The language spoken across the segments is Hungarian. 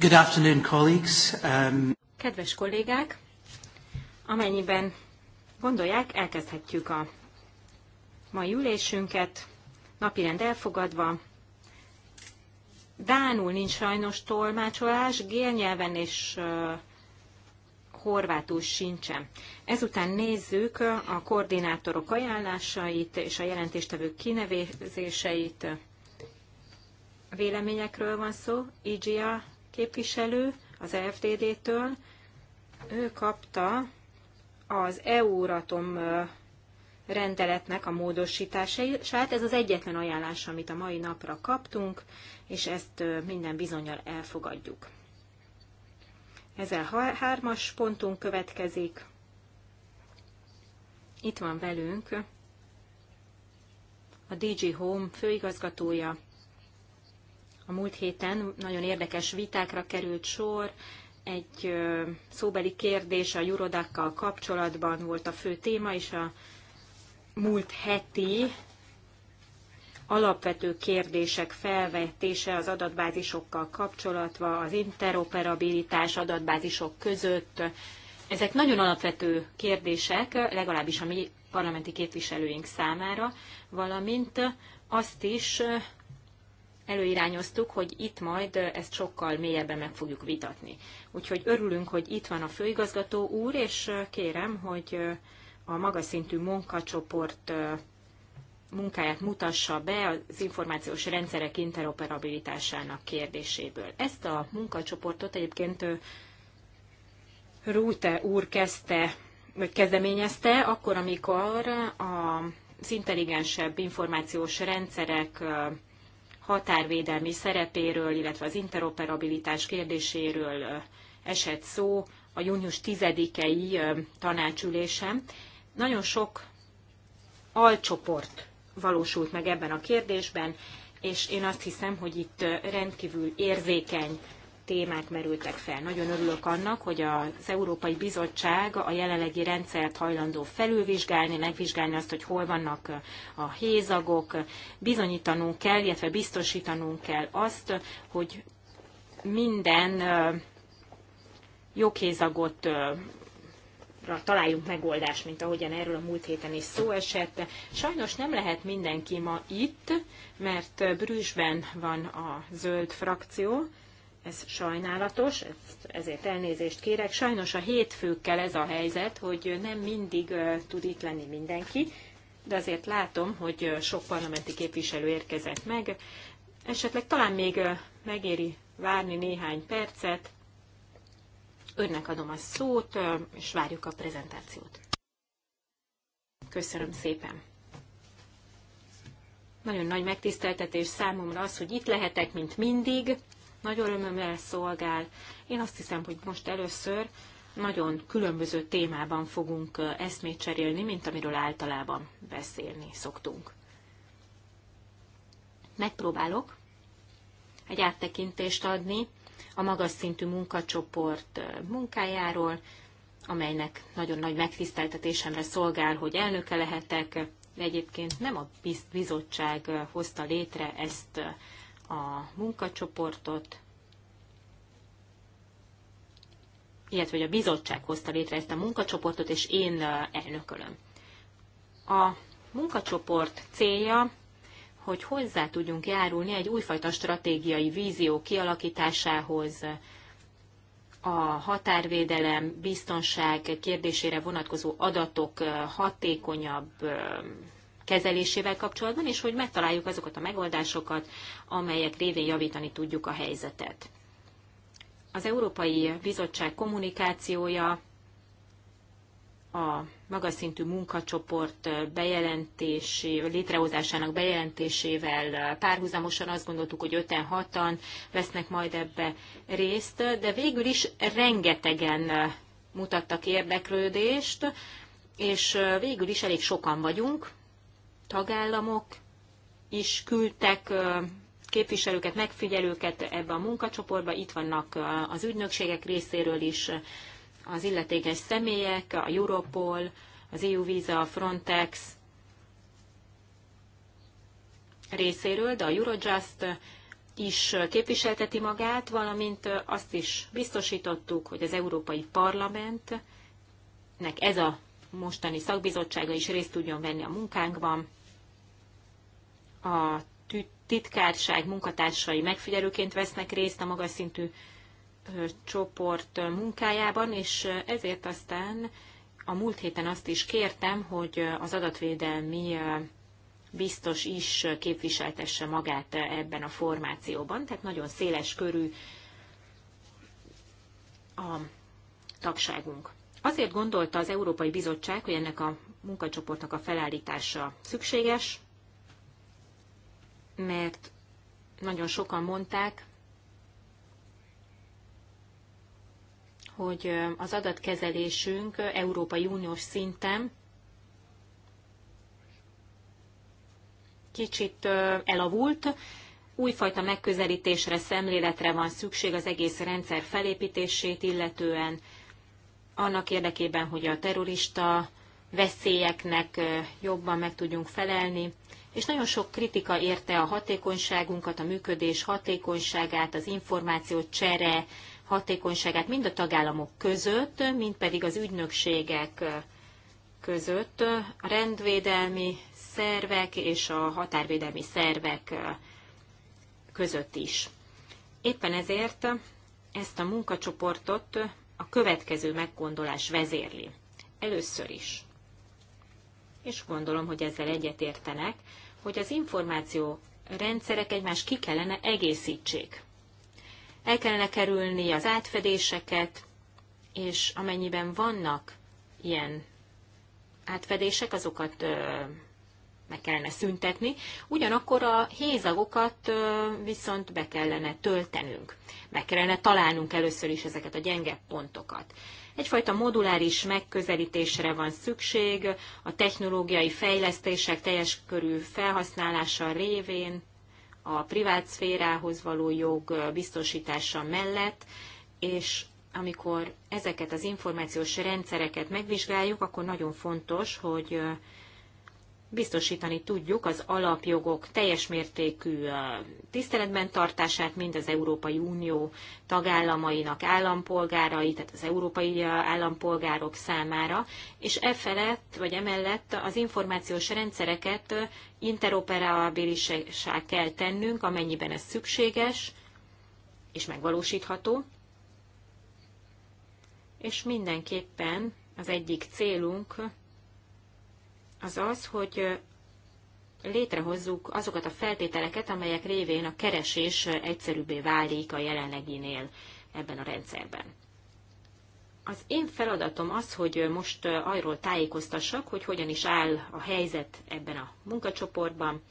Good afternoon, colleagues. Um... Kedves kollégák, amennyiben gondolják, elkezdhetjük a mai ülésünket, napirend elfogadva. Dánul nincs sajnos tolmácsolás, gélnyelven és uh, horvátul sincsen. Ezután nézzük a koordinátorok ajánlásait és a jelentéstevők kinevezéseit. Véleményekről van szó, IGA képviselő az FDD-től, ő kapta az EU-ratom rendeletnek a módosítását. Ez az egyetlen ajánlás, amit a mai napra kaptunk, és ezt minden bizonyal elfogadjuk. Ezzel hármas pontunk következik. Itt van velünk a DG Home főigazgatója, a múlt héten nagyon érdekes vitákra került sor, egy szóbeli kérdés a jurodákkal kapcsolatban volt a fő téma, és a múlt heti alapvető kérdések felvetése az adatbázisokkal kapcsolatva, az interoperabilitás adatbázisok között. Ezek nagyon alapvető kérdések, legalábbis a mi parlamenti képviselőink számára, valamint azt is előirányoztuk, hogy itt majd ezt sokkal mélyebben meg fogjuk vitatni. Úgyhogy örülünk, hogy itt van a főigazgató úr, és kérem, hogy a magas szintű munkacsoport munkáját mutassa be az információs rendszerek interoperabilitásának kérdéséből. Ezt a munkacsoportot egyébként Rúte úr kezdte, vagy kezdeményezte, akkor, amikor az intelligensebb információs rendszerek határvédelmi szerepéről, illetve az interoperabilitás kérdéséről esett szó a június 10-i tanácsülésem. Nagyon sok alcsoport valósult meg ebben a kérdésben, és én azt hiszem, hogy itt rendkívül érzékeny témák merültek fel. Nagyon örülök annak, hogy az Európai Bizottság a jelenlegi rendszert hajlandó felülvizsgálni, megvizsgálni azt, hogy hol vannak a hézagok. Bizonyítanunk kell, illetve biztosítanunk kell azt, hogy minden joghézagot találjunk megoldást, mint ahogyan erről a múlt héten is szó esett. Sajnos nem lehet mindenki ma itt, mert Brüsszben van a zöld frakció, ez sajnálatos, ezért elnézést kérek. Sajnos a hétfőkkel ez a helyzet, hogy nem mindig tud itt lenni mindenki, de azért látom, hogy sok parlamenti képviselő érkezett meg. Esetleg talán még megéri várni néhány percet. Önnek adom a szót, és várjuk a prezentációt. Köszönöm szépen! Nagyon nagy megtiszteltetés számomra az, hogy itt lehetek, mint mindig nagy örömömre szolgál. Én azt hiszem, hogy most először nagyon különböző témában fogunk eszmét cserélni, mint amiről általában beszélni szoktunk. Megpróbálok egy áttekintést adni a magas szintű munkacsoport munkájáról, amelynek nagyon nagy megtiszteltetésemre szolgál, hogy elnöke lehetek. Egyébként nem a bizottság hozta létre ezt a munkacsoportot, illetve hogy a bizottság hozta létre ezt a munkacsoportot, és én elnökölöm. A munkacsoport célja, hogy hozzá tudjunk járulni egy újfajta stratégiai vízió kialakításához, a határvédelem, biztonság kérdésére vonatkozó adatok hatékonyabb kezelésével kapcsolatban, és hogy megtaláljuk azokat a megoldásokat, amelyek révén javítani tudjuk a helyzetet. Az Európai Bizottság kommunikációja, a magas szintű munkacsoport bejelentési, létrehozásának bejelentésével párhuzamosan azt gondoltuk, hogy 5-6-an vesznek majd ebbe részt, de végül is rengetegen mutattak érdeklődést, és végül is elég sokan vagyunk, tagállamok is küldtek képviselőket, megfigyelőket ebbe a munkacsoportba. Itt vannak az ügynökségek részéről is az illetékes személyek, a Europol, az EU Visa, a Frontex részéről, de a Eurojust is képviselteti magát, valamint azt is biztosítottuk, hogy az Európai Parlamentnek ez a mostani szakbizottsága is részt tudjon venni a munkánkban a titkárság munkatársai megfigyelőként vesznek részt a magas szintű csoport munkájában, és ezért aztán a múlt héten azt is kértem, hogy az adatvédelmi biztos is képviseltesse magát ebben a formációban, tehát nagyon széles körű a tagságunk. Azért gondolta az Európai Bizottság, hogy ennek a munkacsoportnak a felállítása szükséges, mert nagyon sokan mondták, hogy az adatkezelésünk Európai Uniós szinten kicsit elavult, újfajta megközelítésre, szemléletre van szükség az egész rendszer felépítését illetően, annak érdekében, hogy a terrorista veszélyeknek jobban meg tudjunk felelni, és nagyon sok kritika érte a hatékonyságunkat, a működés hatékonyságát, az információ csere hatékonyságát mind a tagállamok között, mind pedig az ügynökségek között, a rendvédelmi szervek és a határvédelmi szervek között is. Éppen ezért ezt a munkacsoportot a következő meggondolás vezérli. Először is és gondolom, hogy ezzel egyetértenek, hogy az információ rendszerek egymást ki kellene egészítsék. El kellene kerülni az átfedéseket, és amennyiben vannak ilyen átfedések, azokat meg kellene szüntetni, ugyanakkor a hézagokat viszont be kellene töltenünk. Meg kellene találnunk először is ezeket a gyenge pontokat. Egyfajta moduláris megközelítésre van szükség a technológiai fejlesztések teljes körű felhasználása révén, a privát szférához való jog biztosítása mellett, és amikor ezeket az információs rendszereket megvizsgáljuk, akkor nagyon fontos, hogy biztosítani tudjuk az alapjogok teljes mértékű tiszteletben tartását, mind az Európai Unió tagállamainak állampolgárai, tehát az európai állampolgárok számára, és e felett, vagy emellett az információs rendszereket interoperabilissá kell tennünk, amennyiben ez szükséges és megvalósítható. És mindenképpen az egyik célunk az az, hogy létrehozzuk azokat a feltételeket, amelyek révén a keresés egyszerűbbé válik a jelenleginél ebben a rendszerben. Az én feladatom az, hogy most arról tájékoztassak, hogy hogyan is áll a helyzet ebben a munkacsoportban.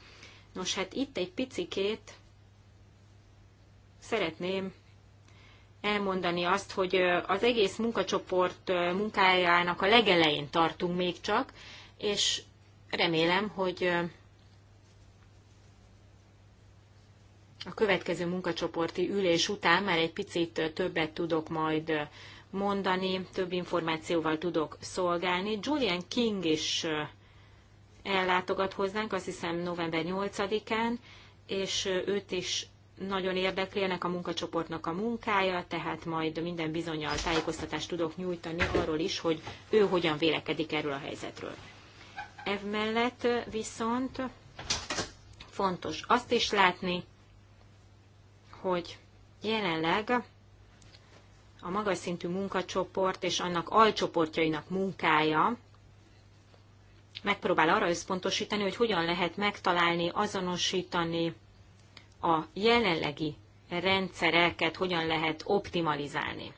Nos, hát itt egy picikét szeretném elmondani azt, hogy az egész munkacsoport munkájának a legelején tartunk még csak, és remélem, hogy a következő munkacsoporti ülés után már egy picit többet tudok majd mondani, több információval tudok szolgálni. Julian King is ellátogat hozzánk, azt hiszem november 8-án, és őt is nagyon érdekli ennek a munkacsoportnak a munkája, tehát majd minden bizonyal tájékoztatást tudok nyújtani arról is, hogy ő hogyan vélekedik erről a helyzetről. Ev mellett viszont fontos azt is látni, hogy jelenleg a magas szintű munkacsoport és annak alcsoportjainak munkája megpróbál arra összpontosítani, hogy hogyan lehet megtalálni, azonosítani a jelenlegi rendszereket, hogyan lehet optimalizálni.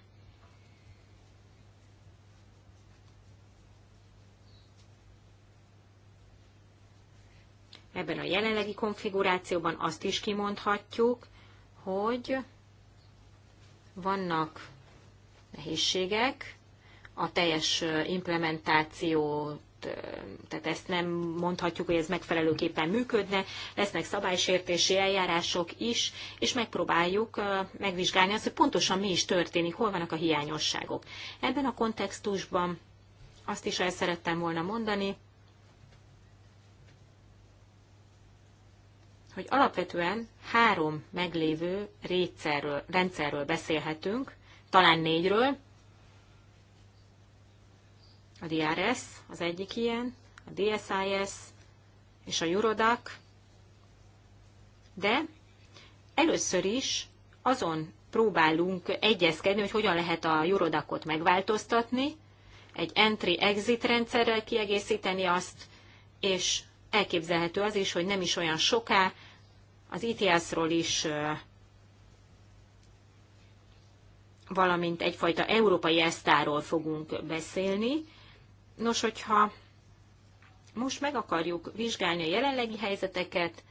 ebben a jelenlegi konfigurációban azt is kimondhatjuk, hogy vannak nehézségek, a teljes implementációt, tehát ezt nem mondhatjuk, hogy ez megfelelőképpen működne, lesznek szabálysértési eljárások is, és megpróbáljuk megvizsgálni azt, hogy pontosan mi is történik, hol vannak a hiányosságok. Ebben a kontextusban azt is el szerettem volna mondani, hogy alapvetően három meglévő rendszerről, rendszerről beszélhetünk, talán négyről. A DRS az egyik ilyen, a DSIS és a Eurodac, de először is azon próbálunk egyezkedni, hogy hogyan lehet a Eurodacot megváltoztatni, egy entry-exit rendszerrel kiegészíteni azt, és elképzelhető az is, hogy nem is olyan soká az ITS-ról e is, valamint egyfajta európai esztáról fogunk beszélni. Nos, hogyha most meg akarjuk vizsgálni a jelenlegi helyzeteket,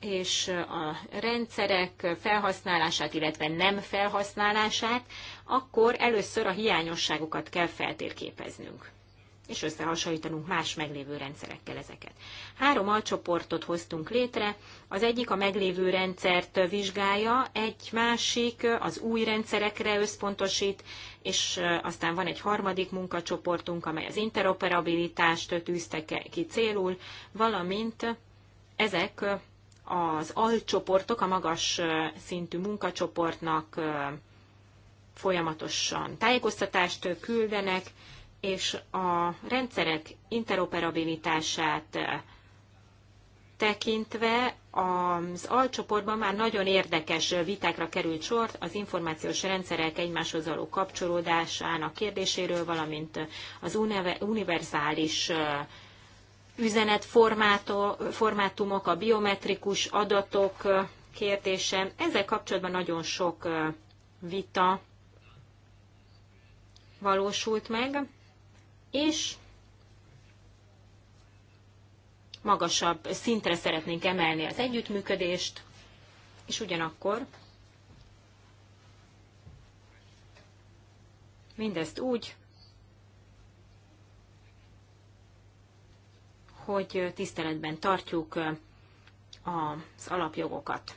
és a rendszerek felhasználását, illetve nem felhasználását, akkor először a hiányosságokat kell feltérképeznünk és összehasonlítanunk más meglévő rendszerekkel ezeket. Három alcsoportot hoztunk létre, az egyik a meglévő rendszert vizsgálja, egy másik az új rendszerekre összpontosít, és aztán van egy harmadik munkacsoportunk, amely az interoperabilitást tűzte ki célul, valamint ezek az alcsoportok a magas szintű munkacsoportnak folyamatosan tájékoztatást küldenek, és a rendszerek interoperabilitását tekintve az alcsoportban már nagyon érdekes vitákra került sor az információs rendszerek egymáshoz való kapcsolódásának kérdéséről, valamint az univerzális üzenetformátumok, a biometrikus adatok kérdése. Ezzel kapcsolatban nagyon sok vita valósult meg és magasabb szintre szeretnénk emelni az együttműködést, és ugyanakkor mindezt úgy, hogy tiszteletben tartjuk az alapjogokat.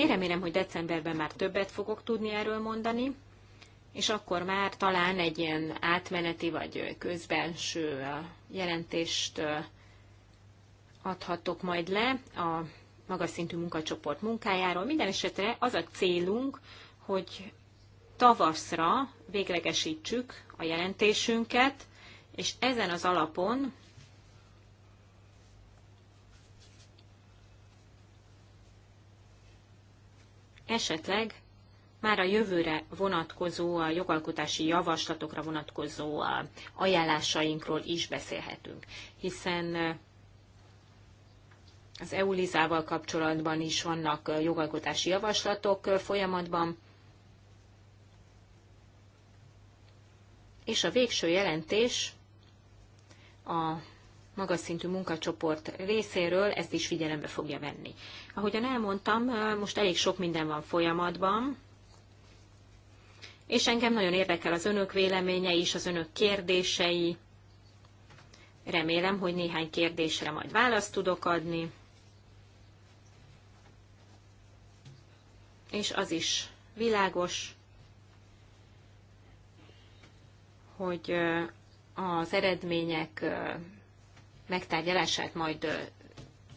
Én remélem, hogy decemberben már többet fogok tudni erről mondani, és akkor már talán egy ilyen átmeneti vagy közbenső jelentést adhatok majd le a magas szintű munkacsoport munkájáról. Minden esetre az a célunk, hogy tavaszra véglegesítsük a jelentésünket, és ezen az alapon esetleg már a jövőre vonatkozó, a jogalkotási javaslatokra vonatkozó ajánlásainkról is beszélhetünk, hiszen az eu kapcsolatban is vannak jogalkotási javaslatok folyamatban, és a végső jelentés a magas szintű munkacsoport részéről ezt is figyelembe fogja venni. Ahogyan elmondtam, most elég sok minden van folyamatban, és engem nagyon érdekel az önök véleménye is, az önök kérdései. Remélem, hogy néhány kérdésre majd választ tudok adni. És az is világos, hogy az eredmények megtárgyalását majd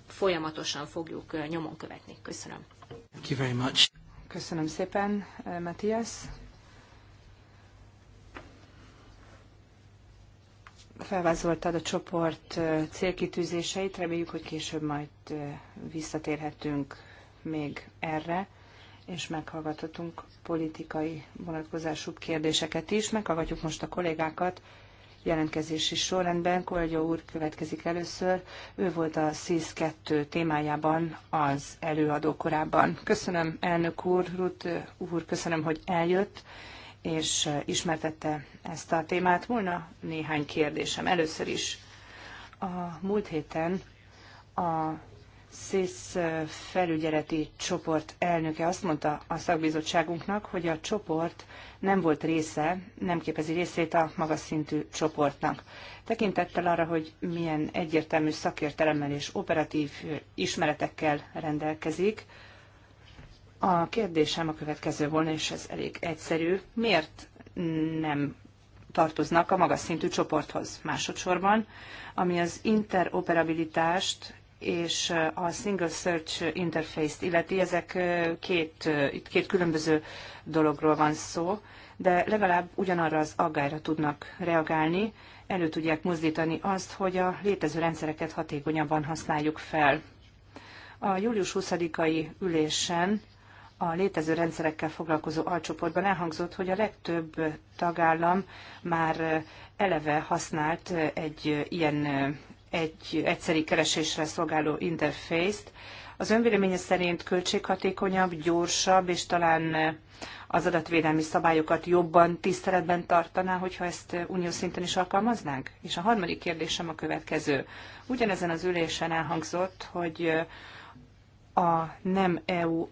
folyamatosan fogjuk nyomon követni. Köszönöm. Thank you very much. Köszönöm szépen, Matthias. Felvázoltad a csoport célkitűzéseit, reméljük, hogy később majd visszatérhetünk még erre, és meghallgathatunk politikai vonatkozású kérdéseket is. Meghallgatjuk most a kollégákat, jelentkezési sorrendben. Kolgyó úr következik először. Ő volt a SZISZ 2 témájában az előadó korában. Köszönöm elnök úr, Rut úr, köszönöm, hogy eljött és ismertette ezt a témát. Volna néhány kérdésem. Először is a múlt héten a SZISZ felügyeleti csoport elnöke azt mondta a szakbizottságunknak, hogy a csoport nem volt része, nem képezi részét a magas szintű csoportnak. Tekintettel arra, hogy milyen egyértelmű szakértelemmel és operatív ismeretekkel rendelkezik, a kérdésem a következő volna, és ez elég egyszerű. Miért nem tartoznak a magas szintű csoporthoz másodszorban, ami az interoperabilitást és a Single Search Interface-t illeti, ezek két, itt két különböző dologról van szó, de legalább ugyanarra az aggályra tudnak reagálni, elő tudják mozdítani azt, hogy a létező rendszereket hatékonyabban használjuk fel. A július 20-ai ülésen a létező rendszerekkel foglalkozó alcsoportban elhangzott, hogy a legtöbb tagállam már eleve használt egy ilyen egy egyszeri keresésre szolgáló interfészt. Az önvéleménye szerint költséghatékonyabb, gyorsabb, és talán az adatvédelmi szabályokat jobban tiszteletben tartaná, hogyha ezt uniós szinten is alkalmaznánk? És a harmadik kérdésem a következő. Ugyanezen az ülésen elhangzott, hogy a nem EU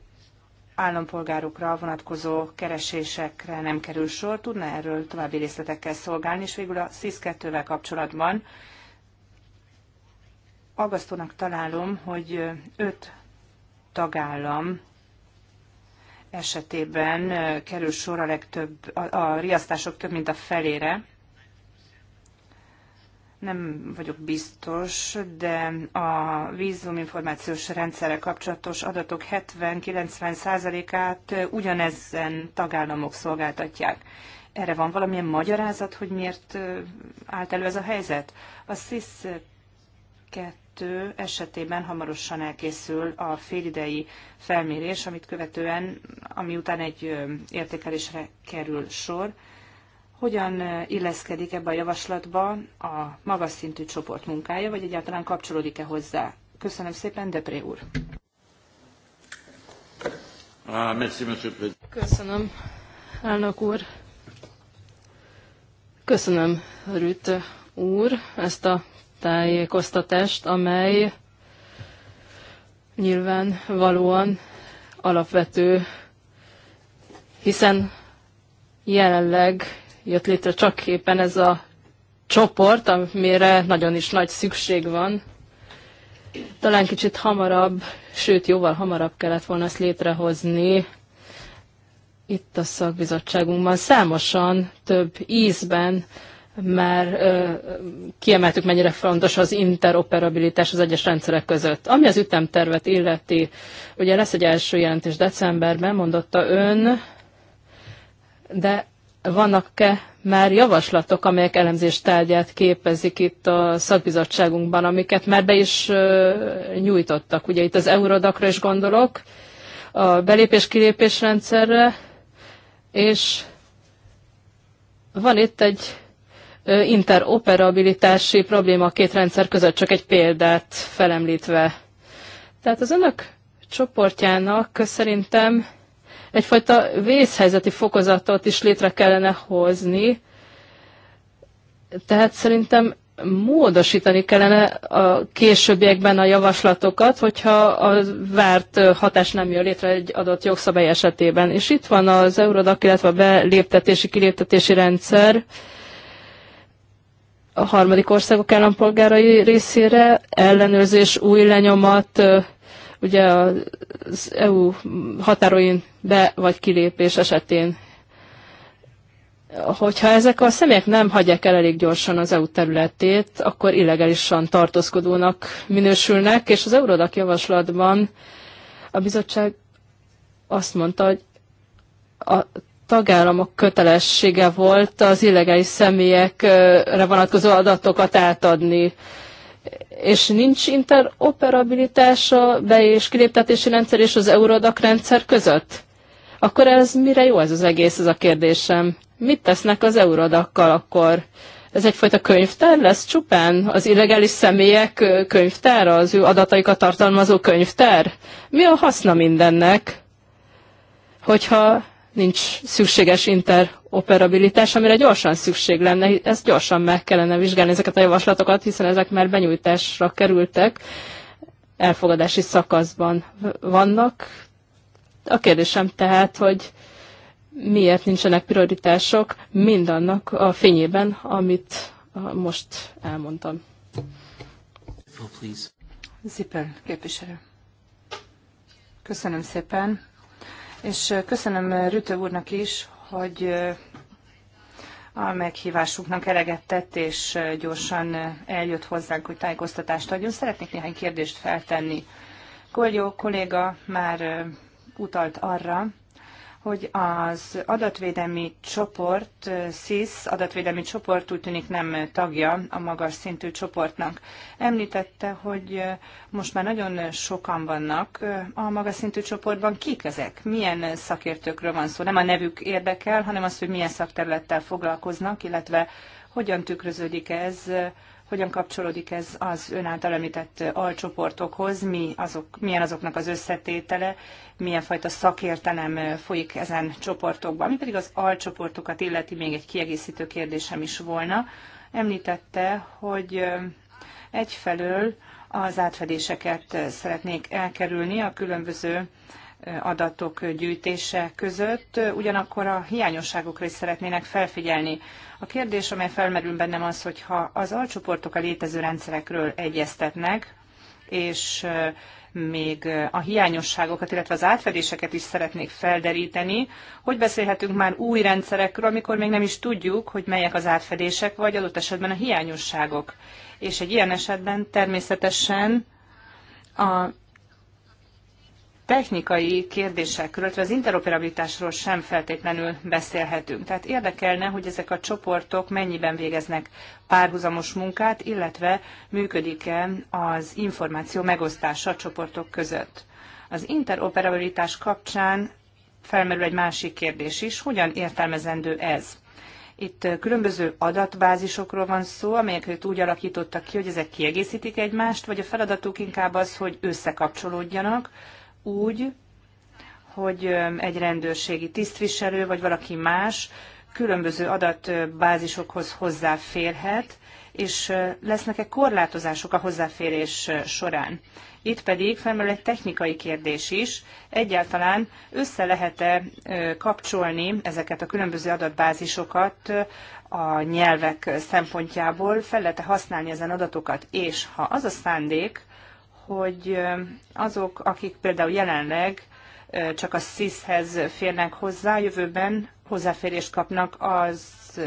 állampolgárokra vonatkozó keresésekre nem kerül sor. Tudna erről további részletekkel szolgálni, és végül a SZIS-2-vel kapcsolatban aggasztónak találom, hogy öt tagállam esetében kerül sor a legtöbb, a, a riasztások több mint a felére. Nem vagyok biztos, de a vízuminformációs rendszerre kapcsolatos adatok 70-90%-át ugyanezen tagállamok szolgáltatják. Erre van valamilyen magyarázat, hogy miért állt elő ez a helyzet? A SZISZ kettő esetében hamarosan elkészül a félidei felmérés, amit követően, ami után egy értékelésre kerül sor. Hogyan illeszkedik ebbe a javaslatba a magas szintű csoport munkája, vagy egyáltalán kapcsolódik-e hozzá? Köszönöm szépen, Depré úr! Ah, Köszönöm, elnök úr! Köszönöm, Rüt úr, ezt a tájékoztatást, amely nyilván valóan alapvető, hiszen jelenleg jött létre csak éppen ez a csoport, amire nagyon is nagy szükség van. Talán kicsit hamarabb, sőt jóval hamarabb kellett volna ezt létrehozni, itt a szakbizottságunkban számosan, több ízben már kiemeltük, mennyire fontos az interoperabilitás az egyes rendszerek között. Ami az ütemtervet illeti, ugye lesz egy első jelentés decemberben, mondotta ön, de vannak-e már javaslatok, amelyek elemzéstárgyát képezik itt a szakbizottságunkban, amiket már be is nyújtottak. Ugye itt az eurodakra is gondolok, a belépés-kilépés rendszerre, és van itt egy interoperabilitási probléma a két rendszer között, csak egy példát felemlítve. Tehát az önök csoportjának szerintem egyfajta vészhelyzeti fokozatot is létre kellene hozni, tehát szerintem módosítani kellene a későbbiekben a javaslatokat, hogyha a várt hatás nem jön létre egy adott jogszabály esetében. És itt van az Eurodac, illetve a beléptetési-kiléptetési rendszer, a harmadik országok állampolgárai részére, ellenőrzés, új lenyomat, ugye az EU határoin be vagy kilépés esetén. Hogyha ezek a személyek nem hagyják el elég gyorsan az EU területét, akkor illegálisan tartózkodónak minősülnek, és az Eurodak javaslatban a bizottság azt mondta, hogy a tagállamok kötelessége volt az illegális személyekre vonatkozó adatokat átadni. És nincs interoperabilitás a be- és kiléptetési rendszer és az Eurodac rendszer között? Akkor ez mire jó ez az egész, ez a kérdésem? Mit tesznek az Eurodakkal akkor? Ez egyfajta könyvtár lesz csupán? Az illegális személyek könyvtára, az ő adataikat tartalmazó könyvtár? Mi a haszna mindennek? Hogyha nincs szükséges interoperabilitás, amire gyorsan szükség lenne. Ezt gyorsan meg kellene vizsgálni ezeket a javaslatokat, hiszen ezek már benyújtásra kerültek, elfogadási szakaszban vannak. A kérdésem tehát, hogy miért nincsenek prioritások mindannak a fényében, amit most elmondtam. Zipper képviselő. Köszönöm szépen és köszönöm Rütő úrnak is, hogy a meghívásunknak eleget tett, és gyorsan eljött hozzánk, hogy tájékoztatást adjon. Szeretnék néhány kérdést feltenni. Kolgyó kolléga már utalt arra, hogy az adatvédelmi csoport, SIS adatvédelmi csoport úgy tűnik nem tagja a magas szintű csoportnak. Említette, hogy most már nagyon sokan vannak a magas szintű csoportban. Kik ezek? Milyen szakértőkről van szó? Nem a nevük érdekel, hanem az, hogy milyen szakterülettel foglalkoznak, illetve hogyan tükröződik ez hogyan kapcsolódik ez az ön által említett alcsoportokhoz, mi azok, milyen azoknak az összetétele, milyen fajta szakértelem folyik ezen csoportokban. Mi pedig az alcsoportokat illeti, még egy kiegészítő kérdésem is volna. Említette, hogy egyfelől az átfedéseket szeretnék elkerülni a különböző adatok gyűjtése között, ugyanakkor a hiányosságokra is szeretnének felfigyelni. A kérdés, amely felmerül bennem az, hogyha az alcsoportok a létező rendszerekről egyeztetnek, és eh, még a hiányosságokat, illetve az átfedéseket is szeretnék felderíteni, hogy beszélhetünk már új rendszerekről, amikor még nem is tudjuk, hogy melyek az átfedések, vagy adott esetben a hiányosságok. És egy ilyen esetben természetesen a technikai kérdésekről, illetve az interoperabilitásról sem feltétlenül beszélhetünk. Tehát érdekelne, hogy ezek a csoportok mennyiben végeznek párhuzamos munkát, illetve működik-e az információ megosztása a csoportok között. Az interoperabilitás kapcsán felmerül egy másik kérdés is, hogyan értelmezendő ez. Itt különböző adatbázisokról van szó, amelyeket úgy alakítottak ki, hogy ezek kiegészítik egymást, vagy a feladatuk inkább az, hogy összekapcsolódjanak, úgy, hogy egy rendőrségi tisztviselő vagy valaki más különböző adatbázisokhoz hozzáférhet, és lesznek-e korlátozások a hozzáférés során. Itt pedig felmerül egy technikai kérdés is, egyáltalán össze lehet-e kapcsolni ezeket a különböző adatbázisokat a nyelvek szempontjából, fel lehet-e használni ezen adatokat, és ha az a szándék, hogy azok, akik például jelenleg csak a SZISZ-hez férnek hozzá, jövőben hozzáférést kapnak az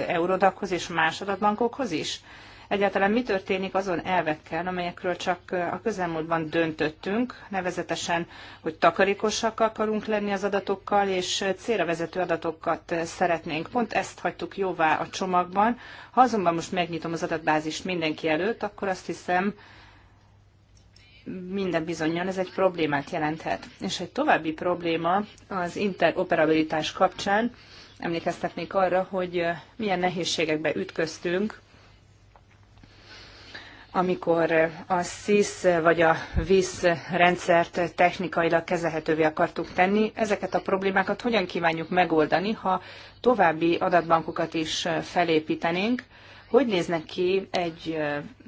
Eurodakhoz és más adatbankokhoz is? Egyáltalán mi történik azon elvekkel, amelyekről csak a közelmúltban döntöttünk, nevezetesen, hogy takarékosak akarunk lenni az adatokkal, és célra vezető adatokat szeretnénk. Pont ezt hagytuk jóvá a csomagban. Ha azonban most megnyitom az adatbázist mindenki előtt, akkor azt hiszem, minden bizonyal ez egy problémát jelenthet. És egy további probléma az interoperabilitás kapcsán, emlékeztetnék arra, hogy milyen nehézségekbe ütköztünk, amikor a SIS vagy a VIS rendszert technikailag kezelhetővé akartuk tenni. Ezeket a problémákat hogyan kívánjuk megoldani, ha további adatbankokat is felépítenénk, hogy néznek ki egy,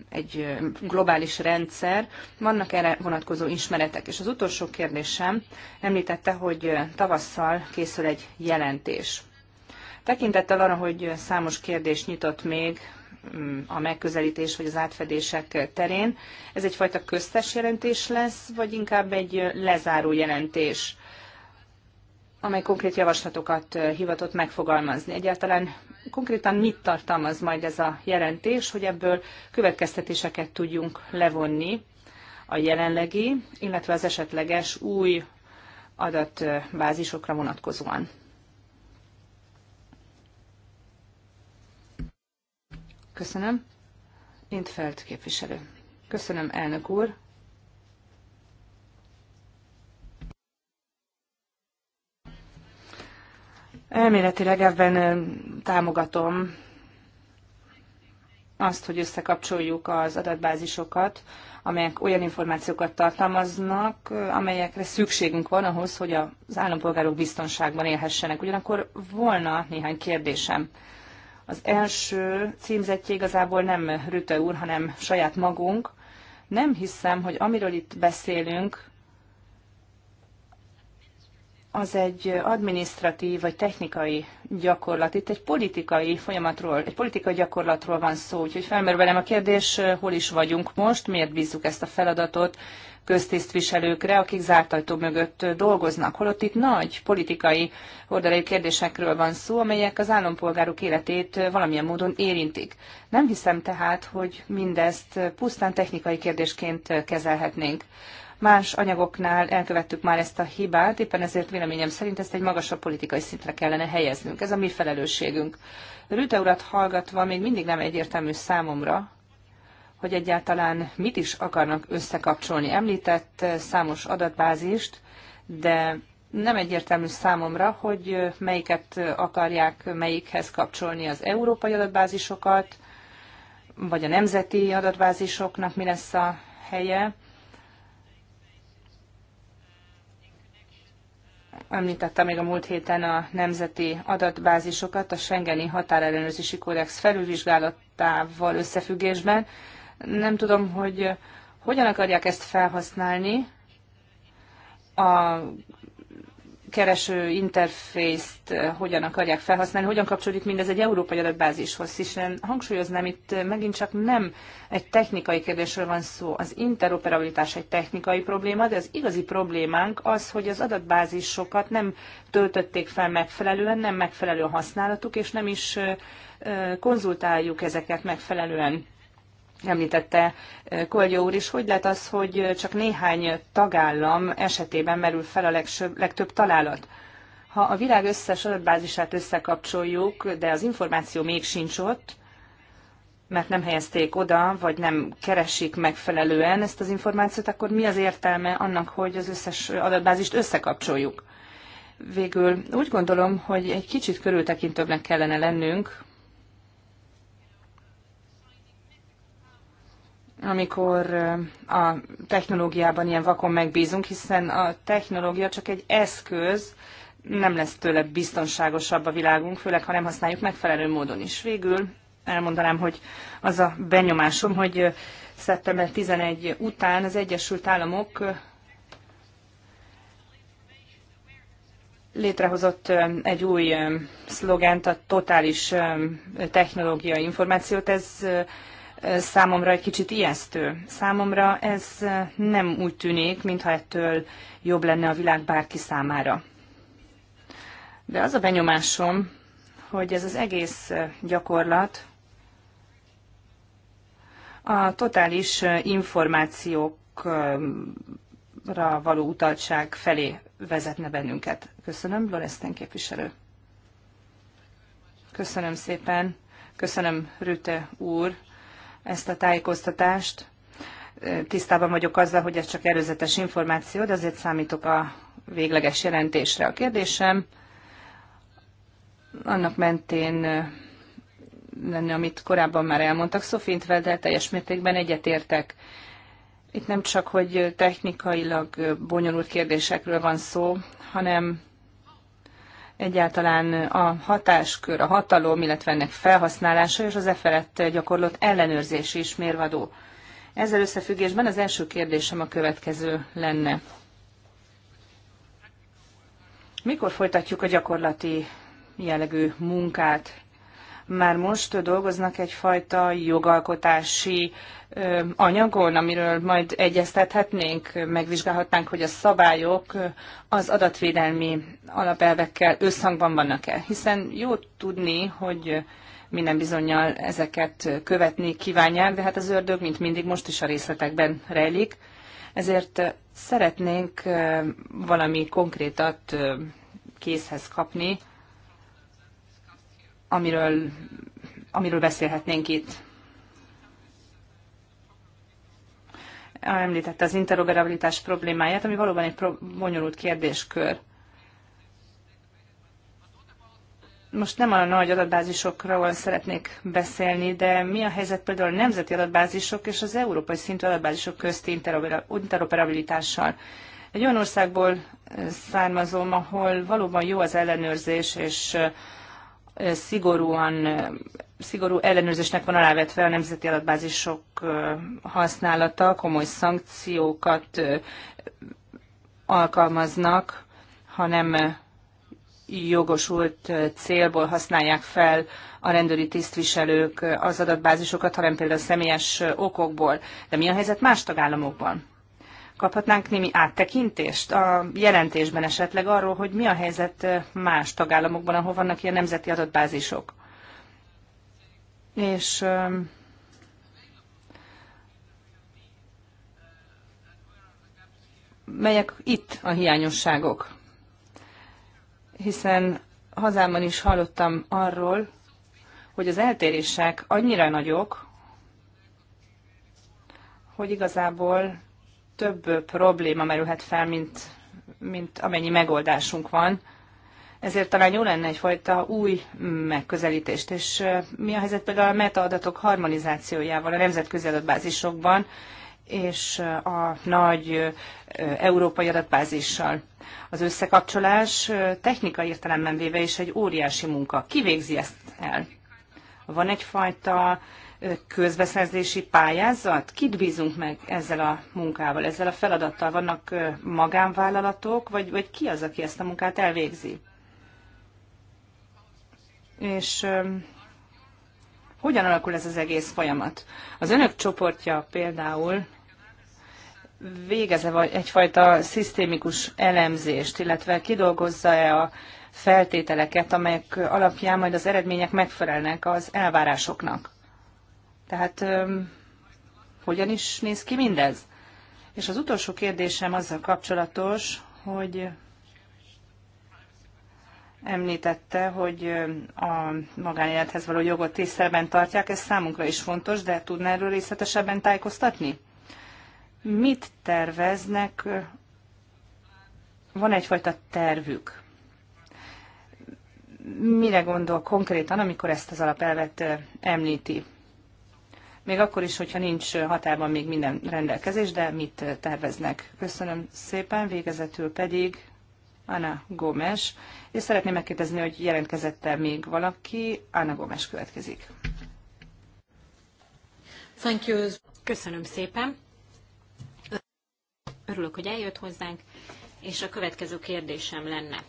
egy globális rendszer? Vannak erre vonatkozó ismeretek. És az utolsó kérdésem említette, hogy tavasszal készül egy jelentés. Tekintettel arra, hogy számos kérdés nyitott még mm, a megközelítés vagy az átfedések terén, ez egyfajta köztes jelentés lesz, vagy inkább egy lezáró jelentés, amely konkrét javaslatokat hivatott megfogalmazni. Egyáltalán konkrétan mit tartalmaz majd ez a jelentés, hogy ebből következtetéseket tudjunk levonni a jelenlegi, illetve az esetleges új adatbázisokra vonatkozóan. Köszönöm. Intfeld képviselő. Köszönöm, elnök úr. Elméletileg ebben támogatom azt, hogy összekapcsoljuk az adatbázisokat, amelyek olyan információkat tartalmaznak, amelyekre szükségünk van ahhoz, hogy az állampolgárok biztonságban élhessenek. Ugyanakkor volna néhány kérdésem. Az első címzetje igazából nem Rüte úr, hanem saját magunk. Nem hiszem, hogy amiről itt beszélünk, az egy administratív vagy technikai gyakorlat. Itt egy politikai folyamatról, egy politikai gyakorlatról van szó, úgyhogy felmerül velem a kérdés, eh, hol is vagyunk most, miért bízzuk ezt a feladatot köztisztviselőkre, akik zárt ajtó mögött eh, dolgoznak. Holott itt nagy politikai oldalai kérdésekről van szó, amelyek az állampolgárok életét eh, valamilyen módon érintik. Nem hiszem tehát, hogy mindezt pusztán technikai kérdésként kezelhetnénk. Más anyagoknál elkövettük már ezt a hibát, éppen ezért véleményem szerint ezt egy magasabb politikai szintre kellene helyeznünk. Ez a mi felelősségünk. Rüte urat hallgatva még mindig nem egyértelmű számomra, hogy egyáltalán mit is akarnak összekapcsolni. Említett számos adatbázist, de nem egyértelmű számomra, hogy melyiket akarják melyikhez kapcsolni az európai adatbázisokat, vagy a nemzeti adatbázisoknak mi lesz a helye. Említette még a múlt héten a nemzeti adatbázisokat a Schengeni határellenőrzési kódex felülvizsgálatával összefüggésben. Nem tudom, hogy hogyan akarják ezt felhasználni a kereső interfészt eh, hogyan akarják felhasználni, hogyan kapcsolódik mindez egy európai adatbázishoz, hiszen hangsúlyoznám, itt eh, megint csak nem egy technikai kérdésről van szó. Az interoperabilitás egy technikai probléma, de az igazi problémánk az, hogy az adatbázisokat nem töltötték fel megfelelően, nem megfelelő használatuk, és nem is eh, konzultáljuk ezeket megfelelően említette Kolgyó eh, úr is, hogy lehet az, hogy csak néhány tagállam esetében merül fel a legsöbb, legtöbb találat. Ha a világ összes adatbázisát összekapcsoljuk, de az információ még sincs ott, mert nem helyezték oda, vagy nem keresik megfelelően ezt az információt, akkor mi az értelme annak, hogy az összes adatbázist összekapcsoljuk? Végül úgy gondolom, hogy egy kicsit körültekintőbbnek kellene lennünk, amikor a technológiában ilyen vakon megbízunk, hiszen a technológia csak egy eszköz, nem lesz tőle biztonságosabb a világunk, főleg ha nem használjuk megfelelő módon is. Végül elmondanám, hogy az a benyomásom, hogy szeptember 11 után az Egyesült Államok létrehozott egy új szlogent, a totális technológiai információt. Ez számomra egy kicsit ijesztő. Számomra ez nem úgy tűnik, mintha ettől jobb lenne a világ bárki számára. De az a benyomásom, hogy ez az egész gyakorlat a totális információkra való utaltság felé vezetne bennünket. Köszönöm, Loresten képviselő. Köszönöm szépen. Köszönöm, Rüte úr, ezt a tájékoztatást. Tisztában vagyok azzal, hogy ez csak előzetes információ, de azért számítok a végleges jelentésre. A kérdésem annak mentén lenne, amit korábban már elmondtak. Szofintvel, Veldel teljes mértékben egyetértek. Itt nem csak, hogy technikailag bonyolult kérdésekről van szó, hanem egyáltalán a hatáskör, a hatalom, illetve ennek felhasználása és az e felett gyakorlott ellenőrzés is mérvadó. Ezzel összefüggésben az első kérdésem a következő lenne. Mikor folytatjuk a gyakorlati jellegű munkát már most dolgoznak egyfajta jogalkotási anyagon, amiről majd egyeztethetnénk, megvizsgálhatnánk, hogy a szabályok az adatvédelmi alapelvekkel összhangban vannak-e. Hiszen jó tudni, hogy minden bizonyal ezeket követni kívánják, de hát az ördög, mint mindig, most is a részletekben rejlik. Ezért szeretnénk valami konkrétat készhez kapni, amiről, amiről beszélhetnénk itt. Említette az interoperabilitás problémáját, ami valóban egy bonyolult kérdéskör. most nem a nagy adatbázisokról szeretnék beszélni, de mi a helyzet például a nemzeti adatbázisok és az európai szintű adatbázisok közti interoperabilitással? Egy olyan országból származom, ahol valóban jó az ellenőrzés és szigorúan, szigorú ellenőrzésnek van alávetve a nemzeti adatbázisok használata, komoly szankciókat alkalmaznak, hanem jogosult célból használják fel a rendőri tisztviselők az adatbázisokat, hanem például személyes okokból. De mi a helyzet más tagállamokban? kaphatnánk némi áttekintést a jelentésben esetleg arról, hogy mi a helyzet más tagállamokban, ahol vannak ilyen nemzeti adatbázisok. És melyek itt a hiányosságok? Hiszen hazámban is hallottam arról, hogy az eltérések annyira nagyok, hogy igazából több probléma merülhet fel, mint, mint amennyi megoldásunk van. Ezért talán jó lenne egyfajta új megközelítést. És mi a helyzet például a metaadatok harmonizációjával a nemzetközi adatbázisokban és a nagy európai adatbázissal? Az összekapcsolás technikai értelemben véve is egy óriási munka. Ki végzi ezt el? Van egyfajta közbeszerzési pályázat? Kit bízunk meg ezzel a munkával, ezzel a feladattal? Vannak magánvállalatok, vagy, vagy ki az, aki ezt a munkát elvégzi? És hogyan alakul ez az egész folyamat? Az önök csoportja például végeze vagy egyfajta szisztémikus elemzést, illetve kidolgozza-e a feltételeket, amelyek alapján majd az eredmények megfelelnek az elvárásoknak. Tehát hogyan is néz ki mindez? És az utolsó kérdésem azzal kapcsolatos, hogy említette, hogy a magánélethez való jogot tisztelben tartják, ez számunkra is fontos, de tudná erről részletesebben tájékoztatni? Mit terveznek? Van egyfajta tervük. Mire gondol konkrétan, amikor ezt az alapelvet említi? még akkor is, hogyha nincs határban még minden rendelkezés, de mit terveznek. Köszönöm szépen, végezetül pedig Ana Gómez, és szeretném megkérdezni, hogy jelentkezette még valaki. Ana Gómez következik. Thank you. Köszönöm szépen. Örülök, hogy eljött hozzánk, és a következő kérdésem lenne.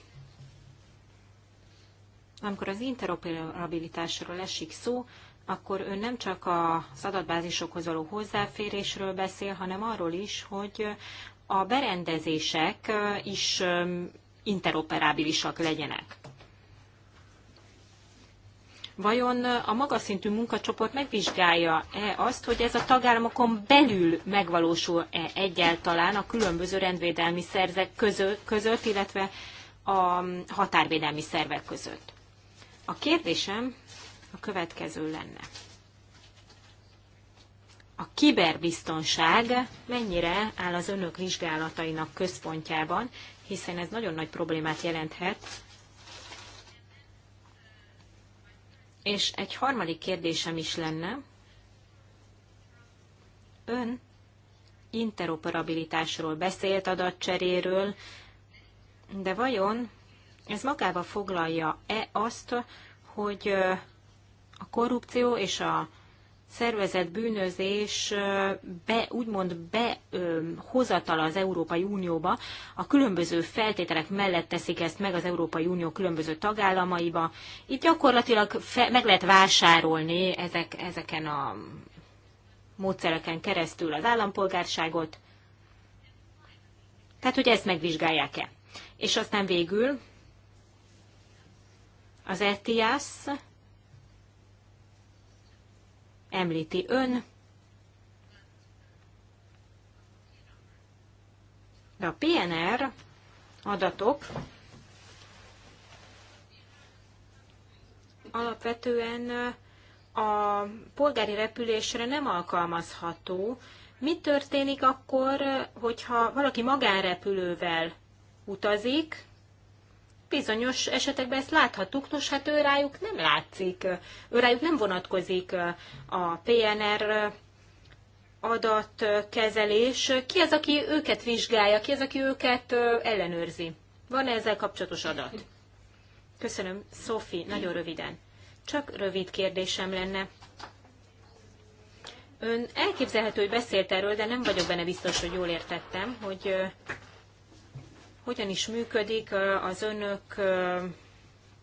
Amikor az interoperabilitásról esik szó, akkor ön nem csak az adatbázisokhoz való hozzáférésről beszél, hanem arról is, hogy a berendezések is interoperábilisak legyenek. Vajon a magas szintű munkacsoport megvizsgálja-e azt, hogy ez a tagállamokon belül megvalósul-e egyáltalán a különböző rendvédelmi szervek között, illetve a határvédelmi szervek között? A kérdésem a következő lenne. A kiberbiztonság mennyire áll az önök vizsgálatainak központjában, hiszen ez nagyon nagy problémát jelenthet. És egy harmadik kérdésem is lenne. Ön interoperabilitásról beszélt, adatcseréről, de vajon ez magába foglalja-e azt, hogy a korrupció és a szervezett bűnözés be, úgymond behozatala az Európai Unióba, a különböző feltételek mellett teszik ezt meg az Európai Unió különböző tagállamaiba. Itt gyakorlatilag fe, meg lehet vásárolni ezek, ezeken a módszereken keresztül az állampolgárságot. Tehát, hogy ezt megvizsgálják-e. És aztán végül az ETIAS említi ön. De a PNR adatok alapvetően a polgári repülésre nem alkalmazható. Mi történik akkor, hogyha valaki magánrepülővel utazik, bizonyos esetekben ezt láthattuk, nos hát ő rájuk nem látszik, ő rájuk nem vonatkozik a PNR adatkezelés. Ki az, aki őket vizsgálja, ki az, aki őket ellenőrzi? Van-e ezzel kapcsolatos adat? Köszönöm, Szofi, nagyon röviden. Csak rövid kérdésem lenne. Ön elképzelhető, hogy beszélt erről, de nem vagyok benne biztos, hogy jól értettem, hogy hogyan is működik az önök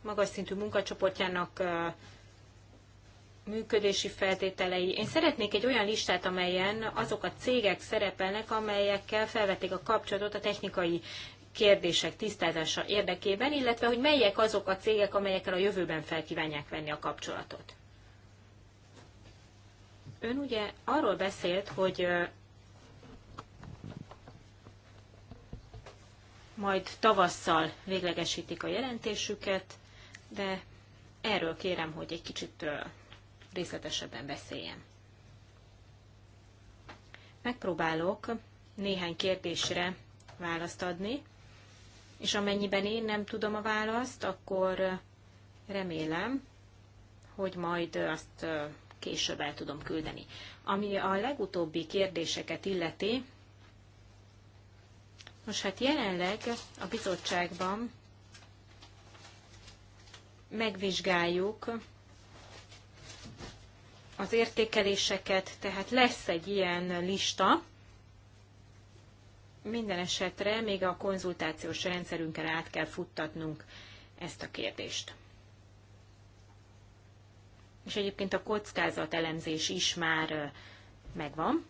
magas szintű munkacsoportjának működési feltételei. Én szeretnék egy olyan listát, amelyen azok a cégek szerepelnek, amelyekkel felvették a kapcsolatot a technikai kérdések tisztázása érdekében, illetve hogy melyek azok a cégek, amelyekkel a jövőben felkívánják venni a kapcsolatot. Ön ugye arról beszélt, hogy majd tavasszal véglegesítik a jelentésüket, de erről kérem, hogy egy kicsit részletesebben beszéljem. Megpróbálok néhány kérdésre választ adni, és amennyiben én nem tudom a választ, akkor remélem, hogy majd azt később el tudom küldeni. Ami a legutóbbi kérdéseket illeti, Nos, hát jelenleg a bizottságban megvizsgáljuk az értékeléseket, tehát lesz egy ilyen lista. Minden esetre még a konzultációs rendszerünkkel át kell futtatnunk ezt a kérdést. És egyébként a kockázat elemzés is már megvan.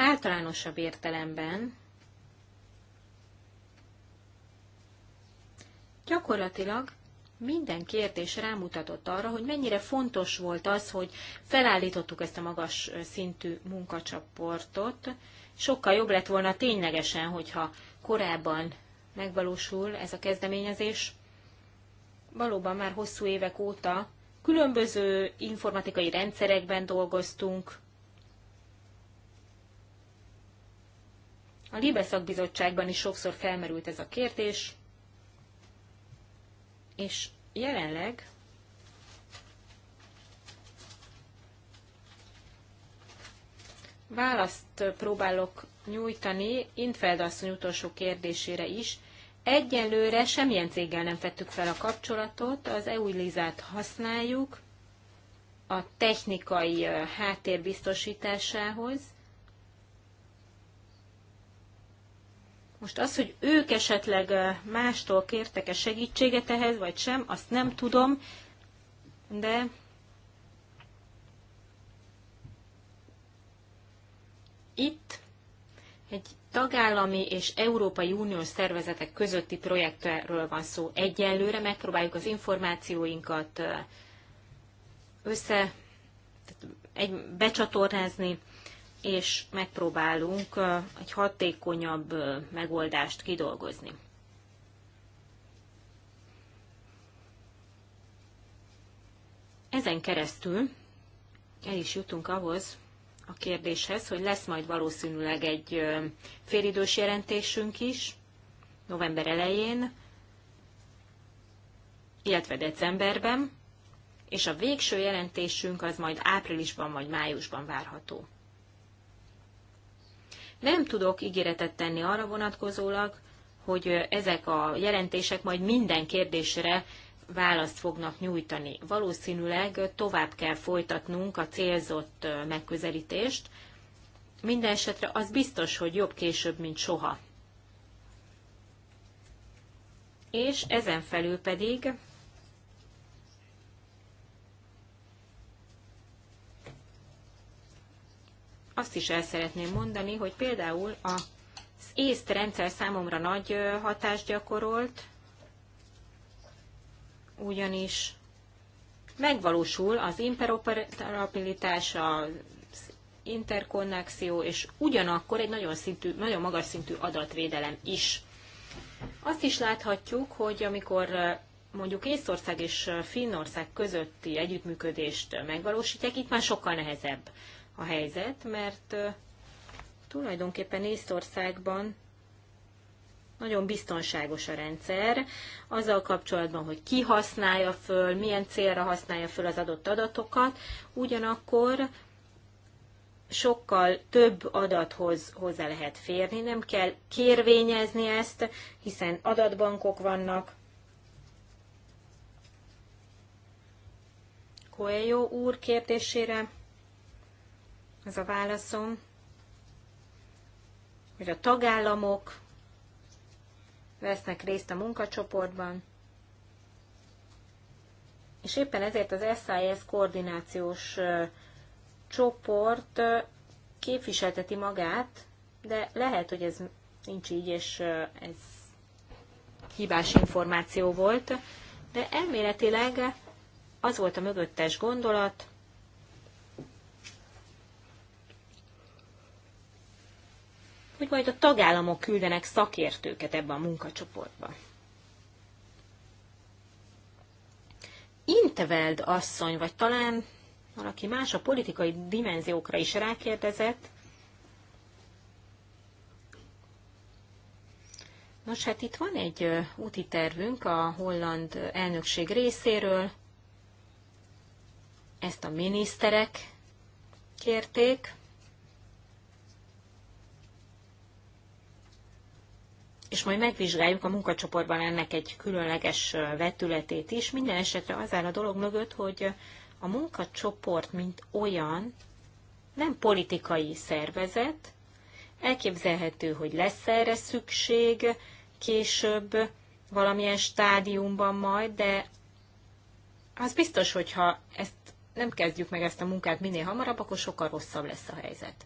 általánosabb értelemben gyakorlatilag minden kérdés rámutatott arra, hogy mennyire fontos volt az, hogy felállítottuk ezt a magas szintű munkacsoportot. Sokkal jobb lett volna ténylegesen, hogyha korábban megvalósul ez a kezdeményezés. Valóban már hosszú évek óta különböző informatikai rendszerekben dolgoztunk, A Libe szakbizottságban is sokszor felmerült ez a kérdés, és jelenleg választ próbálok nyújtani Intfeld asszony utolsó kérdésére is. Egyelőre semmilyen céggel nem vettük fel a kapcsolatot, az eu használjuk a technikai háttér biztosításához, Most az, hogy ők esetleg mástól kértek-e segítséget ehhez, vagy sem, azt nem tudom, de itt egy tagállami és Európai Uniós szervezetek közötti projektről van szó. Egyelőre megpróbáljuk az információinkat össze egy, becsatornázni és megpróbálunk egy hatékonyabb megoldást kidolgozni. Ezen keresztül el is jutunk ahhoz a kérdéshez, hogy lesz majd valószínűleg egy félidős jelentésünk is november elején, illetve decemberben, és a végső jelentésünk az majd áprilisban vagy májusban várható. Nem tudok ígéretet tenni arra vonatkozólag, hogy ezek a jelentések majd minden kérdésre választ fognak nyújtani. Valószínűleg tovább kell folytatnunk a célzott megközelítést. Minden esetre az biztos, hogy jobb később, mint soha. És ezen felül pedig azt is el szeretném mondani, hogy például az észt rendszer számomra nagy hatást gyakorolt, ugyanis megvalósul az interoperabilitás, az interkonnexió, és ugyanakkor egy nagyon, szintű, nagyon magas szintű adatvédelem is. Azt is láthatjuk, hogy amikor mondjuk Észország és Finnország közötti együttműködést megvalósítják, itt már sokkal nehezebb a helyzet, mert tulajdonképpen Észtországban nagyon biztonságos a rendszer, azzal kapcsolatban, hogy ki használja föl, milyen célra használja föl az adott adatokat, ugyanakkor sokkal több adathoz hozzá lehet férni, nem kell kérvényezni ezt, hiszen adatbankok vannak. Coelho úr kérdésére az a válaszom, hogy a tagállamok vesznek részt a munkacsoportban, és éppen ezért az SIS koordinációs csoport képviselteti magát, de lehet, hogy ez nincs így, és ez hibás információ volt, de elméletileg az volt a mögöttes gondolat, hogy majd a tagállamok küldenek szakértőket ebbe a munkacsoportba. Inteveld asszony, vagy talán valaki más a politikai dimenziókra is rákérdezett. Nos, hát itt van egy úti tervünk a holland elnökség részéről. Ezt a miniszterek kérték. és majd megvizsgáljuk a munkacsoportban ennek egy különleges vetületét is. Minden esetre az áll a dolog mögött, hogy a munkacsoport, mint olyan, nem politikai szervezet, elképzelhető, hogy lesz erre szükség később valamilyen stádiumban majd, de az biztos, hogyha ezt nem kezdjük meg ezt a munkát minél hamarabb, akkor sokkal rosszabb lesz a helyzet.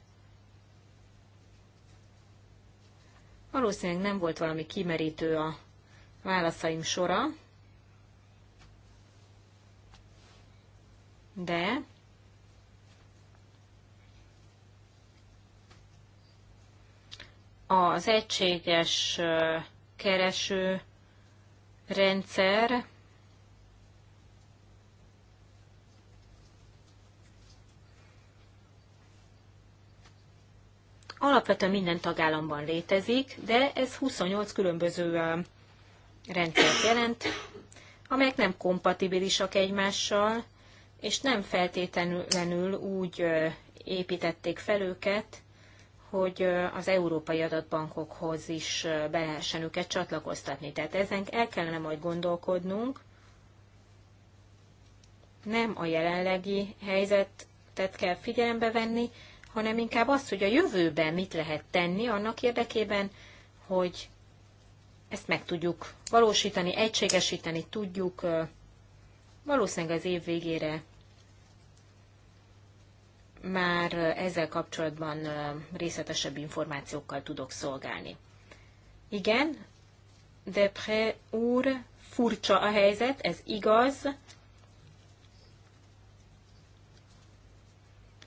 Valószínűleg nem volt valami kimerítő a válaszaim sora, de az egységes kereső rendszer alapvetően minden tagállamban létezik, de ez 28 különböző rendszert jelent, amelyek nem kompatibilisak egymással, és nem feltétlenül úgy építették fel őket, hogy az európai adatbankokhoz is be lehessen őket csatlakoztatni. Tehát ezen el kellene majd gondolkodnunk, nem a jelenlegi helyzetet kell figyelembe venni, hanem inkább azt, hogy a jövőben mit lehet tenni annak érdekében, hogy ezt meg tudjuk valósítani, egységesíteni tudjuk valószínűleg az év végére már ezzel kapcsolatban részletesebb információkkal tudok szolgálni. Igen, Depré úr, furcsa a helyzet, ez igaz,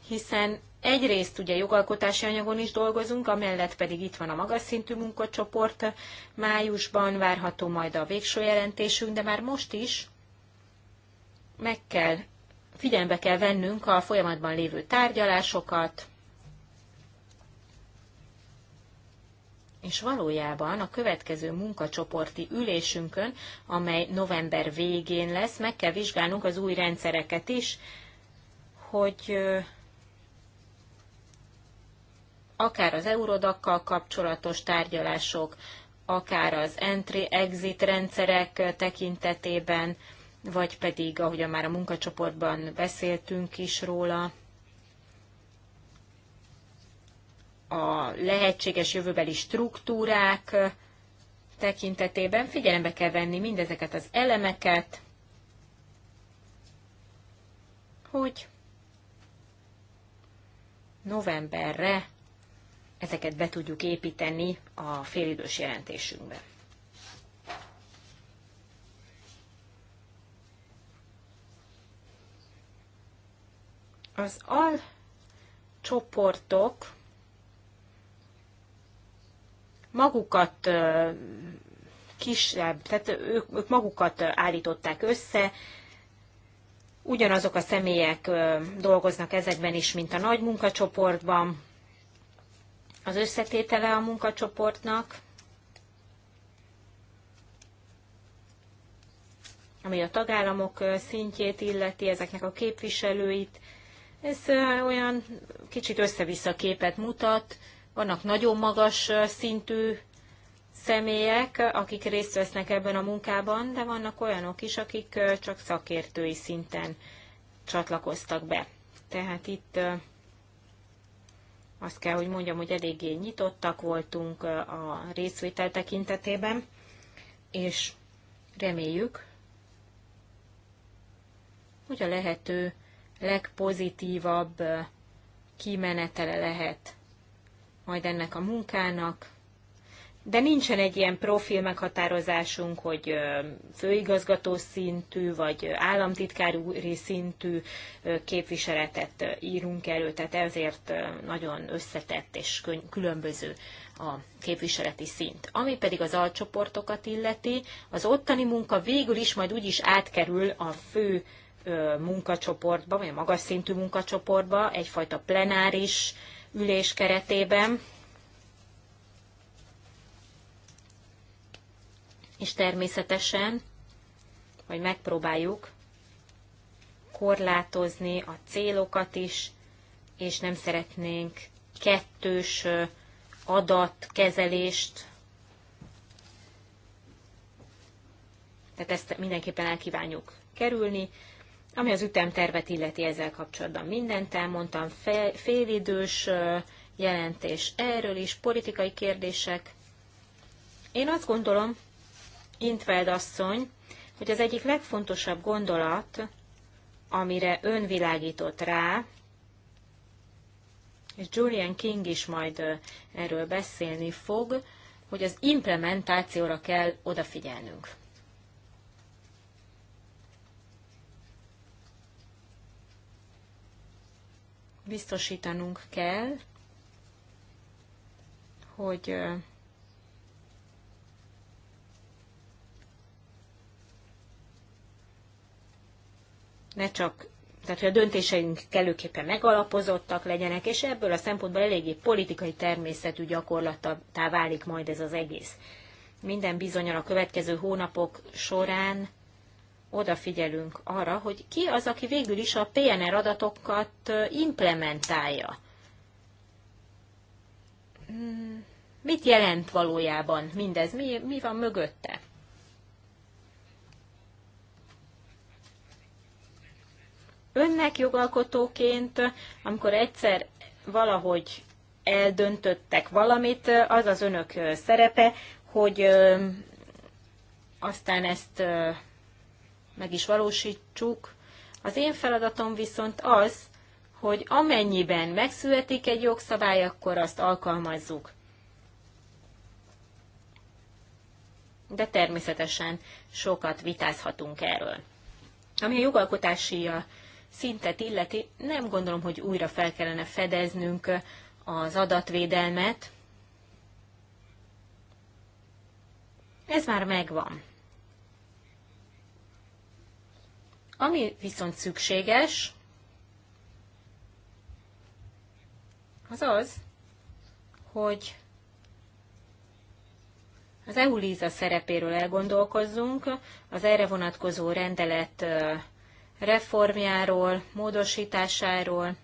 hiszen Egyrészt ugye jogalkotási anyagon is dolgozunk, amellett pedig itt van a magas szintű munkacsoport. Májusban várható majd a végső jelentésünk, de már most is meg kell, figyelembe kell vennünk a folyamatban lévő tárgyalásokat, és valójában a következő munkacsoporti ülésünkön, amely november végén lesz, meg kell vizsgálnunk az új rendszereket is, hogy akár az eurodakkal kapcsolatos tárgyalások, akár az entry-exit rendszerek tekintetében, vagy pedig, ahogyan már a munkacsoportban beszéltünk is róla, a lehetséges jövőbeli struktúrák tekintetében figyelembe kell venni mindezeket az elemeket, hogy novemberre ezeket be tudjuk építeni a félidős jelentésünkbe. Az al csoportok magukat kisebb, tehát ők, ők magukat állították össze, ugyanazok a személyek dolgoznak ezekben is, mint a nagy munkacsoportban, az összetétele a munkacsoportnak, ami a tagállamok szintjét illeti, ezeknek a képviselőit. Ez olyan kicsit össze-vissza képet mutat. Vannak nagyon magas szintű személyek, akik részt vesznek ebben a munkában, de vannak olyanok is, akik csak szakértői szinten csatlakoztak be. Tehát itt azt kell, hogy mondjam, hogy eléggé nyitottak voltunk a részvétel tekintetében, és reméljük, hogy a lehető legpozitívabb kimenetele lehet majd ennek a munkának, de nincsen egy ilyen profil meghatározásunk, hogy főigazgató szintű vagy államtitkári szintű képviseletet írunk elő, tehát ezért nagyon összetett és különböző a képviseleti szint. Ami pedig az alcsoportokat illeti, az ottani munka végül is majd úgyis átkerül a fő munkacsoportba, vagy a magas szintű munkacsoportba, egyfajta plenáris ülés keretében, és természetesen, hogy megpróbáljuk korlátozni a célokat is, és nem szeretnénk kettős adatkezelést. Tehát ezt mindenképpen elkívánjuk kerülni. Ami az ütemtervet illeti ezzel kapcsolatban mindent elmondtam, félidős jelentés erről is, politikai kérdések. Én azt gondolom, Intveld asszony, hogy az egyik legfontosabb gondolat, amire ön világított rá, és Julian King is majd erről beszélni fog, hogy az implementációra kell odafigyelnünk. Biztosítanunk kell, hogy ne csak tehát hogy a döntéseink kellőképpen megalapozottak legyenek, és ebből a szempontból eléggé politikai természetű gyakorlattá válik majd ez az egész. Minden bizonyal a következő hónapok során odafigyelünk arra, hogy ki az, aki végül is a PNR adatokat implementálja. Hmm, mit jelent valójában mindez? Mi, mi van mögötte? önnek jogalkotóként, amikor egyszer valahogy eldöntöttek valamit, az az önök szerepe, hogy aztán ezt meg is valósítsuk. Az én feladatom viszont az, hogy amennyiben megszületik egy jogszabály, akkor azt alkalmazzuk. De természetesen sokat vitázhatunk erről. Ami a jogalkotási szintet illeti, nem gondolom, hogy újra fel kellene fedeznünk az adatvédelmet. Ez már megvan. Ami viszont szükséges, az az, hogy az EULISA szerepéről elgondolkozzunk, az erre vonatkozó rendelet reformjáról, módosításáról,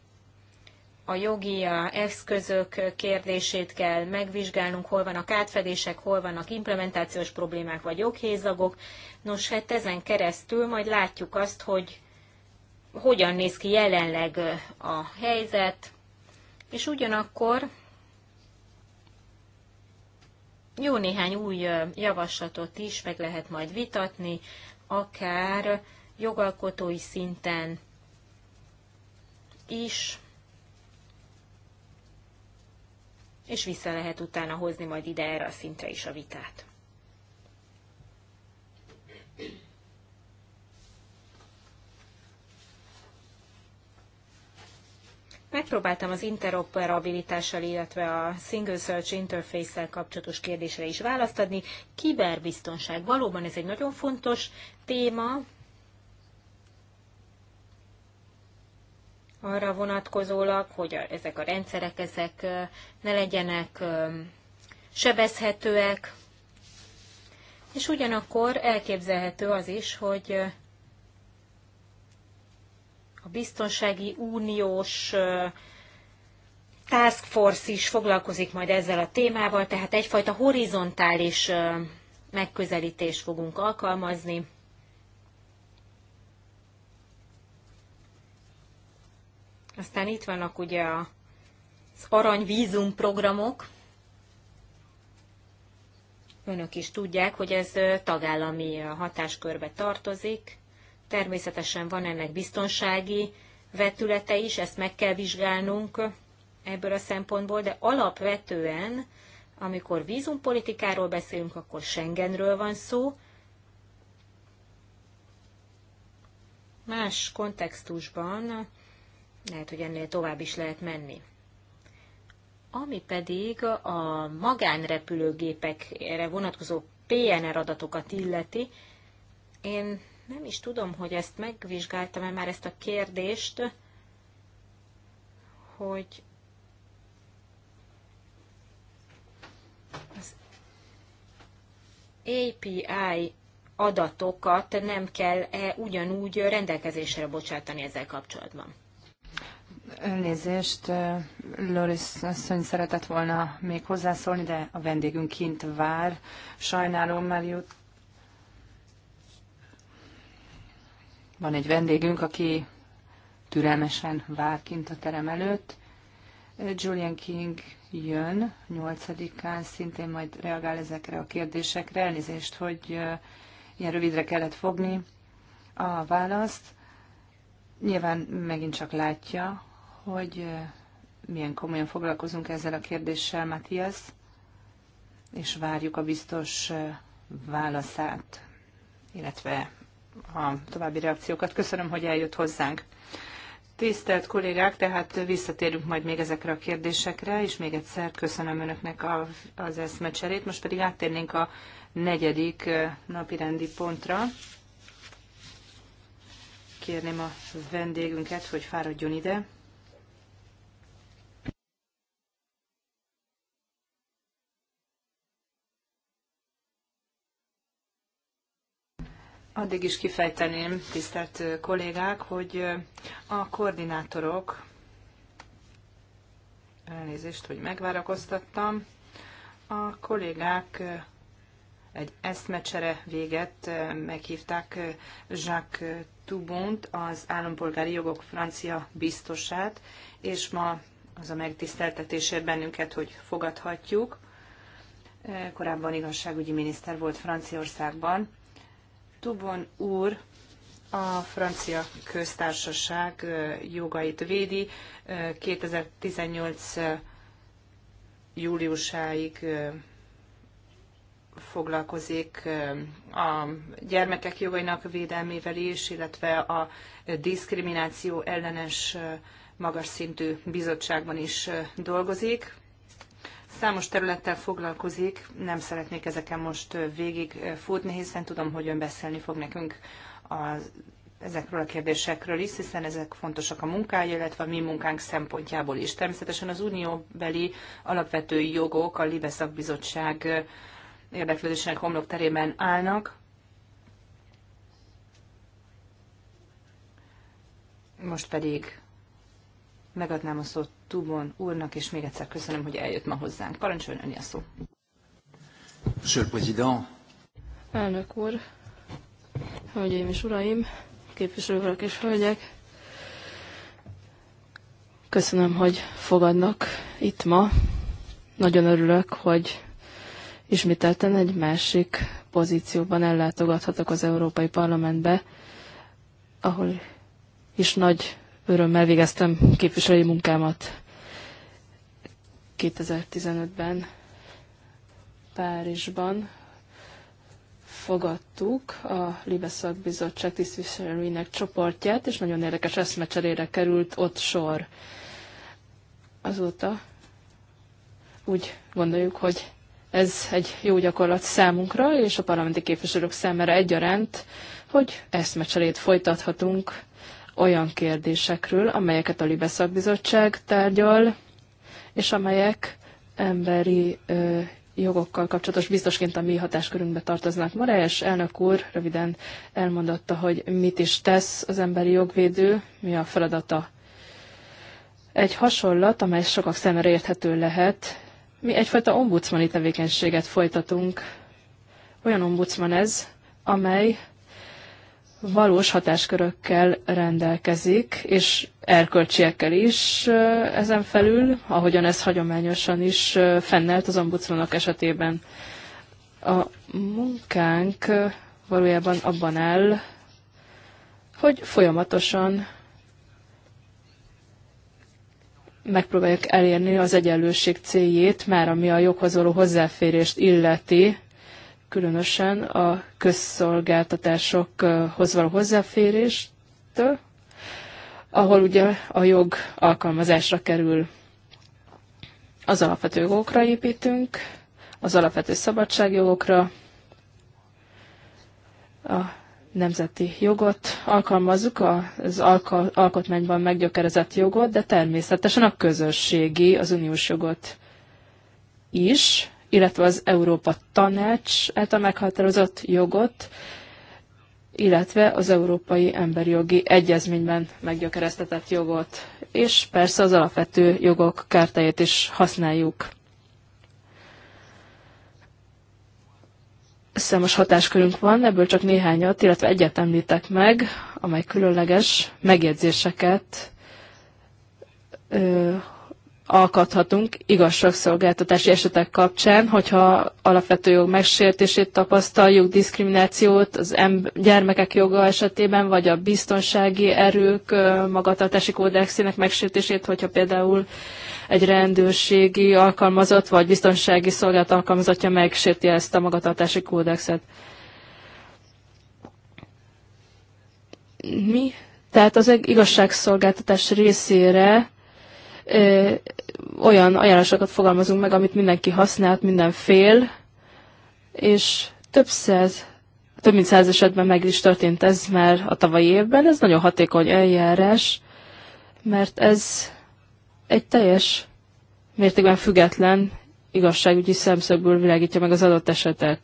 a jogi a eszközök kérdését kell megvizsgálnunk, hol vannak átfedések, hol vannak implementációs problémák vagy joghézagok. Nos, hát ezen keresztül majd látjuk azt, hogy hogyan néz ki jelenleg a helyzet, és ugyanakkor jó néhány új javaslatot is meg lehet majd vitatni, akár jogalkotói szinten is, és vissza lehet utána hozni majd ide erre a szintre is a vitát. Megpróbáltam az interoperabilitással, illetve a Single Search Interface-szel kapcsolatos kérdésre is választ adni. Kiberbiztonság. Valóban ez egy nagyon fontos téma, arra vonatkozólag, hogy ezek a rendszerek ezek ne legyenek sebezhetőek, és ugyanakkor elképzelhető az is, hogy a biztonsági uniós task force is foglalkozik majd ezzel a témával, tehát egyfajta horizontális megközelítést fogunk alkalmazni. Aztán itt vannak ugye az aranyvízum programok. Önök is tudják, hogy ez tagállami hatáskörbe tartozik. Természetesen van ennek biztonsági vetülete is, ezt meg kell vizsgálnunk ebből a szempontból, de alapvetően, amikor vízumpolitikáról beszélünk, akkor Schengenről van szó. Más kontextusban lehet, hogy ennél tovább is lehet menni. Ami pedig a magánrepülőgépekre vonatkozó PNR adatokat illeti, én nem is tudom, hogy ezt megvizsgáltam-e már ezt a kérdést, hogy az API adatokat nem kell -e ugyanúgy rendelkezésre bocsátani ezzel kapcsolatban. Elnézést, Loris asszony szeretett volna még hozzászólni, de a vendégünk kint vár. Sajnálom, már jut. Van egy vendégünk, aki türelmesen vár kint a terem előtt. Julian King jön 8-án, szintén majd reagál ezekre a kérdésekre. Elnézést, hogy ilyen rövidre kellett fogni a választ. Nyilván megint csak látja, hogy milyen komolyan foglalkozunk ezzel a kérdéssel, Matthias, és várjuk a biztos válaszát, illetve a további reakciókat. Köszönöm, hogy eljött hozzánk. Tisztelt kollégák, tehát visszatérünk majd még ezekre a kérdésekre, és még egyszer köszönöm Önöknek az eszmecserét. Most pedig áttérnénk a negyedik napirendi pontra. Kérném a vendégünket, hogy fáradjon ide. Addig is kifejteném, tisztelt kollégák, hogy a koordinátorok, elnézést, hogy megvárakoztattam, a kollégák egy eszmecsere véget meghívták Jacques Toubont, az állampolgári jogok francia biztosát, és ma az a megtiszteltetésért bennünket, hogy fogadhatjuk. Korábban igazságügyi miniszter volt Franciaországban, Tubon úr a francia köztársaság jogait védi. 2018 júliusáig foglalkozik a gyermekek jogainak védelmével is, illetve a diszkrimináció ellenes magas szintű bizottságban is dolgozik. Számos területtel foglalkozik, nem szeretnék ezeken most végig futni, hiszen tudom, hogy ön beszélni fog nekünk a, ezekről a kérdésekről is, hiszen ezek fontosak a munkája, illetve a mi munkánk szempontjából is. Természetesen az unióbeli alapvető jogok a Libe szakbizottság érdeklődésének terében állnak, most pedig megadnám a szót Tubon úrnak, és még egyszer köszönöm, hogy eljött ma hozzánk. Parancsoljon önni a szó. Monsieur le Président. Elnök úr, hölgyeim és uraim, képviselők és hölgyek, köszönöm, hogy fogadnak itt ma. Nagyon örülök, hogy ismételten egy másik pozícióban ellátogathatok az Európai Parlamentbe, ahol is nagy örömmel végeztem képviselői munkámat 2015-ben Párizsban. Fogadtuk a Libeszak Bizottság tisztviselőinek csoportját, és nagyon érdekes eszmecserére került ott sor. Azóta úgy gondoljuk, hogy ez egy jó gyakorlat számunkra és a parlamenti képviselők számára egyaránt, hogy eszmecserét folytathatunk olyan kérdésekről, amelyeket a Libe szakbizottság tárgyal, és amelyek emberi ö, jogokkal kapcsolatos biztosként a mi hatáskörünkbe tartoznak. Moraes elnök úr röviden elmondotta, hogy mit is tesz az emberi jogvédő, mi a feladata. Egy hasonlat, amely sokak szemre érthető lehet, mi egyfajta ombudsmani tevékenységet folytatunk. Olyan ombudsman ez, amely valós hatáskörökkel rendelkezik, és erkölcsiekkel is ezen felül, ahogyan ez hagyományosan is fennelt az ombudsmanok esetében. A munkánk valójában abban áll, hogy folyamatosan megpróbáljuk elérni az egyenlőség céljét, már ami a joghoz való hozzáférést illeti, különösen a közszolgáltatásokhoz való hozzáférést, ahol ugye a jog alkalmazásra kerül. Az alapvető jogokra építünk, az alapvető szabadságjogokra, a nemzeti jogot alkalmazzuk, az alkotmányban meggyökerezett jogot, de természetesen a közösségi, az uniós jogot is, illetve az Európa Tanács által meghatározott jogot, illetve az Európai Emberi Jogi Egyezményben meggyökeresztetett jogot, és persze az alapvető jogok kártáját is használjuk. Számos hatáskörünk van, ebből csak néhányat, illetve egyet említek meg, amely különleges megjegyzéseket alkathatunk igazságszolgáltatási esetek kapcsán, hogyha alapvető jog megsértését tapasztaljuk, diszkriminációt az emb- gyermekek joga esetében, vagy a biztonsági erők magatartási kódexének megsértését, hogyha például egy rendőrségi alkalmazott, vagy biztonsági szolgált alkalmazottja megsérti ezt a magatartási kódexet. Mi? Tehát az igazságszolgáltatás részére olyan ajánlásokat fogalmazunk meg, amit mindenki használt, minden fél, és több száz, több mint száz esetben meg is történt ez már a tavalyi évben. Ez nagyon hatékony eljárás, mert ez egy teljes mértékben független igazságügyi szemszögből világítja meg az adott esetet.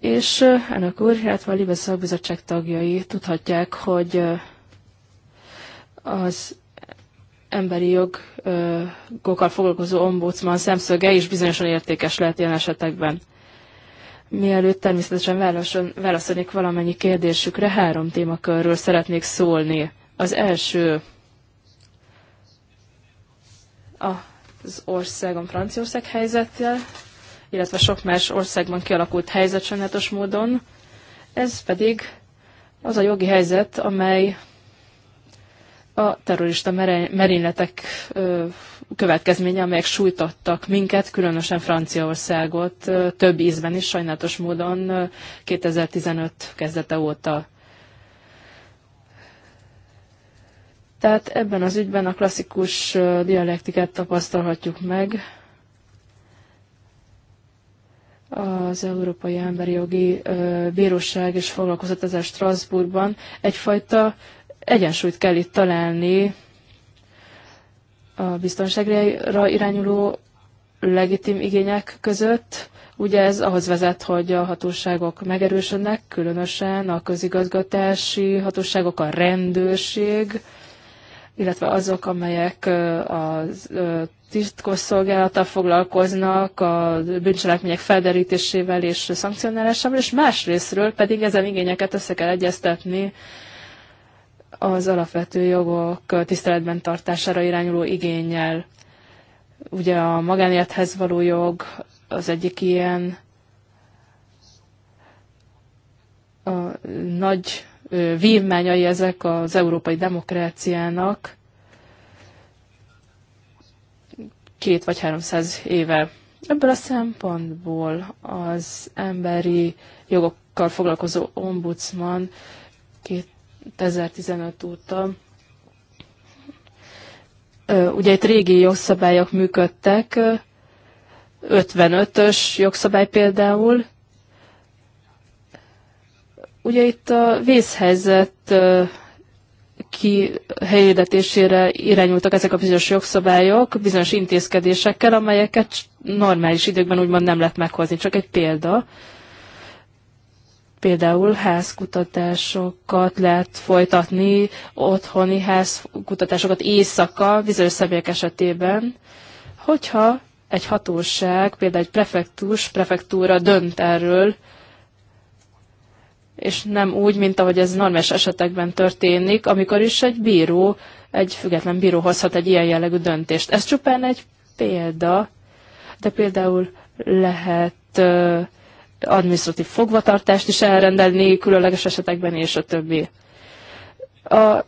És ennek úr, illetve a Libes tagjai tudhatják, hogy az emberi jogokkal foglalkozó ombudsman szemszöge is bizonyosan értékes lehet ilyen esetekben. Mielőtt természetesen válaszolnék valamennyi kérdésükre, három témakörről szeretnék szólni. Az első az országon Franciaország helyzettel, illetve sok más országban kialakult helyzet sajnálatos módon. Ez pedig az a jogi helyzet, amely a terrorista merényletek következménye, amelyek sújtottak minket, különösen Franciaországot több ízben is, sajnálatos módon 2015 kezdete óta. Tehát ebben az ügyben a klasszikus dialektikát tapasztalhatjuk meg az Európai Emberi Jogi Bíróság is foglalkozott ezzel Strasbourgban, egyfajta Egyensúlyt kell itt találni a biztonságra irányuló legitim igények között. Ugye ez ahhoz vezet, hogy a hatóságok megerősödnek, különösen a közigazgatási hatóságok, a rendőrség, illetve azok, amelyek a titkosszolgálattal foglalkoznak, a bűncselekmények felderítésével és szankcionálásával, és másrésztről pedig ezen igényeket össze kell egyeztetni az alapvető jogok tiszteletben tartására irányuló igényel. Ugye a magánélethez való jog az egyik ilyen, a nagy vívmányai ezek az európai demokráciának két vagy háromszáz éve. Ebből a szempontból az emberi jogokkal foglalkozó ombudsman két 2015 óta. Ugye itt régi jogszabályok működtek, 55-ös jogszabály például. Ugye itt a vészhelyzet kihirdetésére irányultak ezek a bizonyos jogszabályok, bizonyos intézkedésekkel, amelyeket normális időkben úgymond nem lehet meghozni. Csak egy példa. Például házkutatásokat lehet folytatni, otthoni házkutatásokat éjszaka bizonyos személyek esetében, hogyha egy hatóság, például egy prefektus, prefektúra dönt erről, és nem úgy, mint ahogy ez normális esetekben történik, amikor is egy bíró, egy független bíró hozhat egy ilyen jellegű döntést. Ez csupán egy példa, de például lehet administratív fogvatartást is elrendelni, különleges esetekben és a többi. A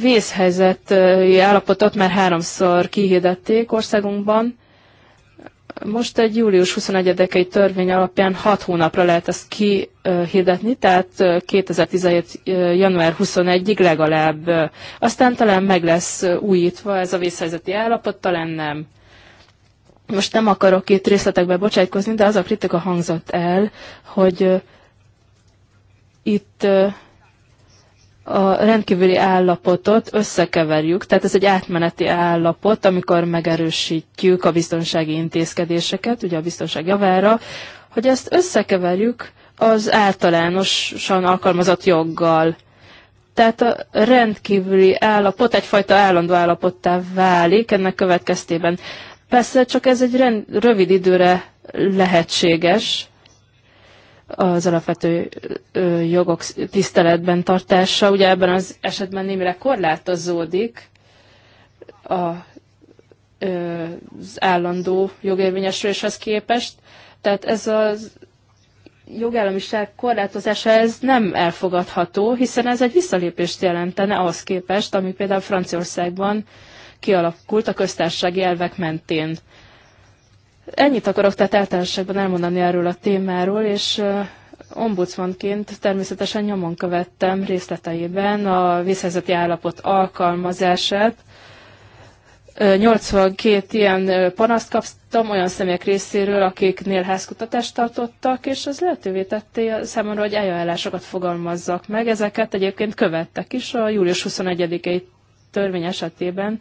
vészhelyzeti állapotot már háromszor kihirdették országunkban. Most egy július 21-i törvény alapján 6 hónapra lehet ezt kihirdetni, tehát 2017. január 21-ig legalább. Aztán talán meg lesz újítva ez a vészhelyzeti állapot, talán nem. Most nem akarok itt részletekbe bocsájtkozni, de az a kritika hangzott el, hogy itt a rendkívüli állapotot összekeverjük, tehát ez egy átmeneti állapot, amikor megerősítjük a biztonsági intézkedéseket, ugye a biztonság javára, hogy ezt összekeverjük az általánosan alkalmazott joggal. Tehát a rendkívüli állapot egyfajta állandó állapottá válik ennek következtében. Persze csak ez egy rend, rövid időre lehetséges az alapvető jogok tiszteletben tartása. Ugye ebben az esetben némire korlátozódik a, az állandó jogérvényesüléshez képest. Tehát ez az jogállamiság korlátozása ez nem elfogadható, hiszen ez egy visszalépést jelentene ahhoz képest, ami például Franciaországban kialakult a köztársasági elvek mentén. Ennyit akarok tehát általánosságban elmondani erről a témáról, és ombudsmanként természetesen nyomon követtem részleteiben a vészhelyzeti állapot alkalmazását. 82 ilyen panaszt kaptam olyan személyek részéről, akiknél házkutatást tartottak, és az lehetővé tette számomra, hogy eljárásokat fogalmazzak meg. Ezeket egyébként követtek is a július 21-i törvény esetében,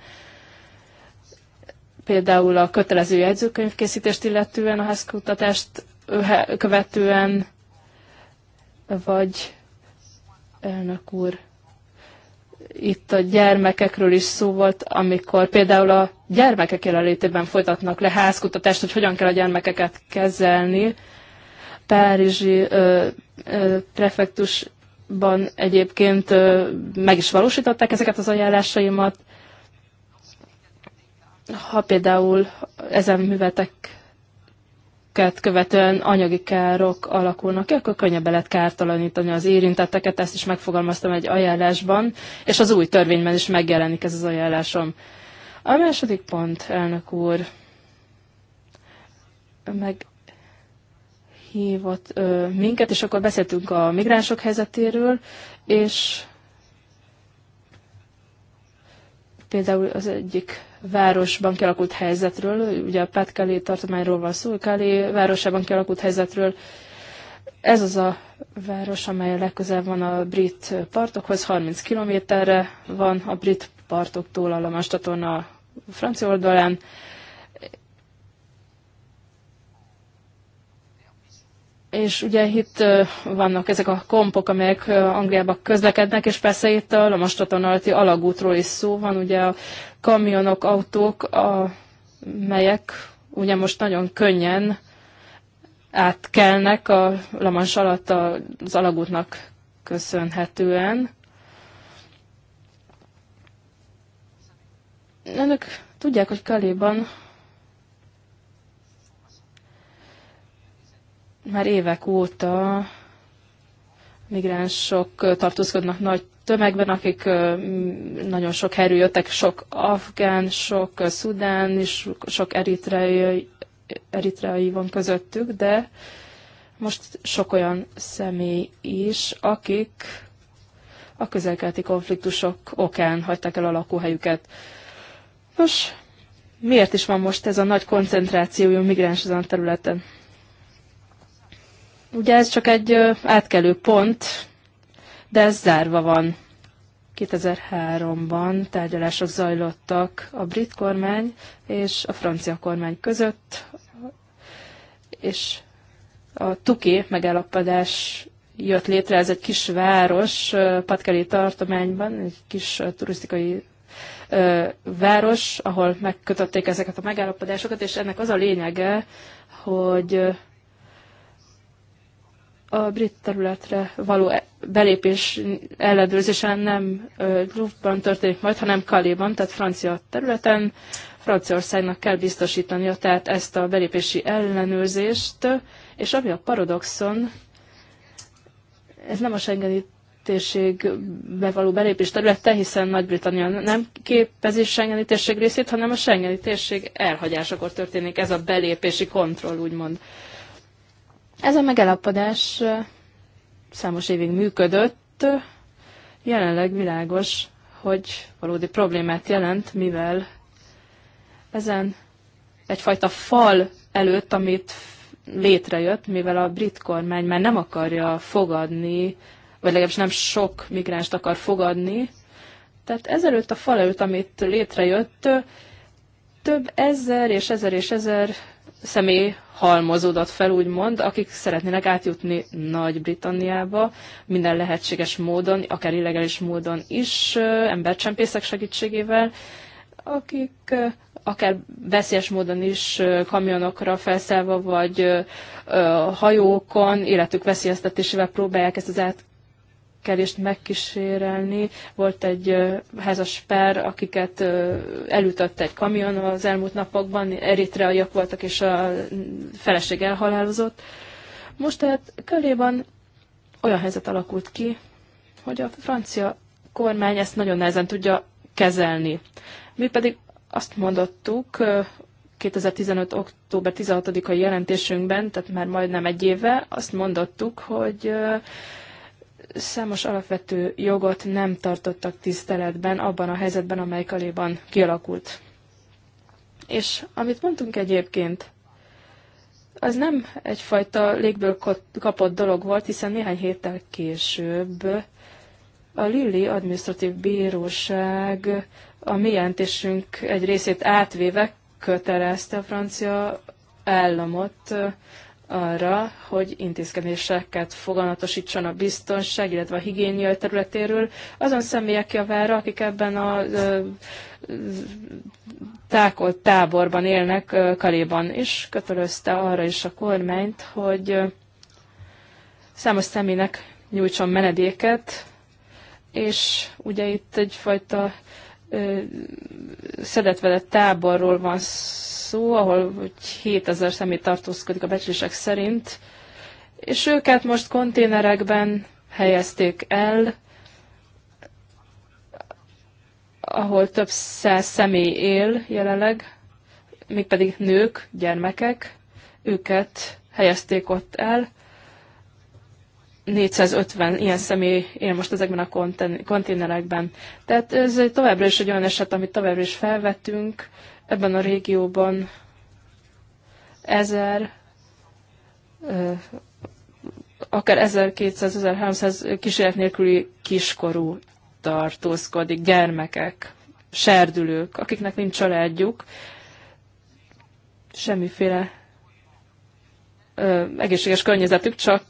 például a kötelező jegyzőkönyvkészítést illetően, a házkutatást követően, vagy elnök úr, itt a gyermekekről is szó volt, amikor például a gyermekek jelenlétében folytatnak le házkutatást, hogy hogyan kell a gyermekeket kezelni. Párizsi ö, ö, prefektusban egyébként ö, meg is valósították ezeket az ajánlásaimat, ha például ezen műveteket követően anyagi károk alakulnak ki, akkor könnyebben lehet kártalanítani az érintetteket, ezt is megfogalmaztam egy ajánlásban, és az új törvényben is megjelenik ez az ajánlásom. A második pont, elnök úr, meg hívott ö, minket, és akkor beszéltünk a migránsok helyzetéről, és például az egyik városban kialakult helyzetről, ugye a Petkeli tartományról van szó, Kálé városában kialakult helyzetről. Ez az a város, amely legközelebb van a brit partokhoz, 30 kilométerre van a brit partoktól a Lamas a francia oldalán. És ugye itt vannak ezek a kompok, amelyek Angliába közlekednek, és persze itt a Lamastaton alatti alagútról is szó van, ugye a kamionok, autók, a, melyek ugye most nagyon könnyen átkelnek a Lamas alatt az alagútnak köszönhetően. Önök tudják, hogy Kaléban Már évek óta migránsok tartózkodnak nagy tömegben, akik nagyon sok helyről jöttek, sok afgán, sok szudán, és sok eritreai, eritreai van közöttük, de most sok olyan személy is, akik a közelkelti konfliktusok okán hagyták el a lakóhelyüket. Nos, miért is van most ez a nagy koncentráció migráns ezen a területen? Ugye ez csak egy átkelő pont, de ez zárva van. 2003-ban tárgyalások zajlottak a brit kormány és a francia kormány között, és a Tuki megállapodás jött létre, ez egy kis város, Patkeli tartományban, egy kis turisztikai város, ahol megkötötték ezeket a megállapodásokat, és ennek az a lényege, hogy a brit területre való e- belépés ellenőrzésen nem Louvre-ban történik majd, hanem Kaléban, tehát francia területen. Franciaországnak kell biztosítania tehát ezt a belépési ellenőrzést, és ami a paradoxon, ez nem a Schengeni térségbe való belépés területe, hiszen Nagy-Britannia nem képezi Schengeni térség részét, hanem a Schengeni térség elhagyásakor történik ez a belépési kontroll, úgymond. Uh, ez a megállapodás számos évig működött, jelenleg világos, hogy valódi problémát jelent, mivel ezen egyfajta fal előtt, amit létrejött, mivel a brit kormány már nem akarja fogadni, vagy legalábbis nem sok migránst akar fogadni. Tehát ezelőtt a fal előtt, amit létrejött, több ezer és ezer és ezer személy halmozódott fel, úgymond, akik szeretnének átjutni Nagy-Britanniába minden lehetséges módon, akár illegális módon is, embercsempészek segítségével, akik akár veszélyes módon is kamionokra felszállva, vagy hajókon életük veszélyeztetésével próbálják ezt az át, kerést megkísérelni. Volt egy házas pár, akiket elütött egy kamion az elmúlt napokban, eritreaiak voltak, és a feleség elhalálozott. Most tehát körében olyan helyzet alakult ki, hogy a francia kormány ezt nagyon nehezen tudja kezelni. Mi pedig azt mondottuk 2015. október 16-ai jelentésünkben, tehát már majdnem egy éve, azt mondottuk, hogy számos alapvető jogot nem tartottak tiszteletben abban a helyzetben, amely Kaléban kialakult. És amit mondtunk egyébként, az nem egyfajta légből kapott dolog volt, hiszen néhány héttel később a Lilli Administratív Bíróság a mi jelentésünk egy részét átvéve kötelezte a francia államot arra, hogy intézkedéseket foganatosítson a biztonság, illetve a higiénia területéről azon személyek javára, akik ebben a tákolt táborban élnek Kaléban, és kötölözte arra is a kormányt, hogy számos személynek nyújtson menedéket, és ugye itt egyfajta szedetvedett táborról van szó, szó, ahol 7000 személy tartózkodik a becslések szerint, és őket most konténerekben helyezték el, ahol több száz személy él jelenleg, mégpedig nők, gyermekek, őket helyezték ott el. 450 ilyen személy él most ezekben a konténerekben. Tehát ez továbbra is egy olyan eset, amit továbbra is felvettünk, ebben a régióban ezer, akár 1200-1300 kísérlet nélküli kiskorú tartózkodik, gyermekek, serdülők, akiknek nincs családjuk, semmiféle egészséges környezetük, csak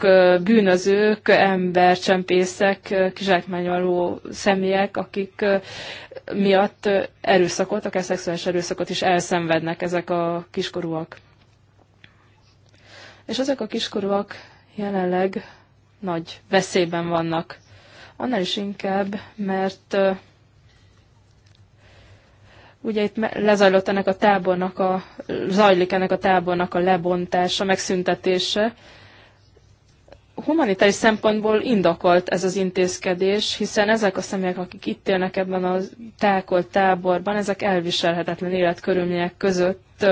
bűnözők, embercsempészek, kizsákmányoló személyek, akik miatt erőszakot, akár szexuális erőszakot is elszenvednek ezek a kiskorúak. És ezek a kiskorúak jelenleg nagy veszélyben vannak. Annál is inkább, mert Ugye itt lezajlott ennek a tábornak a, zajlik ennek a tábornak a lebontása, megszüntetése. Humanitári szempontból indokolt ez az intézkedés, hiszen ezek a személyek, akik itt élnek ebben a tákolt táborban, ezek elviselhetetlen életkörülmények között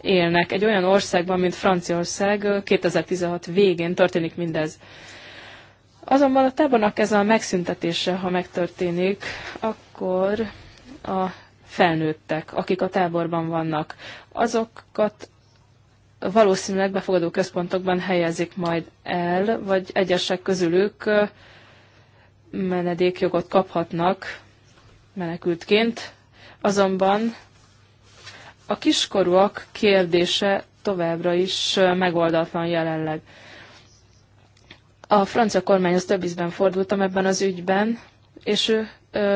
élnek. Egy olyan országban, mint Franciaország 2016 végén történik mindez. Azonban a tábornak ez a megszüntetése, ha megtörténik, akkor a felnőttek, akik a táborban vannak. Azokat valószínűleg befogadó központokban helyezik majd el, vagy egyesek közülük menedékjogot kaphatnak menekültként. Azonban a kiskorúak kérdése továbbra is megoldatlan jelenleg. A francia kormányhoz több ízben fordultam ebben az ügyben, és ő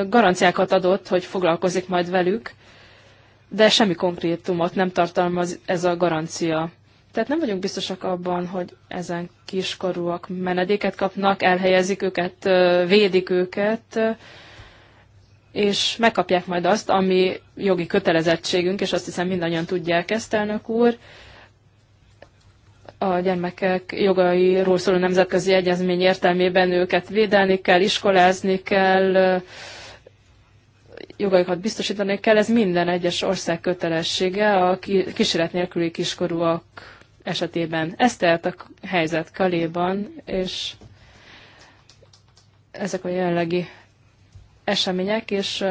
garanciákat adott, hogy foglalkozik majd velük, de semmi konkrétumot nem tartalmaz ez a garancia. Tehát nem vagyunk biztosak abban, hogy ezen kiskorúak menedéket kapnak, elhelyezik őket, védik őket, és megkapják majd azt, ami jogi kötelezettségünk, és azt hiszem mindannyian tudják ezt, elnök úr, a gyermekek jogairól szóló nemzetközi egyezmény értelmében őket védelni kell, iskolázni kell, jogaikat biztosítani kell. Ez minden egyes ország kötelessége a kísérlet nélküli kiskorúak esetében. Ez tehát a helyzet Kaléban, és ezek a jelenlegi események, és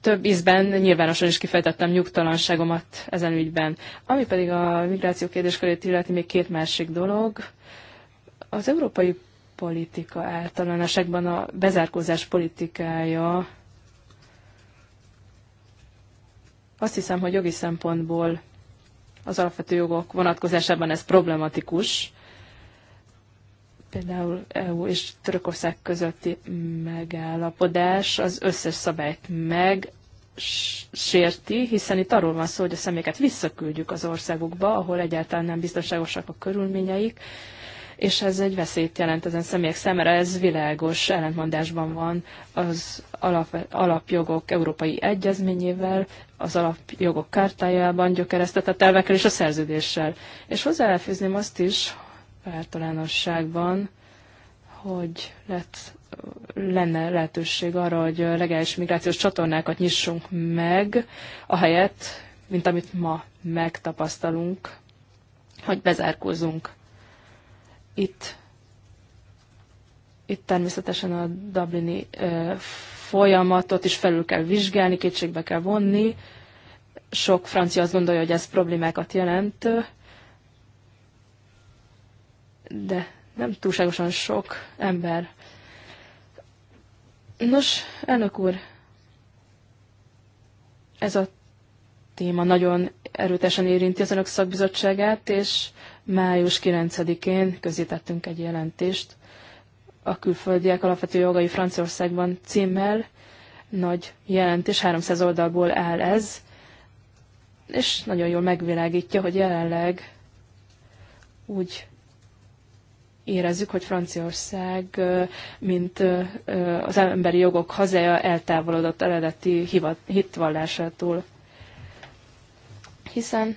több ízben nyilvánosan is kifejtettem nyugtalanságomat ezen ügyben. Ami pedig a migráció kérdéskörét illeti még két másik dolog. Az európai politika általánosságban a bezárkózás politikája azt hiszem, hogy jogi szempontból az alapvető jogok vonatkozásában ez problematikus, például EU és Törökország közötti megállapodás az összes szabályt meg sérti, hiszen itt arról van szó, hogy a személyeket visszaküldjük az országukba, ahol egyáltalán nem biztonságosak a körülményeik, és ez egy veszélyt jelent ezen személyek számára, ez világos ellentmondásban van az alap, alapjogok európai egyezményével, az alapjogok kártájában gyökeresztetett elvekkel és a szerződéssel. És hozzáfűzném azt is, általánosságban, hogy lett, lenne lehetőség arra, hogy legális migrációs csatornákat nyissunk meg, ahelyett, mint amit ma megtapasztalunk, hogy bezárkózunk. Itt, itt természetesen a Dublini folyamatot is felül kell vizsgálni, kétségbe kell vonni. Sok francia azt gondolja, hogy ez problémákat jelent, de nem túlságosan sok ember. Nos, elnök úr, ez a téma nagyon erőtesen érinti az önök szakbizottságát, és május 9-én közítettünk egy jelentést a külföldiek alapvető jogai Franciaországban címmel. Nagy jelentés, 300 oldalból áll ez, és nagyon jól megvilágítja, hogy jelenleg úgy érezzük, hogy Franciaország, mint az emberi jogok hazája eltávolodott eredeti hivat, hitvallásától. Hiszen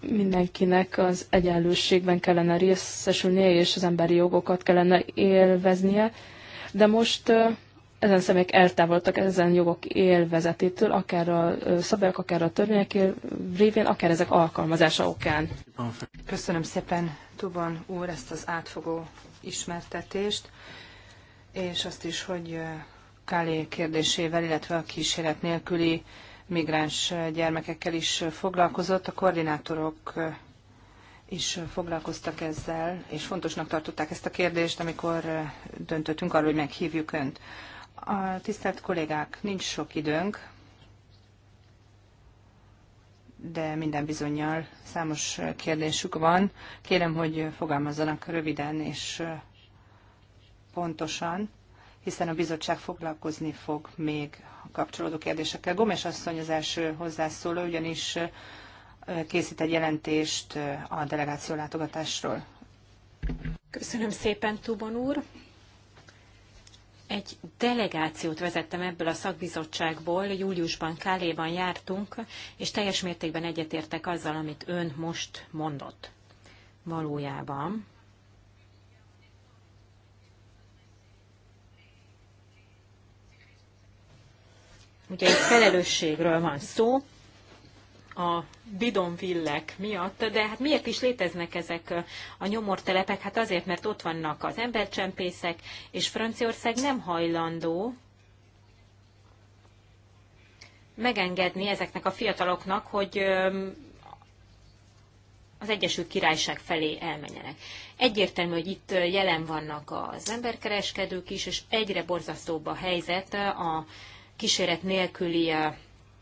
mindenkinek az egyenlőségben kellene részesülnie, és az emberi jogokat kellene élveznie, de most ezen személyek eltávolodtak ezen jogok élvezetétől, akár a szabályok, akár a törvények révén, akár ezek alkalmazása okán. Köszönöm szépen, Tuban úr, ezt az átfogó ismertetést, és azt is, hogy Kálé kérdésével, illetve a kísérlet nélküli migráns gyermekekkel is foglalkozott. A koordinátorok is foglalkoztak ezzel, és fontosnak tartották ezt a kérdést, amikor döntöttünk arról, hogy meghívjuk Önt. A tisztelt kollégák, nincs sok időnk, de minden bizonyal számos kérdésük van. Kérem, hogy fogalmazzanak röviden és pontosan, hiszen a bizottság foglalkozni fog még a kapcsolódó kérdésekkel. Gomes asszony az első hozzászóló, ugyanis készít egy jelentést a delegáció látogatásról. Köszönöm szépen, Tubon úr egy delegációt vezettem ebből a szakbizottságból, júliusban Káléban jártunk, és teljes mértékben egyetértek azzal, amit ön most mondott. Valójában. Ugye egy felelősségről van szó, a bidonvillek miatt, de hát miért is léteznek ezek a nyomortelepek? Hát azért, mert ott vannak az embercsempészek, és Franciaország nem hajlandó megengedni ezeknek a fiataloknak, hogy az Egyesült Királyság felé elmenjenek. Egyértelmű, hogy itt jelen vannak az emberkereskedők is, és egyre borzasztóbb a helyzet a kíséret nélküli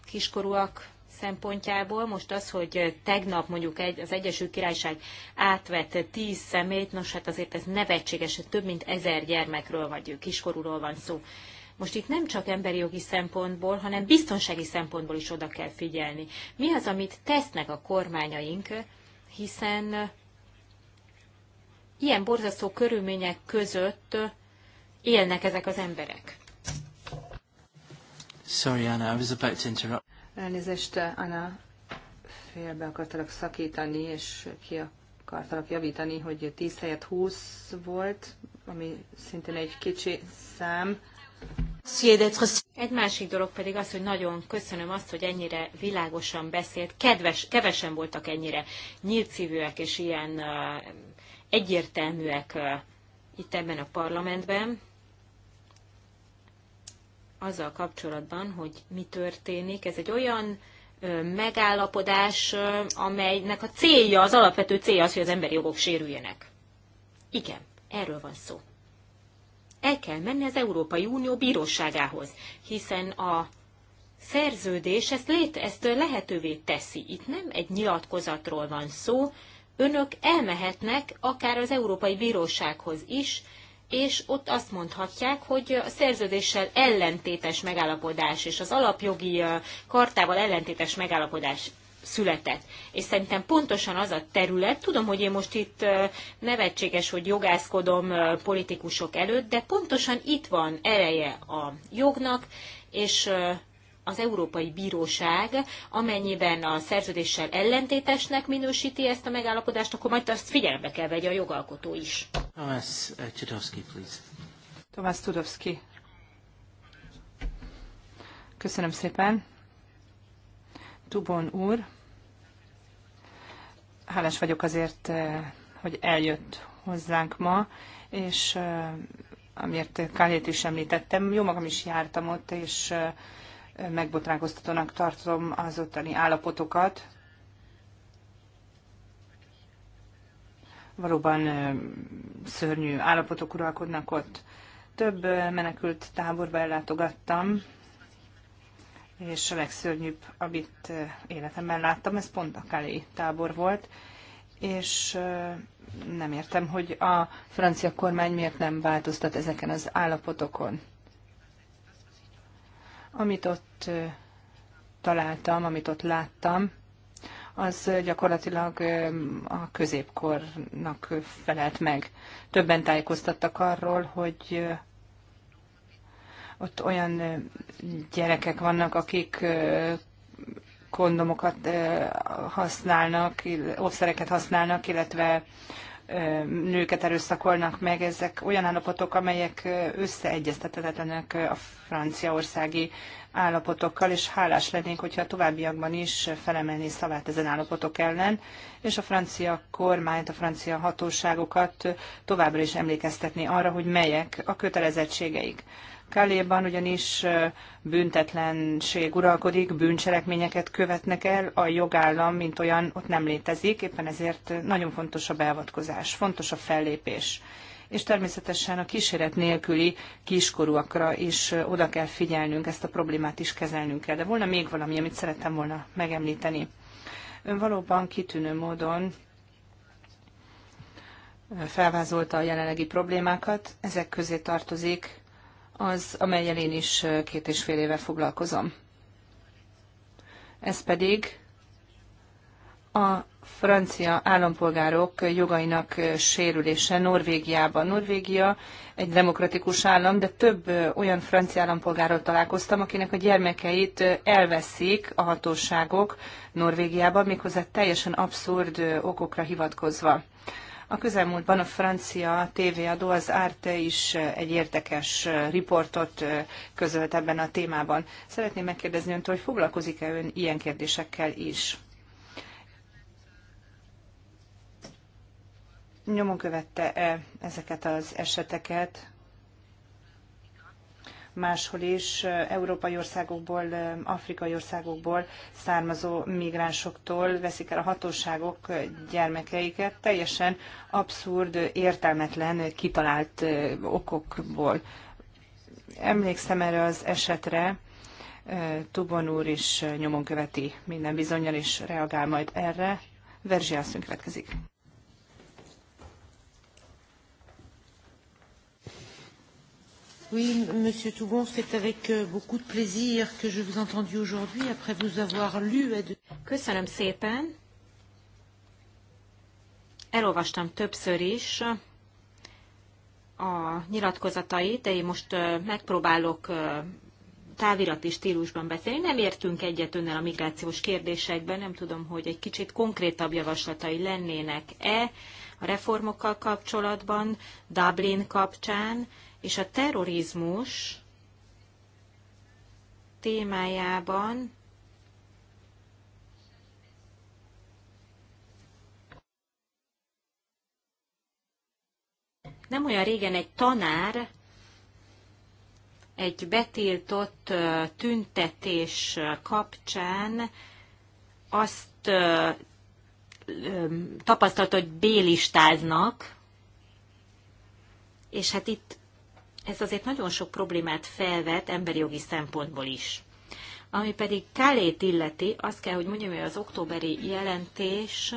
kiskorúak szempontjából. Most az, hogy tegnap mondjuk egy, az Egyesült Királyság átvett tíz szemét, nos hát azért ez nevetséges, több mint ezer gyermekről vagy kiskorúról van szó. Most itt nem csak emberi jogi szempontból, hanem biztonsági szempontból is oda kell figyelni. Mi az, amit tesznek a kormányaink, hiszen ilyen borzasztó körülmények között élnek ezek az emberek. Sorry, Anna, I was about to interrupt. Elnézést, Anna, félbe akartalak szakítani, és ki akartalak javítani, hogy 10 helyett 20 volt, ami szintén egy kicsi szám. Egy másik dolog pedig az, hogy nagyon köszönöm azt, hogy ennyire világosan beszélt. Kedves, kevesen voltak ennyire nyílcívűek és ilyen uh, egyértelműek uh, itt ebben a parlamentben azzal kapcsolatban, hogy mi történik. Ez egy olyan megállapodás, amelynek a célja, az alapvető célja az, hogy az emberi jogok sérüljenek. Igen, erről van szó. El kell menni az Európai Unió bíróságához, hiszen a szerződés ezt, lét, ezt lehetővé teszi. Itt nem egy nyilatkozatról van szó, önök elmehetnek akár az Európai Bírósághoz is, és ott azt mondhatják, hogy a szerződéssel ellentétes megállapodás és az alapjogi kartával ellentétes megállapodás született. És szerintem pontosan az a terület, tudom, hogy én most itt nevetséges, hogy jogászkodom politikusok előtt, de pontosan itt van ereje a jognak, és az Európai Bíróság, amennyiben a szerződéssel ellentétesnek minősíti ezt a megállapodást, akkor majd azt figyelembe kell vegye a jogalkotó is. Thomas uh, Tudowski, please. Thomas Tudowski. Köszönöm szépen. Tubon úr, hálás vagyok azért, uh, hogy eljött hozzánk ma, és uh, amiért Kálét is említettem, jó magam is jártam ott, és megbotránkoztatónak tartom az ottani állapotokat. Valóban szörnyű állapotok uralkodnak ott. Több menekült táborba ellátogattam, és a legszörnyűbb, amit életemben láttam, ez pont a Kali tábor volt, és nem értem, hogy a francia kormány miért nem változtat ezeken az állapotokon. Amit ott találtam, amit ott láttam, az gyakorlatilag a középkornak felelt meg. Többen tájékoztattak arról, hogy ott olyan gyerekek vannak, akik kondomokat használnak, óvszereket használnak, illetve nőket erőszakolnak meg, ezek olyan állapotok, amelyek összeegyeztethetetlenek a franciaországi állapotokkal, és hálás lennénk, hogyha a továbbiakban is felemelné szavát ezen állapotok ellen, és a francia kormányt, a francia hatóságokat továbbra is emlékeztetni arra, hogy melyek a kötelezettségeik. Kaléban ugyanis büntetlenség uralkodik, bűncselekményeket követnek el, a jogállam, mint olyan, ott nem létezik, éppen ezért nagyon fontos a beavatkozás, fontos a fellépés. És természetesen a kíséret nélküli kiskorúakra is oda kell figyelnünk, ezt a problémát is kezelnünk kell. De volna még valami, amit szerettem volna megemlíteni. Ön valóban kitűnő módon felvázolta a jelenlegi problémákat, ezek közé tartozik az, amelyel én is két és fél éve foglalkozom. Ez pedig a francia állampolgárok jogainak sérülése Norvégiában. Norvégia egy demokratikus állam, de több olyan francia állampolgárral találkoztam, akinek a gyermekeit elveszik a hatóságok Norvégiában, méghozzá teljesen abszurd okokra hivatkozva. A közelmúltban a francia tévéadó, az Arte is egy érdekes riportot közölt ebben a témában. Szeretném megkérdezni öntől, hogy foglalkozik-e ön ilyen kérdésekkel is? Nyomon követte-e ezeket az eseteket? máshol is európai országokból, afrikai országokból származó migránsoktól veszik el a hatóságok gyermekeiket, teljesen abszurd, értelmetlen, kitalált okokból. Emlékszem erre az esetre, Tubon úr is nyomon követi minden bizonyal, és reagál majd erre. Verzsi asszony következik. Oui, Monsieur Toubon, c'est avec euh, beaucoup de plaisir que je vous ai entendu aujourd'hui après vous avoir lu. Köszönöm szépen. Elolvastam többször is a nyilatkozatait, de én most megpróbálok távirati stílusban beszélni. Nem értünk egyet önnel a migrációs kérdésekben, nem tudom, hogy egy kicsit konkrétabb javaslatai lennének-e a reformokkal kapcsolatban, Dublin kapcsán, és a terrorizmus témájában nem olyan régen egy tanár egy betiltott tüntetés kapcsán azt tapasztalt, hogy bélistáznak, és hát itt ez azért nagyon sok problémát felvet emberi jogi szempontból is. Ami pedig Kálét illeti, azt kell, hogy mondjam, hogy az októberi jelentés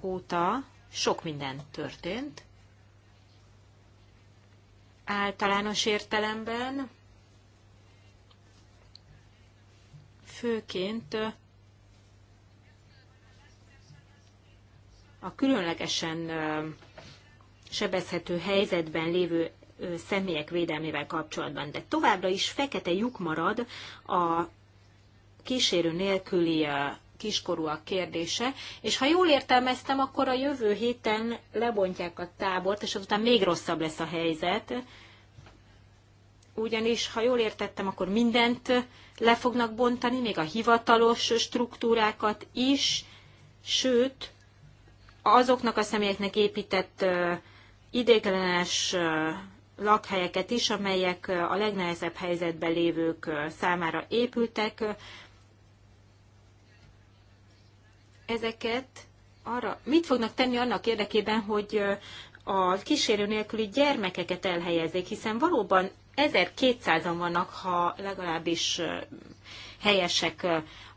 óta sok minden történt. Általános értelemben főként a különlegesen sebezhető helyzetben lévő személyek védelmével kapcsolatban. De továbbra is fekete lyuk marad a kísérő nélküli kiskorúak kérdése, és ha jól értelmeztem, akkor a jövő héten lebontják a tábort, és azután még rosszabb lesz a helyzet, ugyanis, ha jól értettem, akkor mindent le fognak bontani, még a hivatalos struktúrákat is, sőt, azoknak a személyeknek épített idéglenes lakhelyeket is, amelyek a legnehezebb helyzetben lévők számára épültek. Ezeket arra, mit fognak tenni annak érdekében, hogy a kísérő nélküli gyermekeket elhelyezzék, hiszen valóban 1200-an vannak, ha legalábbis helyesek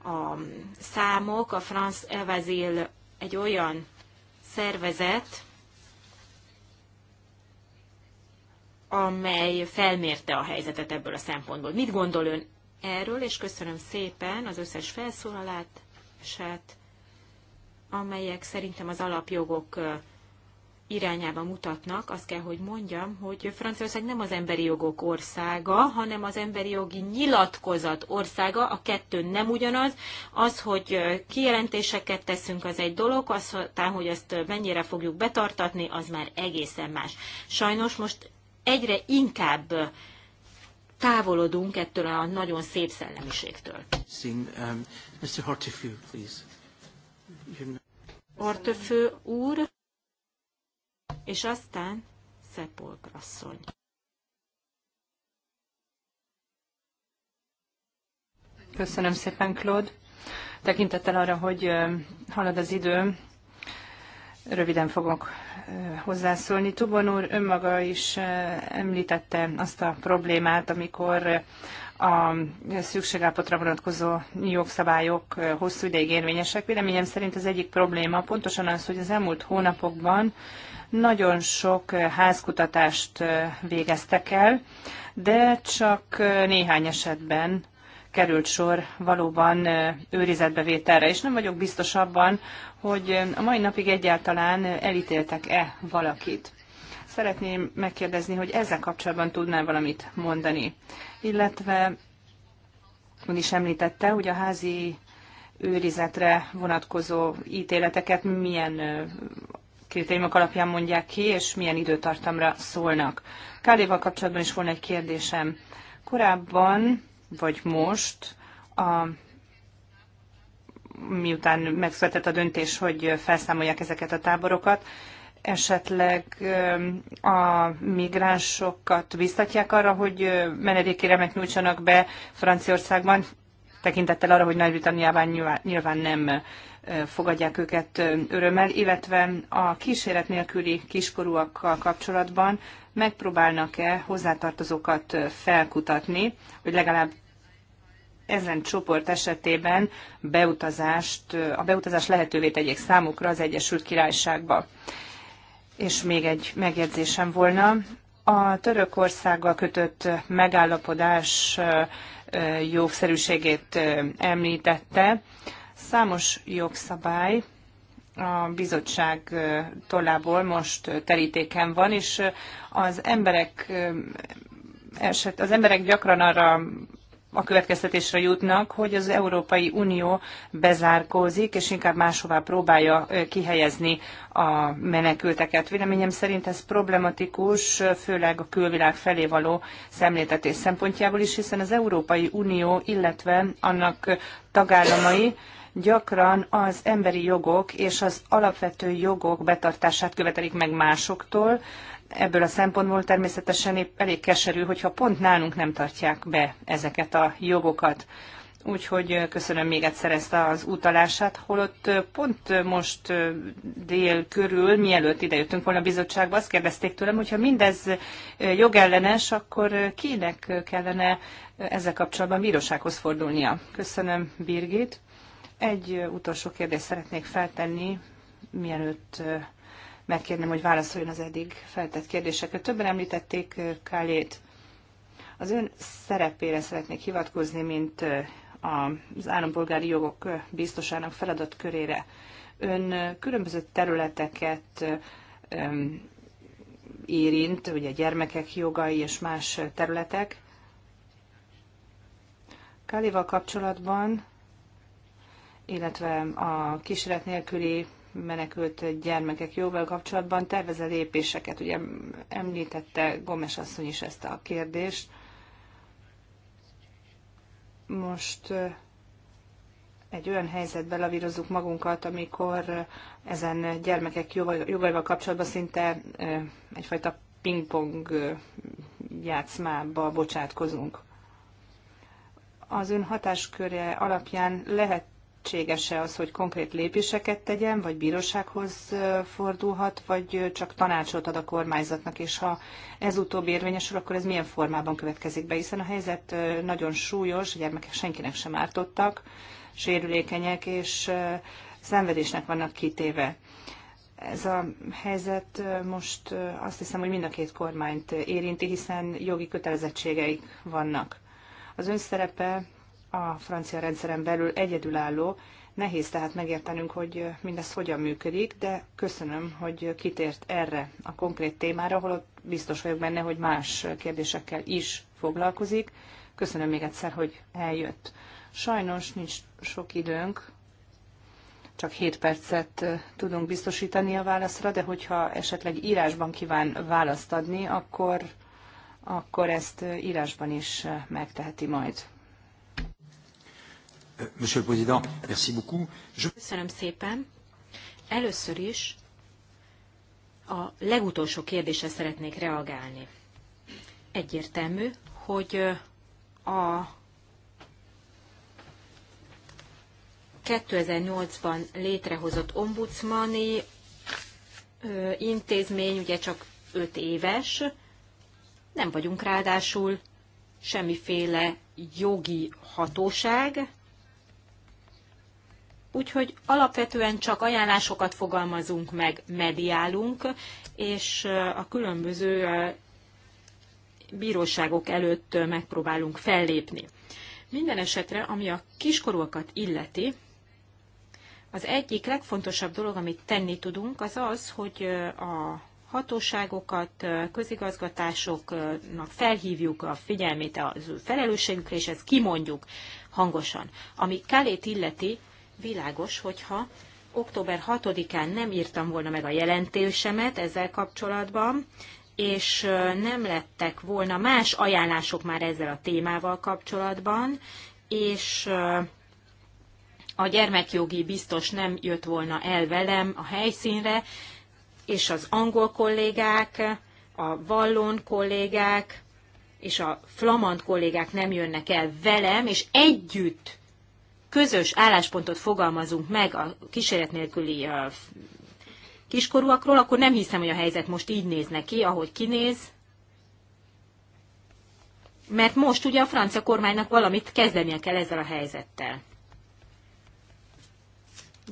a számok. A France Evazil egy olyan szervezet, amely felmérte a helyzetet ebből a szempontból. Mit gondol ön erről, és köszönöm szépen az összes felszólalását, amelyek szerintem az alapjogok irányába mutatnak, azt kell, hogy mondjam, hogy Franciaország nem az emberi jogok országa, hanem az emberi jogi nyilatkozat országa, a kettő nem ugyanaz. Az, hogy kijelentéseket teszünk, az egy dolog, aztán, hogy ezt mennyire fogjuk betartatni, az már egészen más. Sajnos most egyre inkább távolodunk ettől a nagyon szép szellemiségtől. Seen, um, Mr. úr, és aztán Szepolk asszony. Köszönöm szépen, Claude. Tekintettel arra, hogy um, halad az idő, Röviden fogok hozzászólni. Tubon úr önmaga is említette azt a problémát, amikor a szükségállapotra vonatkozó jogszabályok hosszú ideig érvényesek. Véleményem szerint az egyik probléma pontosan az, hogy az elmúlt hónapokban nagyon sok házkutatást végeztek el, de csak néhány esetben került sor valóban őrizetbevételre, és nem vagyok biztos abban, hogy a mai napig egyáltalán elítéltek-e valakit. Szeretném megkérdezni, hogy ezzel kapcsolatban tudnál valamit mondani. Illetve ön is említette, hogy a házi őrizetre vonatkozó ítéleteket milyen kritériumok alapján mondják ki, és milyen időtartamra szólnak. Kádéval kapcsolatban is volna egy kérdésem. Korábban vagy most, a, miután megszületett a döntés, hogy felszámolják ezeket a táborokat, esetleg a migránsokat biztatják arra, hogy menedékéremet nyújtsanak be Franciaországban, tekintettel arra, hogy Nagy-Britanniában nyilván, nyilván nem fogadják őket örömmel, illetve a kíséret nélküli kiskorúakkal kapcsolatban megpróbálnak-e hozzátartozókat felkutatni, hogy legalább ezen csoport esetében beutazást, a beutazás lehetővé tegyék számukra az Egyesült Királyságba. És még egy megjegyzésem volna. A Törökországgal kötött megállapodás jogszerűségét említette. Számos jogszabály a bizottság tollából most terítéken van, és az emberek, eset, az emberek gyakran arra a következtetésre jutnak, hogy az Európai Unió bezárkózik, és inkább máshová próbálja kihelyezni a menekülteket. Véleményem szerint ez problematikus, főleg a külvilág felé való szemléltetés szempontjából is, hiszen az Európai Unió, illetve annak tagállamai gyakran az emberi jogok és az alapvető jogok betartását követelik meg másoktól. Ebből a szempontból természetesen épp elég keserű, hogyha pont nálunk nem tartják be ezeket a jogokat. Úgyhogy köszönöm még egyszer ezt az utalását, holott pont most dél körül, mielőtt idejöttünk volna a bizottságba, azt kérdezték tőlem, hogyha mindez jogellenes, akkor kinek kellene ezzel kapcsolatban bírósághoz fordulnia. Köszönöm, Birgit. Egy utolsó kérdést szeretnék feltenni, mielőtt megkérném, hogy válaszoljon az eddig feltett kérdésekre. Többen említették Kálét. Az ön szerepére szeretnék hivatkozni, mint az állampolgári jogok biztosának feladatkörére. Ön különböző területeket érint, ugye gyermekek jogai és más területek. Kálival kapcsolatban illetve a kísérlet nélküli menekült gyermekek jóval kapcsolatban tervezel lépéseket. Ugye említette Gomes asszony is ezt a kérdést. Most egy olyan helyzetbe lavírozzuk magunkat, amikor ezen gyermekek jogaival kapcsolatban szinte egyfajta pingpong játszmába bocsátkozunk. Az ön hatásköre alapján lehet lehetséges-e az, hogy konkrét lépéseket tegyen, vagy bírósághoz fordulhat, vagy csak tanácsot ad a kormányzatnak, és ha ez utóbb érvényesül, akkor ez milyen formában következik be, hiszen a helyzet nagyon súlyos, a gyermekek senkinek sem ártottak, sérülékenyek, és szenvedésnek vannak kitéve. Ez a helyzet most azt hiszem, hogy mind a két kormányt érinti, hiszen jogi kötelezettségeik vannak. Az ön szerepe a francia rendszeren belül egyedülálló. Nehéz tehát megértenünk, hogy mindez hogyan működik, de köszönöm, hogy kitért erre a konkrét témára, holott biztos vagyok benne, hogy más kérdésekkel is foglalkozik. Köszönöm még egyszer, hogy eljött. Sajnos nincs sok időnk, csak 7 percet tudunk biztosítani a válaszra, de hogyha esetleg írásban kíván választ adni, akkor, akkor ezt írásban is megteheti majd. Monsieur le Président, merci beaucoup. Je... Köszönöm szépen. Először is a legutolsó kérdésre szeretnék reagálni. Egyértelmű, hogy a 2008-ban létrehozott ombudsmani intézmény ugye csak 5 éves, nem vagyunk ráadásul semmiféle jogi hatóság, Úgyhogy alapvetően csak ajánlásokat fogalmazunk meg, mediálunk, és a különböző bíróságok előtt megpróbálunk fellépni. Minden esetre, ami a kiskorúakat illeti, az egyik legfontosabb dolog, amit tenni tudunk, az az, hogy a hatóságokat, közigazgatásoknak felhívjuk a figyelmét a felelősségükre, és ezt kimondjuk hangosan. Ami Kálét illeti, világos, hogyha október 6-án nem írtam volna meg a jelentésemet ezzel kapcsolatban, és nem lettek volna más ajánlások már ezzel a témával kapcsolatban, és a gyermekjogi biztos nem jött volna el velem a helyszínre, és az angol kollégák, a vallon kollégák és a flamand kollégák nem jönnek el velem, és együtt közös álláspontot fogalmazunk meg a kísérlet nélküli kiskorúakról, akkor nem hiszem, hogy a helyzet most így néz neki, ahogy kinéz. Mert most ugye a francia kormánynak valamit kezdenie kell ezzel a helyzettel.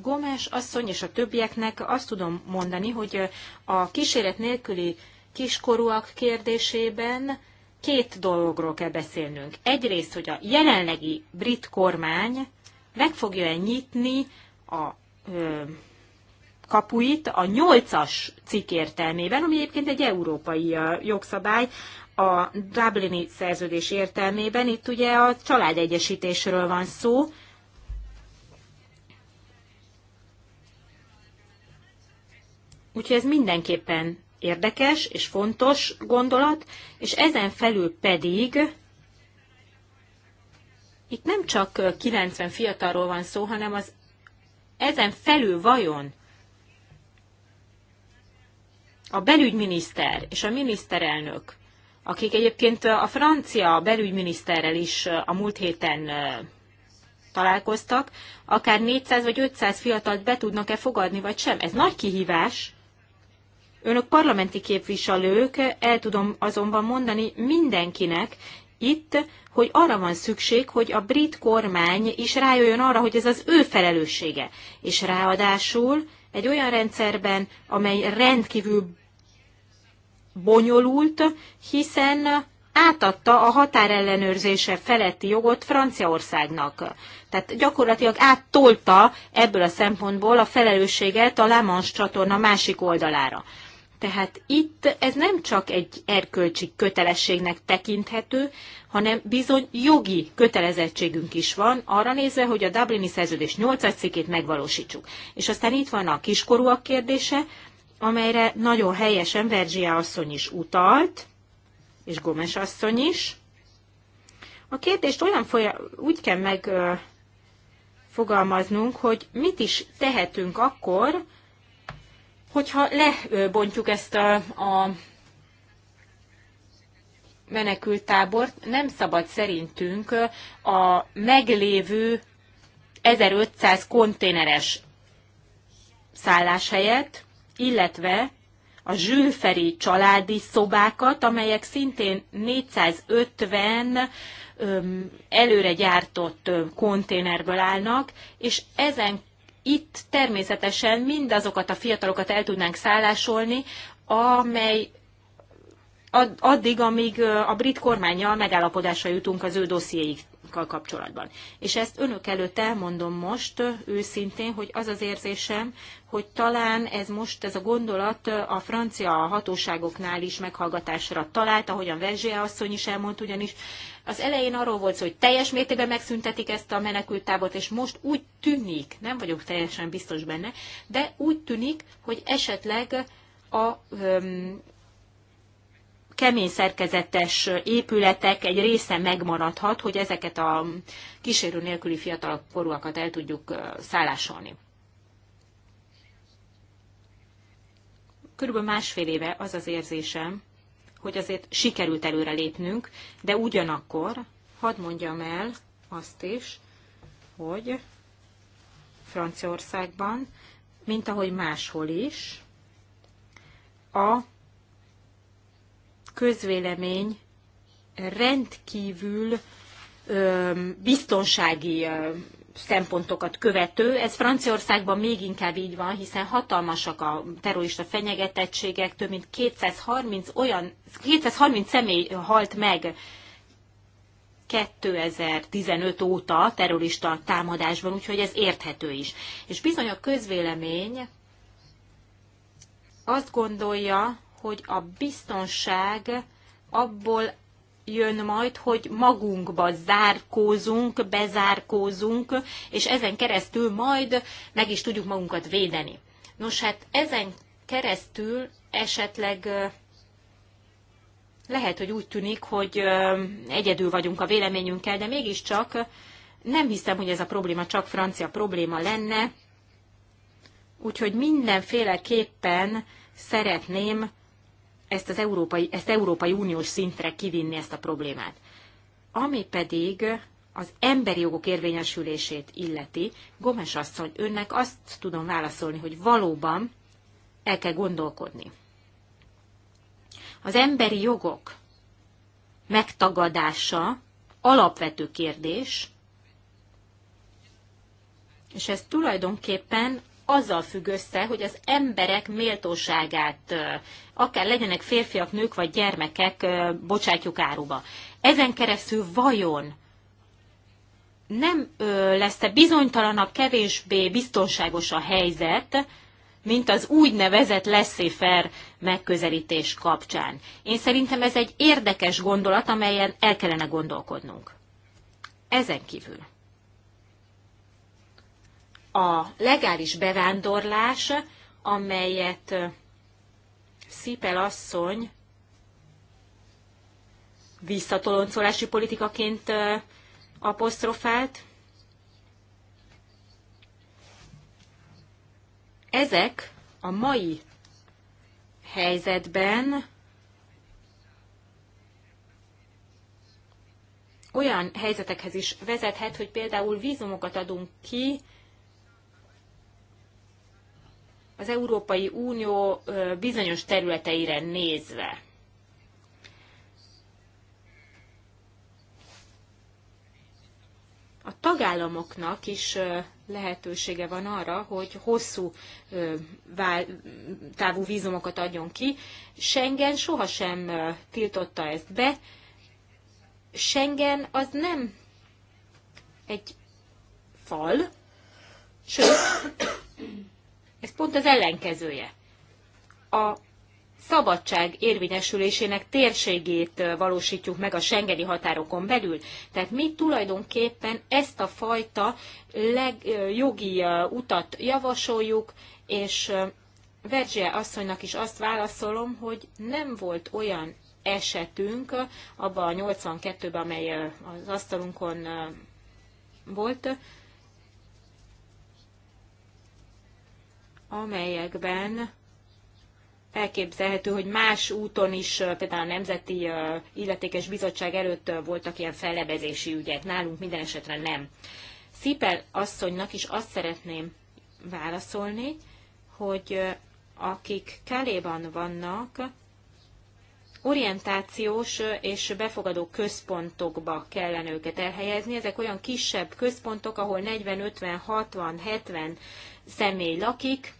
Gomes asszony és a többieknek azt tudom mondani, hogy a kísérlet nélküli kiskorúak kérdésében két dologról kell beszélnünk. Egyrészt, hogy a jelenlegi brit kormány meg fogja-e nyitni a ö, kapuit a nyolcas cikk értelmében, ami egyébként egy európai jogszabály, a Dublini szerződés értelmében, itt ugye a családegyesítésről van szó, Úgyhogy ez mindenképpen érdekes és fontos gondolat, és ezen felül pedig itt nem csak 90 fiatalról van szó, hanem az ezen felül vajon a belügyminiszter és a miniszterelnök, akik egyébként a francia belügyminiszterrel is a múlt héten találkoztak, akár 400 vagy 500 fiatalt be tudnak-e fogadni, vagy sem. Ez nagy kihívás. Önök parlamenti képviselők, el tudom azonban mondani mindenkinek itt, hogy arra van szükség, hogy a brit kormány is rájöjjön arra, hogy ez az ő felelőssége. És ráadásul egy olyan rendszerben, amely rendkívül bonyolult, hiszen átadta a határellenőrzése feletti jogot Franciaországnak. Tehát gyakorlatilag áttolta ebből a szempontból a felelősséget a Lamans csatorna másik oldalára. Tehát itt ez nem csak egy erkölcsi kötelességnek tekinthető, hanem bizony jogi kötelezettségünk is van, arra nézve, hogy a Dublini szerződés 8 cikkét megvalósítsuk. És aztán itt van a kiskorúak kérdése, amelyre nagyon helyesen Verzsia asszony is utalt, és Gomes asszony is. A kérdést olyan folyam, úgy kell megfogalmaznunk, hogy mit is tehetünk akkor, Hogyha lebontjuk ezt a, a menekültábort, nem szabad szerintünk a meglévő 1500 konténeres szálláshelyet, illetve a zsűlferi családi szobákat, amelyek szintén 450 előre gyártott konténerből állnak, és ezen itt természetesen mindazokat a fiatalokat el tudnánk szállásolni, amely addig, amíg a brit kormányjal megállapodásra jutunk az ő dossziéikkal kapcsolatban. És ezt önök előtt elmondom most őszintén, hogy az az érzésem, hogy talán ez most, ez a gondolat a francia hatóságoknál is meghallgatásra talált, ahogyan Verzsé asszony is elmondta, ugyanis az elején arról volt szó, hogy teljes mértékben megszüntetik ezt a menekültábot, és most úgy tűnik, nem vagyok teljesen biztos benne, de úgy tűnik, hogy esetleg a öm, kemény szerkezetes épületek egy része megmaradhat, hogy ezeket a kísérő nélküli fiatalkorúakat el tudjuk szállásolni. Körülbelül másfél éve az az érzésem, hogy azért sikerült előre lépnünk, de ugyanakkor hadd mondjam el azt is, hogy Franciaországban, mint ahogy máshol is, a közvélemény rendkívül biztonsági szempontokat követő. Ez Franciaországban még inkább így van, hiszen hatalmasak a terrorista fenyegetettségek, több mint 230, olyan, 230 személy halt meg 2015 óta terrorista támadásban, úgyhogy ez érthető is. És bizony a közvélemény azt gondolja, hogy a biztonság abból jön majd, hogy magunkba zárkózunk, bezárkózunk, és ezen keresztül majd meg is tudjuk magunkat védeni. Nos, hát ezen keresztül esetleg lehet, hogy úgy tűnik, hogy egyedül vagyunk a véleményünkkel, de mégiscsak nem hiszem, hogy ez a probléma csak francia probléma lenne. Úgyhogy mindenféleképpen szeretném ezt az európai, ezt európai uniós szintre kivinni ezt a problémát. Ami pedig az emberi jogok érvényesülését illeti, Gomes asszony, önnek azt tudom válaszolni, hogy valóban el kell gondolkodni. Az emberi jogok megtagadása alapvető kérdés, és ez tulajdonképpen azzal függ össze, hogy az emberek méltóságát, akár legyenek férfiak, nők vagy gyermekek, bocsátjuk áruba. Ezen keresztül vajon nem lesz-e bizonytalanabb, kevésbé biztonságos a helyzet, mint az úgynevezett leszéfer megközelítés kapcsán. Én szerintem ez egy érdekes gondolat, amelyen el kellene gondolkodnunk. Ezen kívül a legális bevándorlás, amelyet Szipel asszony visszatoloncolási politikaként apostrofált. Ezek a mai helyzetben olyan helyzetekhez is vezethet, hogy például vízumokat adunk ki az Európai Unió bizonyos területeire nézve. A tagállamoknak is lehetősége van arra, hogy hosszú távú vízumokat adjon ki. Schengen sohasem tiltotta ezt be. Schengen az nem egy fal, sőt, ez pont az ellenkezője. A szabadság érvényesülésének térségét valósítjuk meg a Schengeni határokon belül. Tehát mi tulajdonképpen ezt a fajta jogi utat javasoljuk, és Verzsia asszonynak is azt válaszolom, hogy nem volt olyan esetünk abban a 82-ben, amely az asztalunkon volt, amelyekben elképzelhető, hogy más úton is, például a Nemzeti Illetékes Bizottság előtt voltak ilyen fellebezési ügyek, nálunk minden esetre nem. Szipel asszonynak is azt szeretném válaszolni, hogy akik Keléban vannak, orientációs és befogadó központokba kellene őket elhelyezni. Ezek olyan kisebb központok, ahol 40, 50, 60, 70 személy lakik,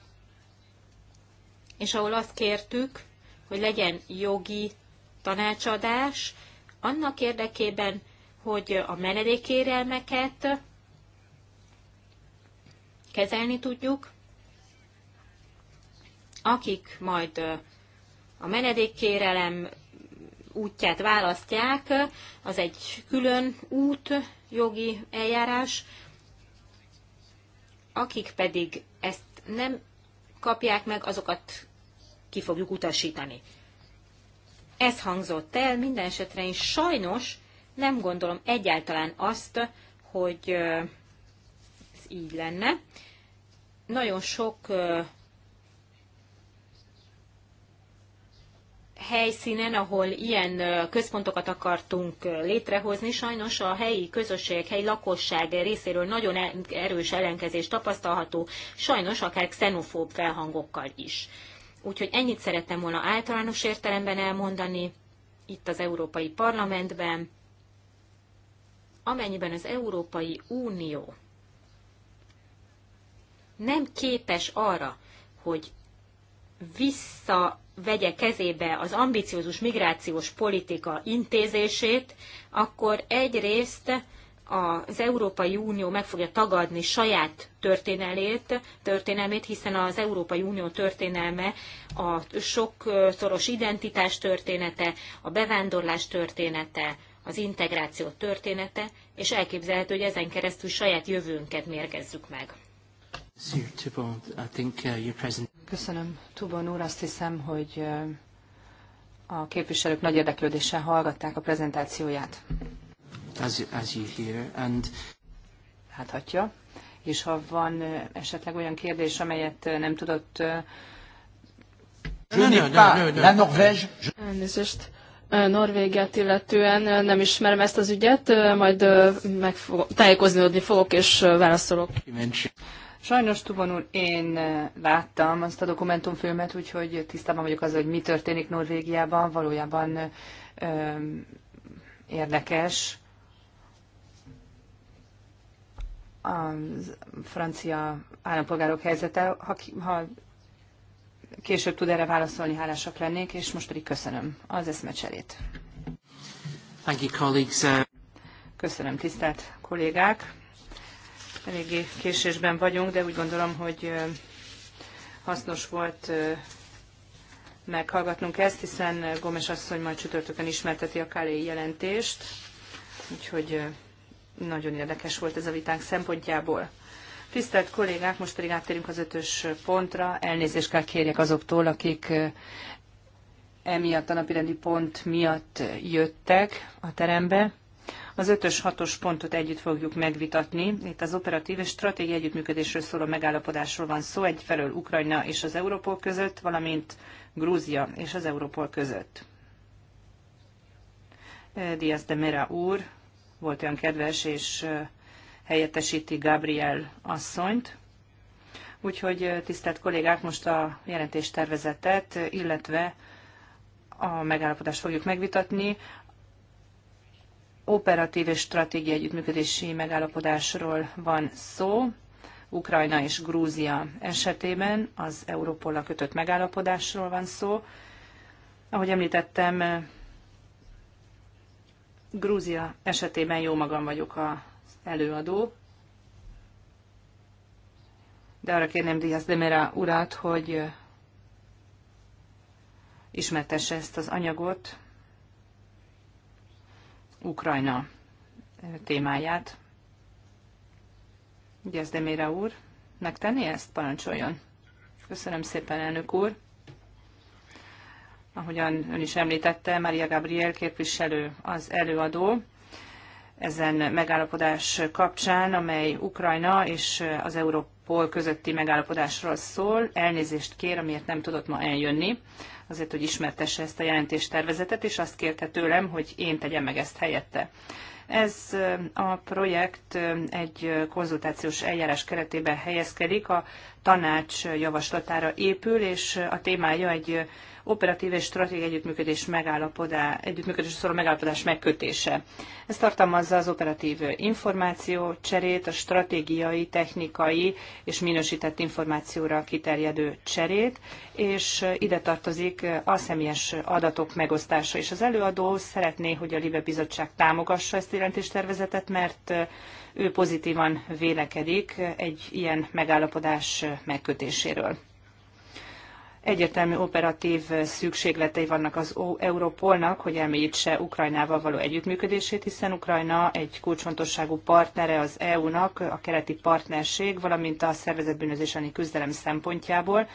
és ahol azt kértük, hogy legyen jogi tanácsadás, annak érdekében, hogy a menedékérelmeket kezelni tudjuk, akik majd a menedékkérelem útját választják, az egy külön út, jogi eljárás, akik pedig ezt nem kapják meg, azokat ki fogjuk utasítani. Ez hangzott el, minden esetre én sajnos nem gondolom egyáltalán azt, hogy ez így lenne. Nagyon sok helyszínen, ahol ilyen központokat akartunk létrehozni, sajnos a helyi közösség, helyi lakosság részéről nagyon erős ellenkezés tapasztalható, sajnos akár xenofób felhangokkal is. Úgyhogy ennyit szerettem volna általános értelemben elmondani itt az Európai Parlamentben. Amennyiben az Európai Unió nem képes arra, hogy vissza vegye kezébe az ambiciózus migrációs politika intézését, akkor egyrészt az Európai Unió meg fogja tagadni saját történelét, történelmét, hiszen az Európai Unió történelme a sokszoros identitás története, a bevándorlás története, az integráció története, és elképzelhető, hogy ezen keresztül saját jövőnket mérgezzük meg. Köszönöm, Tubon úr. Azt hiszem, hogy a képviselők nagy érdeklődéssel hallgatták a prezentációját as, as you hear. And Láthatja. És ha van esetleg olyan kérdés, amelyet nem tudott... Nem, nem, nem, nem, Norvég. Elnézést. Norvégiát illetően nem ismerem ezt az ügyet, majd meg fog, tájékozni fogok és válaszolok. Sajnos, Tuban úr, én láttam azt a dokumentumfilmet, úgyhogy tisztában vagyok az, hogy mi történik Norvégiában. Valójában öm, érdekes a francia állampolgárok helyzete. Ha, ha később tud erre válaszolni, hálásak lennék, és most pedig köszönöm az eszmecserét. Thank you, colleagues. Uh, köszönöm, tisztelt kollégák. Eléggé késésben vagyunk, de úgy gondolom, hogy hasznos volt meghallgatnunk ezt, hiszen Gomes asszony majd csütörtökön ismerteti a Kálé jelentést, úgyhogy nagyon érdekes volt ez a vitánk szempontjából. Tisztelt kollégák, most pedig áttérünk az ötös pontra. Elnézést kell kérjek azoktól, akik emiatt a napirendi pont miatt jöttek a terembe. Az ötös hatos pontot együtt fogjuk megvitatni. Itt az operatív és stratégiai együttműködésről szóló megállapodásról van szó, egyfelől Ukrajna és az Európol között, valamint Grúzia és az Európol között. Diaz de Mera úr volt olyan kedves, és helyettesíti Gabriel asszonyt. Úgyhogy tisztelt kollégák, most a tervezetet, illetve a megállapodást fogjuk megvitatni. Operatív és stratégiai együttműködési megállapodásról van szó. Ukrajna és Grúzia esetében az Európolla kötött megállapodásról van szó. Ahogy említettem, Grúzia esetében jó magam vagyok a előadó, de arra kérném Diaz Demera urat, hogy ismertesse ezt az anyagot, Ukrajna témáját. Diaz Demera úr, megtenni ezt? Parancsoljon. Köszönöm szépen, elnök úr ahogyan ön is említette, Maria Gabriel képviselő az előadó ezen megállapodás kapcsán, amely Ukrajna és az Európol közötti megállapodásról szól. Elnézést kér, amiért nem tudott ma eljönni, azért, hogy ismertesse ezt a jelentéstervezetet, és azt kérte tőlem, hogy én tegyem meg ezt helyette. Ez a projekt egy konzultációs eljárás keretében helyezkedik a tanács javaslatára épül, és a témája egy operatív és stratégiai együttműködés együttműködés szóló megállapodás megkötése. Ez tartalmazza az operatív információ cserét, a stratégiai, technikai és minősített információra kiterjedő cserét, és ide tartozik a személyes adatok megosztása. És az előadó szeretné, hogy a Libe Bizottság támogassa ezt a jelentéstervezetet, mert ő pozitívan vélekedik egy ilyen megállapodás megkötéséről. Egyértelmű operatív szükségletei vannak az Európolnak, hogy elmélyítse Ukrajnával való együttműködését, hiszen Ukrajna egy kulcsfontosságú partnere az EU-nak, a keleti partnerség, valamint a szervezetbűnözés elleni küzdelem szempontjából,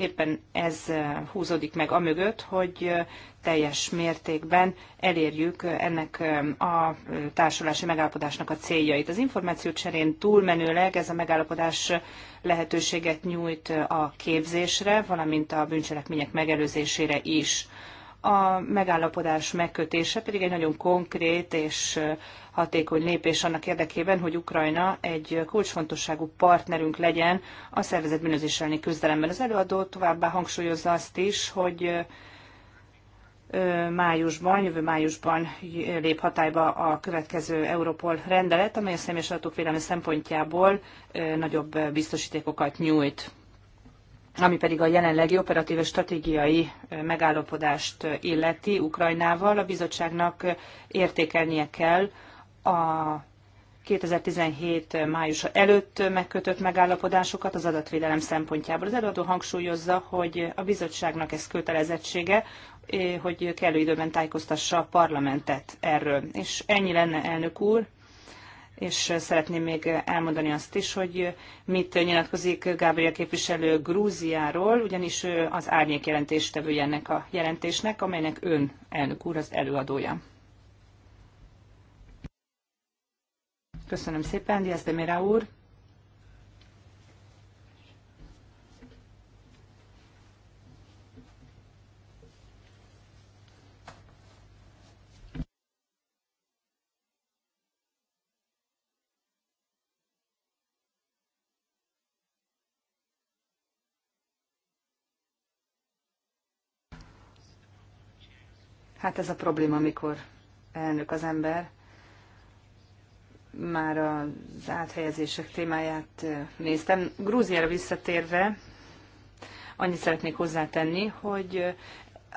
Éppen ez húzódik meg amögött, hogy teljes mértékben elérjük ennek a társulási megállapodásnak a céljait. Az információcserén túlmenőleg ez a megállapodás lehetőséget nyújt a képzésre, valamint a bűncselekmények megelőzésére is. A megállapodás megkötése pedig egy nagyon konkrét és hatékony lépés annak érdekében, hogy Ukrajna egy kulcsfontosságú partnerünk legyen a szervezet bűnözéselni küzdelemben. Az előadó továbbá hangsúlyozza azt is, hogy májusban, jövő májusban lép hatályba a következő Europol rendelet, amely a személyes adatok védelme szempontjából nagyobb biztosítékokat nyújt ami pedig a jelenlegi operatív és stratégiai megállapodást illeti Ukrajnával, a bizottságnak értékelnie kell a 2017 május előtt megkötött megállapodásokat az adatvédelem szempontjából. Az előadó hangsúlyozza, hogy a bizottságnak ez kötelezettsége, eh, hogy kellő időben tájékoztassa a parlamentet erről. És ennyi lenne, elnök úr és szeretném még elmondani azt is, hogy mit nyilatkozik Gábria képviselő Grúziáról, ugyanis az árnyék jelentéstevője ennek a jelentésnek, amelynek ön elnök úr az előadója. Köszönöm szépen, Diaz de Mera úr. Hát ez a probléma, amikor elnök az ember már az áthelyezések témáját néztem. Grúziára visszatérve, annyit szeretnék hozzátenni, hogy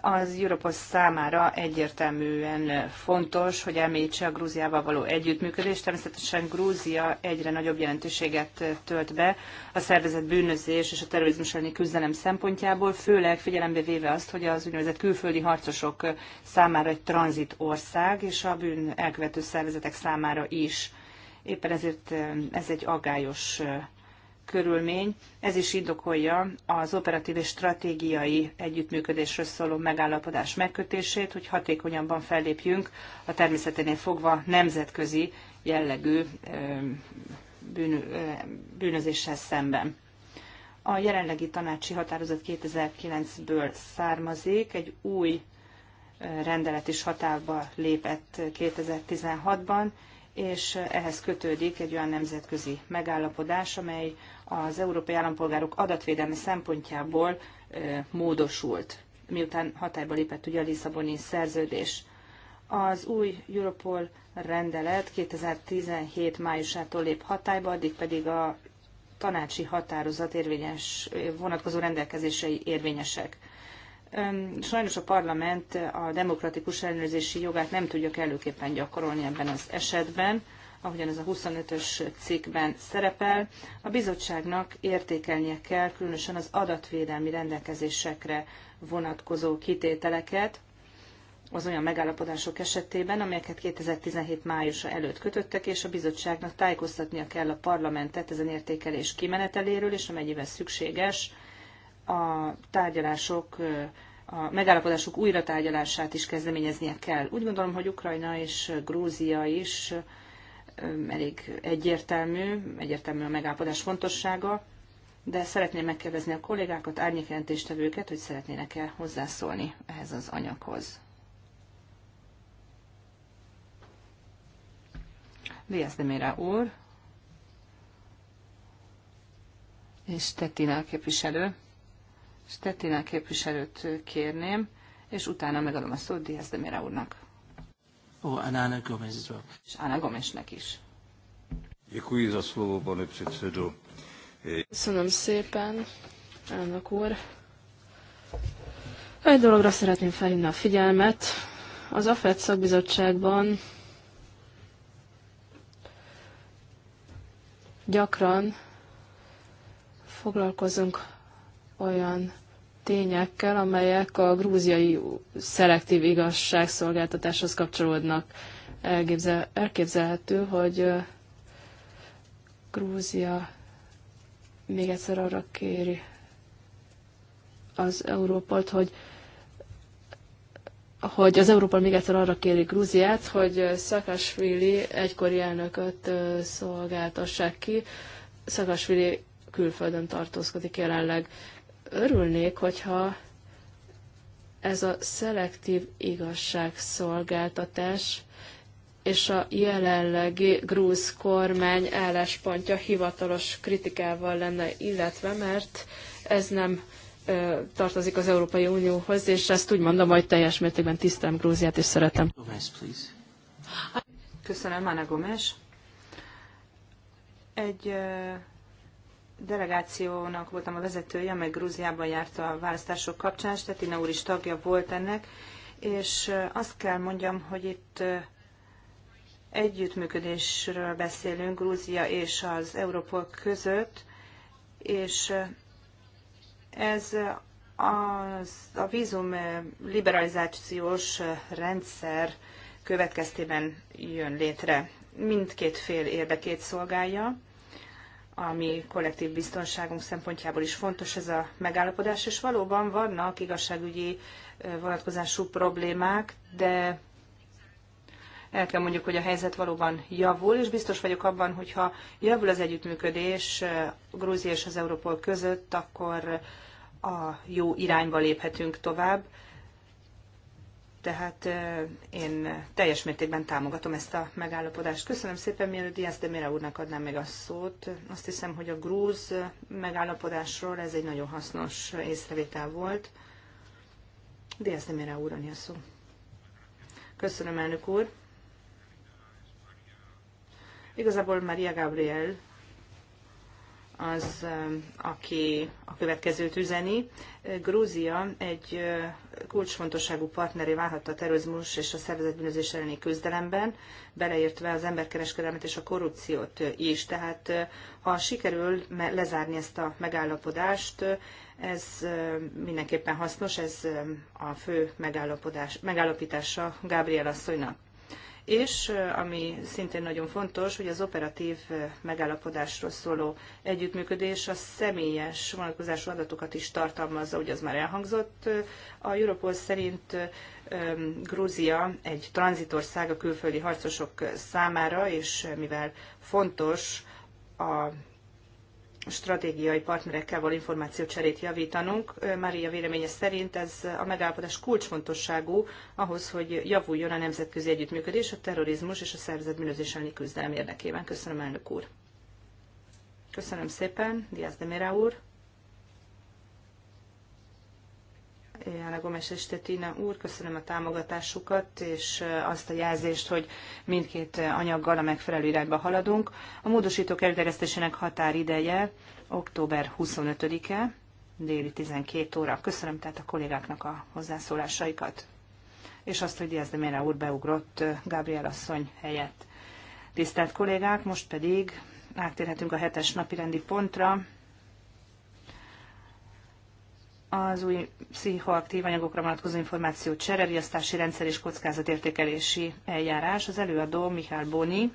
az Európa számára egyértelműen fontos, hogy elmélyítse a Grúziával való együttműködést. Természetesen Grúzia egyre nagyobb jelentőséget tölt be a szervezet bűnözés és a terrorizmus elleni küzdelem szempontjából, főleg figyelembe véve azt, hogy az úgynevezett külföldi harcosok számára egy tranzit ország, és a bűn elkövető szervezetek számára is. Éppen ezért ez egy agályos körülmény. Ez is indokolja az operatív és stratégiai együttműködésről szóló megállapodás megkötését, hogy hatékonyabban fellépjünk a természeténél fogva nemzetközi jellegű bűn, bűnözéssel szemben. A jelenlegi tanácsi határozat 2009-ből származik, egy új rendelet is hatálba lépett 2016-ban, és ehhez kötődik egy olyan nemzetközi megállapodás, amely az európai állampolgárok adatvédelme szempontjából módosult, miután hatályba lépett ugye a Lisszaboni szerződés. Az új Europol rendelet 2017 májusától lép hatályba, addig pedig a tanácsi határozat érvényes, vonatkozó rendelkezései érvényesek. Sajnos a parlament a demokratikus ellenőrzési jogát nem tudja kellőképpen gyakorolni ebben az esetben, ahogyan ez a 25-ös cikkben szerepel. A bizottságnak értékelnie kell különösen az adatvédelmi rendelkezésekre vonatkozó kitételeket, az olyan megállapodások esetében, amelyeket 2017 májusa előtt kötöttek, és a bizottságnak tájékoztatnia kell a parlamentet ezen értékelés kimeneteléről, és amennyiben szükséges, a tárgyalások, a megállapodások újra tárgyalását is kezdeményeznie kell. Úgy gondolom, hogy Ukrajna és Grúzia is elég egyértelmű, egyértelmű a megállapodás fontossága, de szeretném megkérdezni a kollégákat, árnyékjelentéstevőket, hogy szeretnének-e hozzászólni ehhez az anyaghoz. Diaz de úr és Tettina képviselő. Stettina képviselőt kérném, és utána megadom a szót Diaz de Mira úrnak. Ó, oh, and Anna Gomez as És Anna Gomeznek is. Děkuji za slovo, pane předsedo. Köszönöm szépen, elnök úr. Egy dologra szeretném felhívni a figyelmet. Az AFED szakbizottságban gyakran foglalkozunk olyan tényekkel, amelyek a grúziai szelektív igazságszolgáltatáshoz kapcsolódnak. Elképzel, elképzelhető, hogy Grúzia még egyszer arra kéri az Európolt, hogy hogy az Európa még egyszer arra kéri Grúziát, hogy Szakasvili egykori elnököt szolgáltassák ki. Szakasvili külföldön tartózkodik jelenleg. Örülnék, hogyha ez a szelektív igazságszolgáltatás és a jelenlegi grúz kormány álláspontja hivatalos kritikával lenne, illetve mert ez nem ö, tartozik az Európai Unióhoz, és ezt úgy mondom, hogy teljes mértékben tisztem Grúziát, és szeretem. Köszönöm, Ana Gomes. Egy ö, delegációnak voltam a vezetője, amely Grúziában járt a választások kapcsán, Stetina úr is tagja volt ennek, és azt kell mondjam, hogy itt együttműködésről beszélünk Grúzia és az Európol között, és ez az, a vízum liberalizációs rendszer következtében jön létre. Mindkét fél érdekét szolgálja ami kollektív biztonságunk szempontjából is fontos ez a megállapodás, és valóban vannak igazságügyi vonatkozású problémák, de el kell mondjuk, hogy a helyzet valóban javul, és biztos vagyok abban, hogyha javul az együttműködés Grúzia és az Európol között, akkor a jó irányba léphetünk tovább, tehát én teljes mértékben támogatom ezt a megállapodást. Köszönöm szépen, mielőtt Diaz de Mira úrnak adnám meg a szót. Azt hiszem, hogy a grúz megállapodásról ez egy nagyon hasznos észrevétel volt. Diaz de Mira úr, a szó. Köszönöm, elnök úr. Igazából Maria Gabriel az, aki a következőt üzeni. Grúzia egy kulcsfontosságú partneré válhat a terrorizmus és a szervezetbűnözés elleni küzdelemben, beleértve az emberkereskedelmet és a korrupciót is. Tehát ha sikerül lezárni ezt a megállapodást, ez mindenképpen hasznos, ez a fő megállapodás, megállapítása Gábriel asszonynak és ami szintén nagyon fontos, hogy az operatív megállapodásról szóló együttműködés a személyes vonatkozású adatokat is tartalmazza, ugye az már elhangzott. A Europol szerint Grúzia egy tranzitország a külföldi harcosok számára, és mivel fontos a stratégiai partnerekkel való információcserét javítanunk. Maria véleménye szerint ez a megállapodás kulcsfontosságú ahhoz, hogy javuljon a nemzetközi együttműködés a terrorizmus és a szervezett bűnözés elleni küzdelem érdekében. Köszönöm, elnök úr. Köszönöm szépen, Diaz de Mera úr. Jana Gomes és Tetina úr, köszönöm a támogatásukat és azt a jelzést, hogy mindkét anyaggal a megfelelő irányba haladunk. A módosítók elterjesztésének határideje október 25-e, déli 12 óra. Köszönöm tehát a kollégáknak a hozzászólásaikat, és azt, hogy Diaz de Mera úr beugrott Gabriel asszony helyett. Tisztelt kollégák, most pedig áttérhetünk a hetes napi rendi pontra, az új pszichoaktív anyagokra vonatkozó információ csereriasztási rendszer és kockázatértékelési eljárás. Az előadó Mihály Boni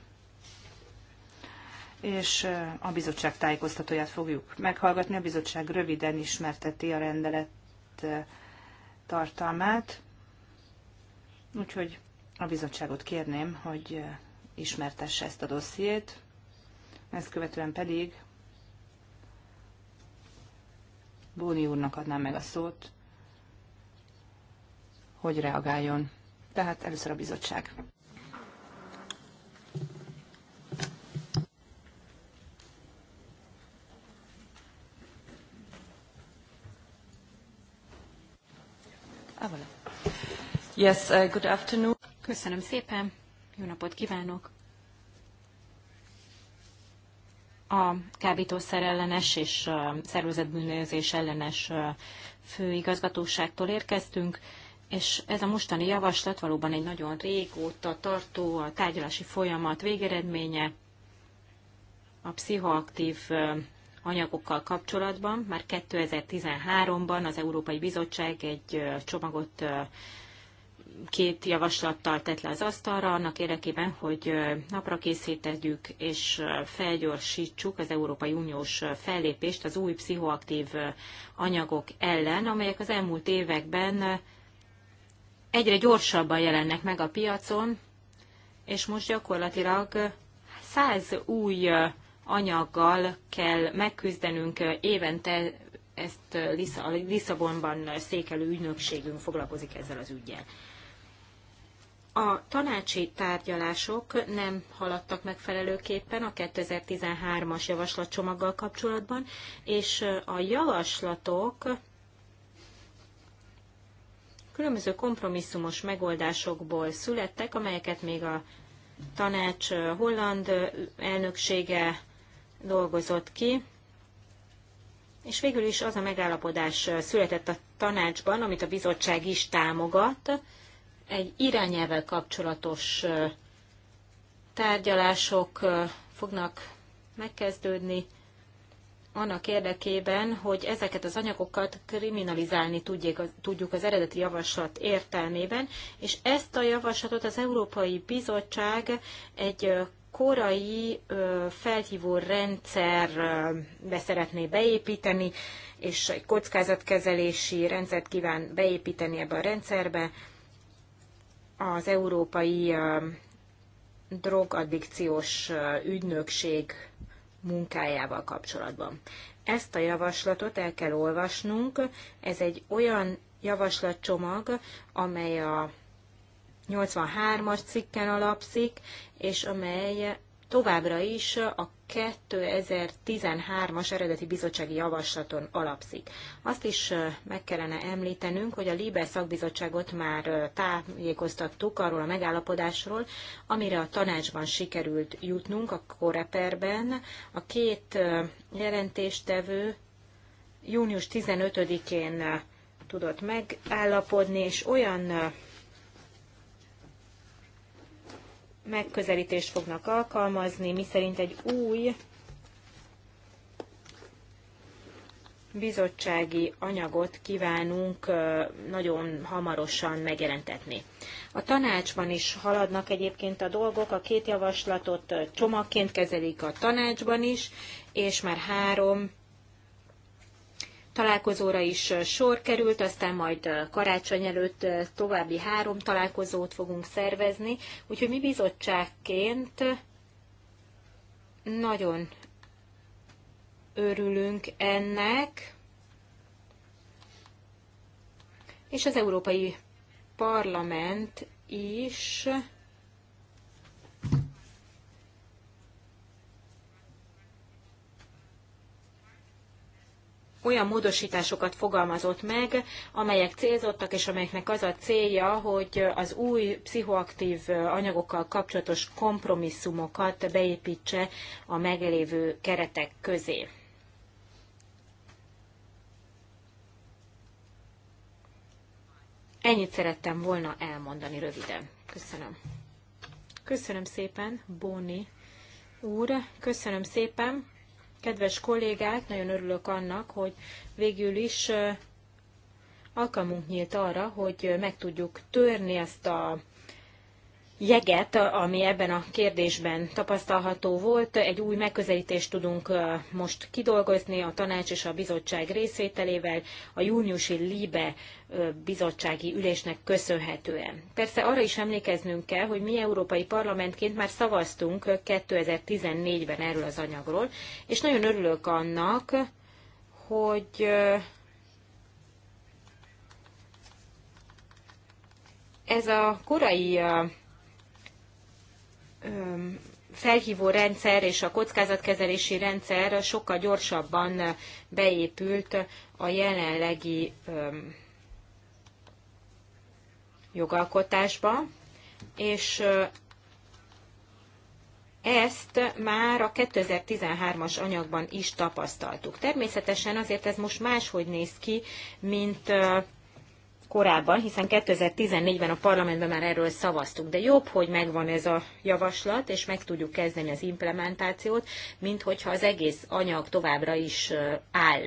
és a bizottság tájékoztatóját fogjuk meghallgatni. A bizottság röviden ismerteti a rendelet tartalmát, úgyhogy a bizottságot kérném, hogy ismertesse ezt a dossziét, ezt követően pedig Bóni úrnak adnám meg a szót, hogy reagáljon. Tehát először a bizottság. Ah, yes, uh, good afternoon. Köszönöm szépen, jó napot kívánok! a kábítószer ellenes és szervezetbűnözés ellenes főigazgatóságtól érkeztünk, és ez a mostani javaslat valóban egy nagyon régóta tartó a tárgyalási folyamat végeredménye a pszichoaktív anyagokkal kapcsolatban. Már 2013-ban az Európai Bizottság egy csomagot két javaslattal tett le az asztalra, annak érdekében, hogy napra készítedjük és felgyorsítsuk az Európai Uniós fellépést az új pszichoaktív anyagok ellen, amelyek az elmúlt években egyre gyorsabban jelennek meg a piacon, és most gyakorlatilag száz új anyaggal kell megküzdenünk évente, ezt a Lisszabonban székelő ügynökségünk foglalkozik ezzel az ügyel a tanácsi tárgyalások nem haladtak megfelelőképpen a 2013-as javaslatcsomaggal kapcsolatban, és a javaslatok különböző kompromisszumos megoldásokból születtek, amelyeket még a tanács holland elnöksége dolgozott ki, és végül is az a megállapodás született a tanácsban, amit a bizottság is támogat, egy irányelvel kapcsolatos tárgyalások fognak megkezdődni annak érdekében, hogy ezeket az anyagokat kriminalizálni tudjék, tudjuk az eredeti javaslat értelmében, és ezt a javaslatot az Európai Bizottság egy korai felhívó rendszerbe szeretné beépíteni, és egy kockázatkezelési rendszert kíván beépíteni ebbe a rendszerbe, az Európai Drogaddikciós Ügynökség munkájával kapcsolatban. Ezt a javaslatot el kell olvasnunk. Ez egy olyan javaslatcsomag, amely a 83-as cikken alapszik, és amely továbbra is a 2013-as eredeti bizottsági javaslaton alapszik. Azt is meg kellene említenünk, hogy a Libe szakbizottságot már tájékoztattuk arról a megállapodásról, amire a tanácsban sikerült jutnunk a koreperben. A két jelentéstevő június 15-én tudott megállapodni, és olyan megközelítést fognak alkalmazni, miszerint egy új bizottsági anyagot kívánunk nagyon hamarosan megjelentetni. A tanácsban is haladnak egyébként a dolgok, a két javaslatot csomagként kezelik a tanácsban is, és már három találkozóra is sor került, aztán majd karácsony előtt további három találkozót fogunk szervezni, úgyhogy mi bizottságként nagyon örülünk ennek, és az Európai Parlament is olyan módosításokat fogalmazott meg, amelyek célzottak, és amelyeknek az a célja, hogy az új pszichoaktív anyagokkal kapcsolatos kompromisszumokat beépítse a megelévő keretek közé. Ennyit szerettem volna elmondani röviden. Köszönöm. Köszönöm szépen, Bóni úr. Köszönöm szépen. Kedves kollégák, nagyon örülök annak, hogy végül is alkalmunk nyílt arra, hogy meg tudjuk törni ezt a jeget, ami ebben a kérdésben tapasztalható volt. Egy új megközelítést tudunk most kidolgozni a tanács és a bizottság részvételével a júniusi LIBE bizottsági ülésnek köszönhetően. Persze arra is emlékeznünk kell, hogy mi Európai Parlamentként már szavaztunk 2014-ben erről az anyagról, és nagyon örülök annak, hogy ez a korai felhívó rendszer és a kockázatkezelési rendszer sokkal gyorsabban beépült a jelenlegi jogalkotásba, és ezt már a 2013-as anyagban is tapasztaltuk. Természetesen azért ez most máshogy néz ki, mint korábban, hiszen 2014-ben a parlamentben már erről szavaztuk, de jobb, hogy megvan ez a javaslat, és meg tudjuk kezdeni az implementációt, mint hogyha az egész anyag továbbra is áll.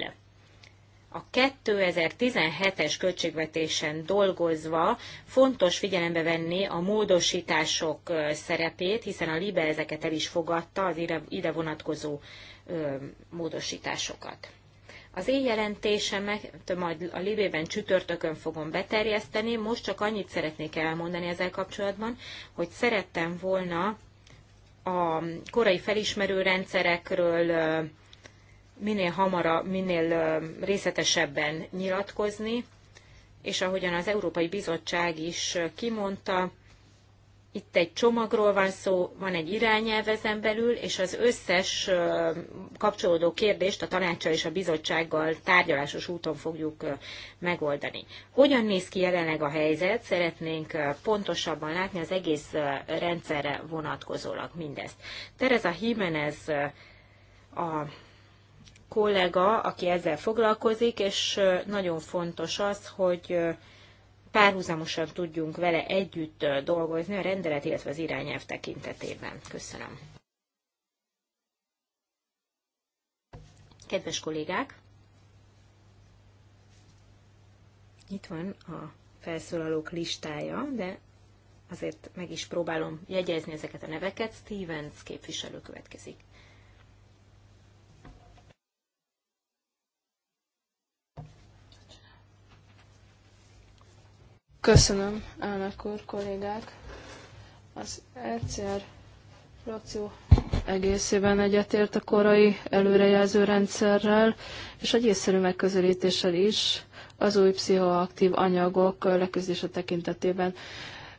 A 2017-es költségvetésen dolgozva fontos figyelembe venni a módosítások szerepét, hiszen a LIBE ezeket el is fogadta, az ide vonatkozó módosításokat. Az én jelentésemet majd a Libében csütörtökön fogom beterjeszteni. Most csak annyit szeretnék elmondani ezzel kapcsolatban, hogy szerettem volna a korai felismerő rendszerekről minél hamarabb, minél részletesebben nyilatkozni, és ahogyan az Európai Bizottság is kimondta, itt egy csomagról van szó, van egy irányelv ezen belül, és az összes kapcsolódó kérdést a tanácssal és a bizottsággal tárgyalásos úton fogjuk megoldani. Hogyan néz ki jelenleg a helyzet? Szeretnénk pontosabban látni az egész rendszerre vonatkozólag mindezt. Tereza Jimenez a kollega, aki ezzel foglalkozik, és nagyon fontos az, hogy párhuzamosan tudjunk vele együtt dolgozni a rendelet, illetve az irányelv tekintetében. Köszönöm. Kedves kollégák! Itt van a felszólalók listája, de azért meg is próbálom jegyezni ezeket a neveket. Stevens képviselő következik. Köszönöm, elnök úr, kollégák. Az ECR frakció egészében egyetért a korai előrejelző rendszerrel, és egy észszerű megközelítéssel is az új pszichoaktív anyagok leküzdése tekintetében.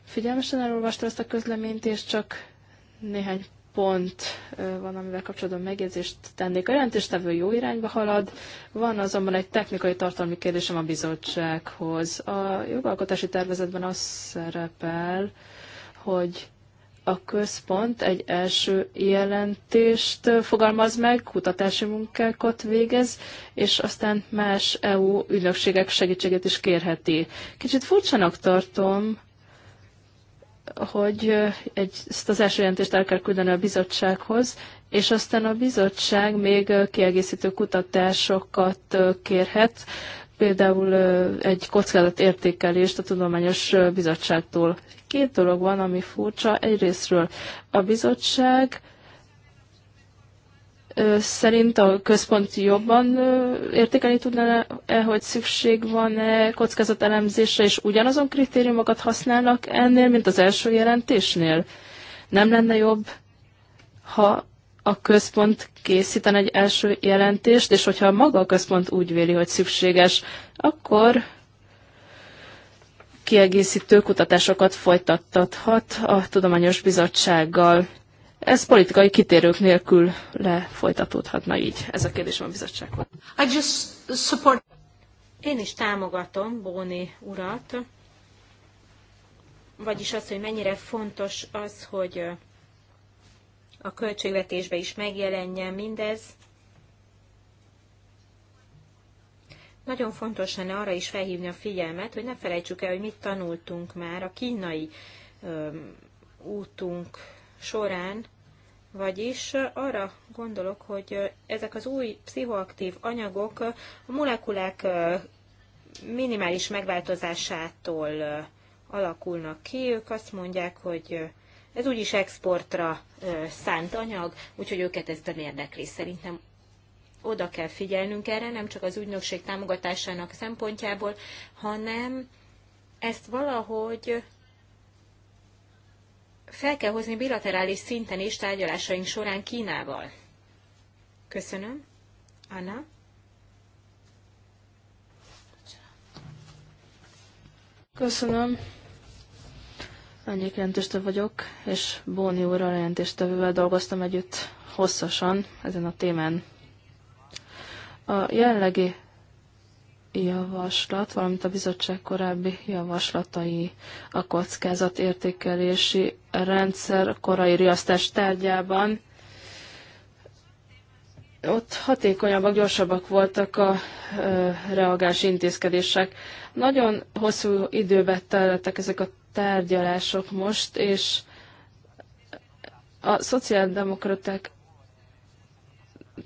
Figyelmesen elolvastam ezt a közleményt, és csak néhány pont van, amivel kapcsolatban megjegyzést tennék. A jelentéstevő jó irányba halad, van azonban egy technikai tartalmi kérdésem a bizottsághoz. A jogalkotási tervezetben az szerepel, hogy a központ egy első jelentést fogalmaz meg, kutatási munkákat végez, és aztán más EU ügynökségek segítséget is kérheti. Kicsit furcsanak tartom, hogy egy, ezt az első jelentést el kell küldeni a bizottsághoz, és aztán a bizottság még kiegészítő kutatásokat kérhet, például egy kockázatértékelést a Tudományos Bizottságtól. Két dolog van, ami furcsa. Egyrésztről a bizottság szerint a központ jobban értékelni tudná, -e, hogy szükség van-e kockázatelemzésre, és ugyanazon kritériumokat használnak ennél, mint az első jelentésnél? Nem lenne jobb, ha a központ készíten egy első jelentést, és hogyha maga a központ úgy véli, hogy szükséges, akkor kiegészítő kutatásokat folytattathat a Tudományos Bizottsággal. Ez politikai kitérők nélkül lefolytatódhatna így. Ez a kérdésem a bizottsághoz. I just support... Én is támogatom Bóni urat, vagyis az, hogy mennyire fontos az, hogy a költségvetésbe is megjelenjen mindez. Nagyon fontos lenne arra is felhívni a figyelmet, hogy ne felejtsük el, hogy mit tanultunk már a kínai öm, útunk során, vagyis arra gondolok, hogy ezek az új pszichoaktív anyagok a molekulák minimális megváltozásától alakulnak ki. Ők azt mondják, hogy ez úgyis exportra szánt anyag, úgyhogy őket ez nem érdekli. Szerintem oda kell figyelnünk erre, nem csak az ügynökség támogatásának szempontjából, hanem ezt valahogy fel kell hozni bilaterális szinten is tárgyalásaink során Kínával. Köszönöm. Anna? Köszönöm. Annyi jelentéstő vagyok, és Bóni úrral jelentéstevővel dolgoztam együtt hosszasan ezen a témán. A jelenlegi javaslat, valamint a bizottság korábbi javaslatai a kockázat értékelési rendszer korai riasztás tárgyában. Ott hatékonyabbak, gyorsabbak voltak a reagási intézkedések. Nagyon hosszú időbe teltek ezek a tárgyalások most, és a szociáldemokraták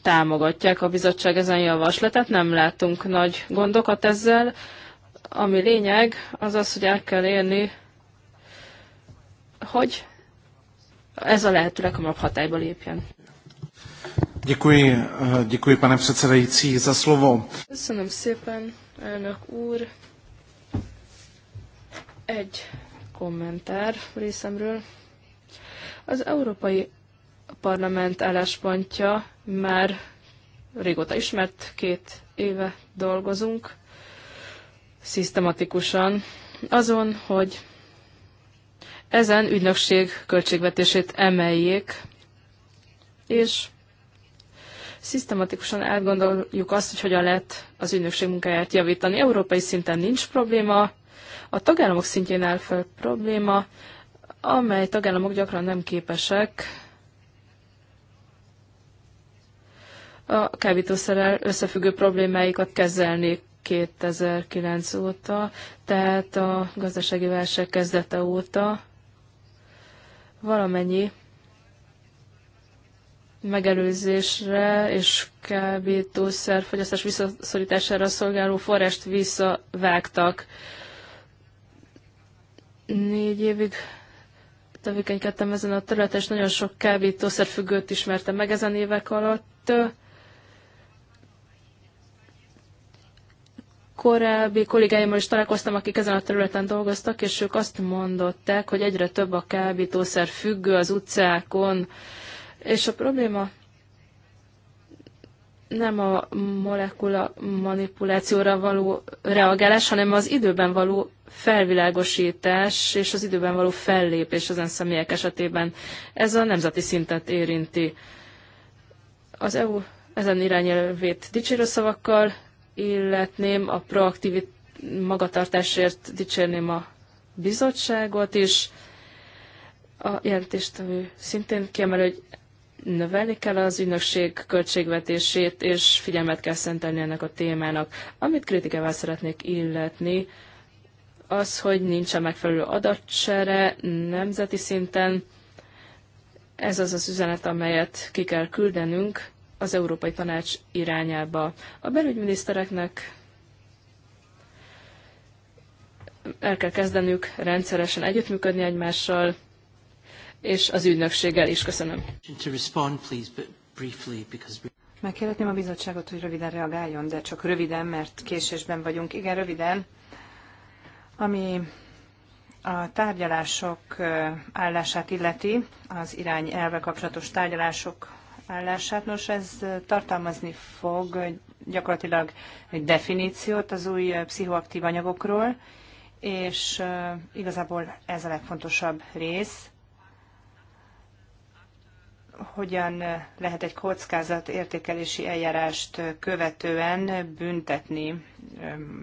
támogatják a bizottság ezen javaslatát, nem látunk nagy gondokat ezzel. Ami lényeg, az az, hogy el kell érni, hogy ez a lehető leghamarabb hatályba lépjen. Děkuji, děkuji pane předsedající za slovo. Köszönöm szépen, elnök úr. Egy kommentár részemről. Az Európai Parlament álláspontja már régóta ismert, két éve dolgozunk szisztematikusan azon, hogy ezen ügynökség költségvetését emeljék, és szisztematikusan elgondoljuk azt, hogy hogyan lehet az ügynökség munkáját javítani. Európai szinten nincs probléma, a tagállamok szintjén áll fel probléma, amely tagállamok gyakran nem képesek a kábítószerrel összefüggő problémáikat kezelni 2009 óta, tehát a gazdasági válság kezdete óta valamennyi megelőzésre és kábítószer fogyasztás visszaszorítására szolgáló forrást visszavágtak. Négy évig tevékenykedtem ezen a területen, és nagyon sok kábítószerfüggőt ismertem meg ezen évek alatt. korábbi kollégáimmal is találkoztam, akik ezen a területen dolgoztak, és ők azt mondották, hogy egyre több a kábítószer függő az utcákon, és a probléma nem a molekula manipulációra való reagálás, hanem az időben való felvilágosítás és az időben való fellépés ezen személyek esetében. Ez a nemzeti szintet érinti. Az EU ezen irányelvét dicsérő szavakkal illetném, a proaktív magatartásért dicsérném a bizottságot is. A jelentéstevő szintén kiemel, hogy növelni kell az ügynökség költségvetését, és figyelmet kell szentelni ennek a témának. Amit kritikával szeretnék illetni, az, hogy nincsen megfelelő adatsere nemzeti szinten. Ez az az üzenet, amelyet ki kell küldenünk, az Európai Tanács irányába. A belügyminisztereknek el kell kezdenünk rendszeresen együttműködni egymással, és az ügynökséggel is. Köszönöm. Megkérhetném a bizottságot, hogy röviden reagáljon, de csak röviden, mert késésben vagyunk. Igen, röviden. Ami a tárgyalások állását illeti, az irány elve kapcsolatos tárgyalások állását. Nos, ez tartalmazni fog gyakorlatilag egy definíciót az új pszichoaktív anyagokról, és igazából ez a legfontosabb rész, hogyan lehet egy kockázat értékelési eljárást követően büntetni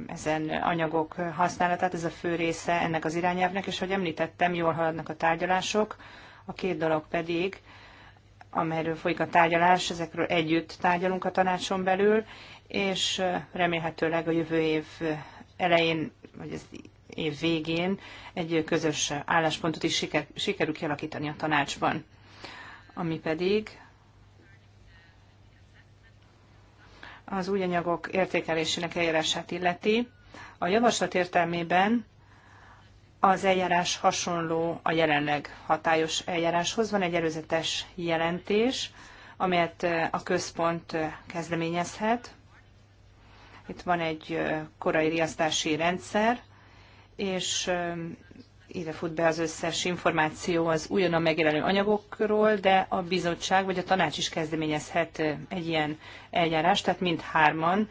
ezen anyagok használatát. Ez a fő része ennek az irányelvnek, és hogy említettem, jól haladnak a tárgyalások. A két dolog pedig amelyről folyik a tárgyalás, ezekről együtt tárgyalunk a tanácson belül, és remélhetőleg a jövő év elején, vagy az év végén egy közös álláspontot is siker, sikerül kialakítani a tanácsban. Ami pedig az új anyagok értékelésének eljárását illeti. A javaslat értelmében az eljárás hasonló a jelenleg hatályos eljáráshoz. Van egy előzetes jelentés, amelyet a központ kezdeményezhet. Itt van egy korai riasztási rendszer, és ide fut be az összes információ az újonnan megjelenő anyagokról, de a bizottság vagy a tanács is kezdeményezhet egy ilyen eljárást, tehát mindhárman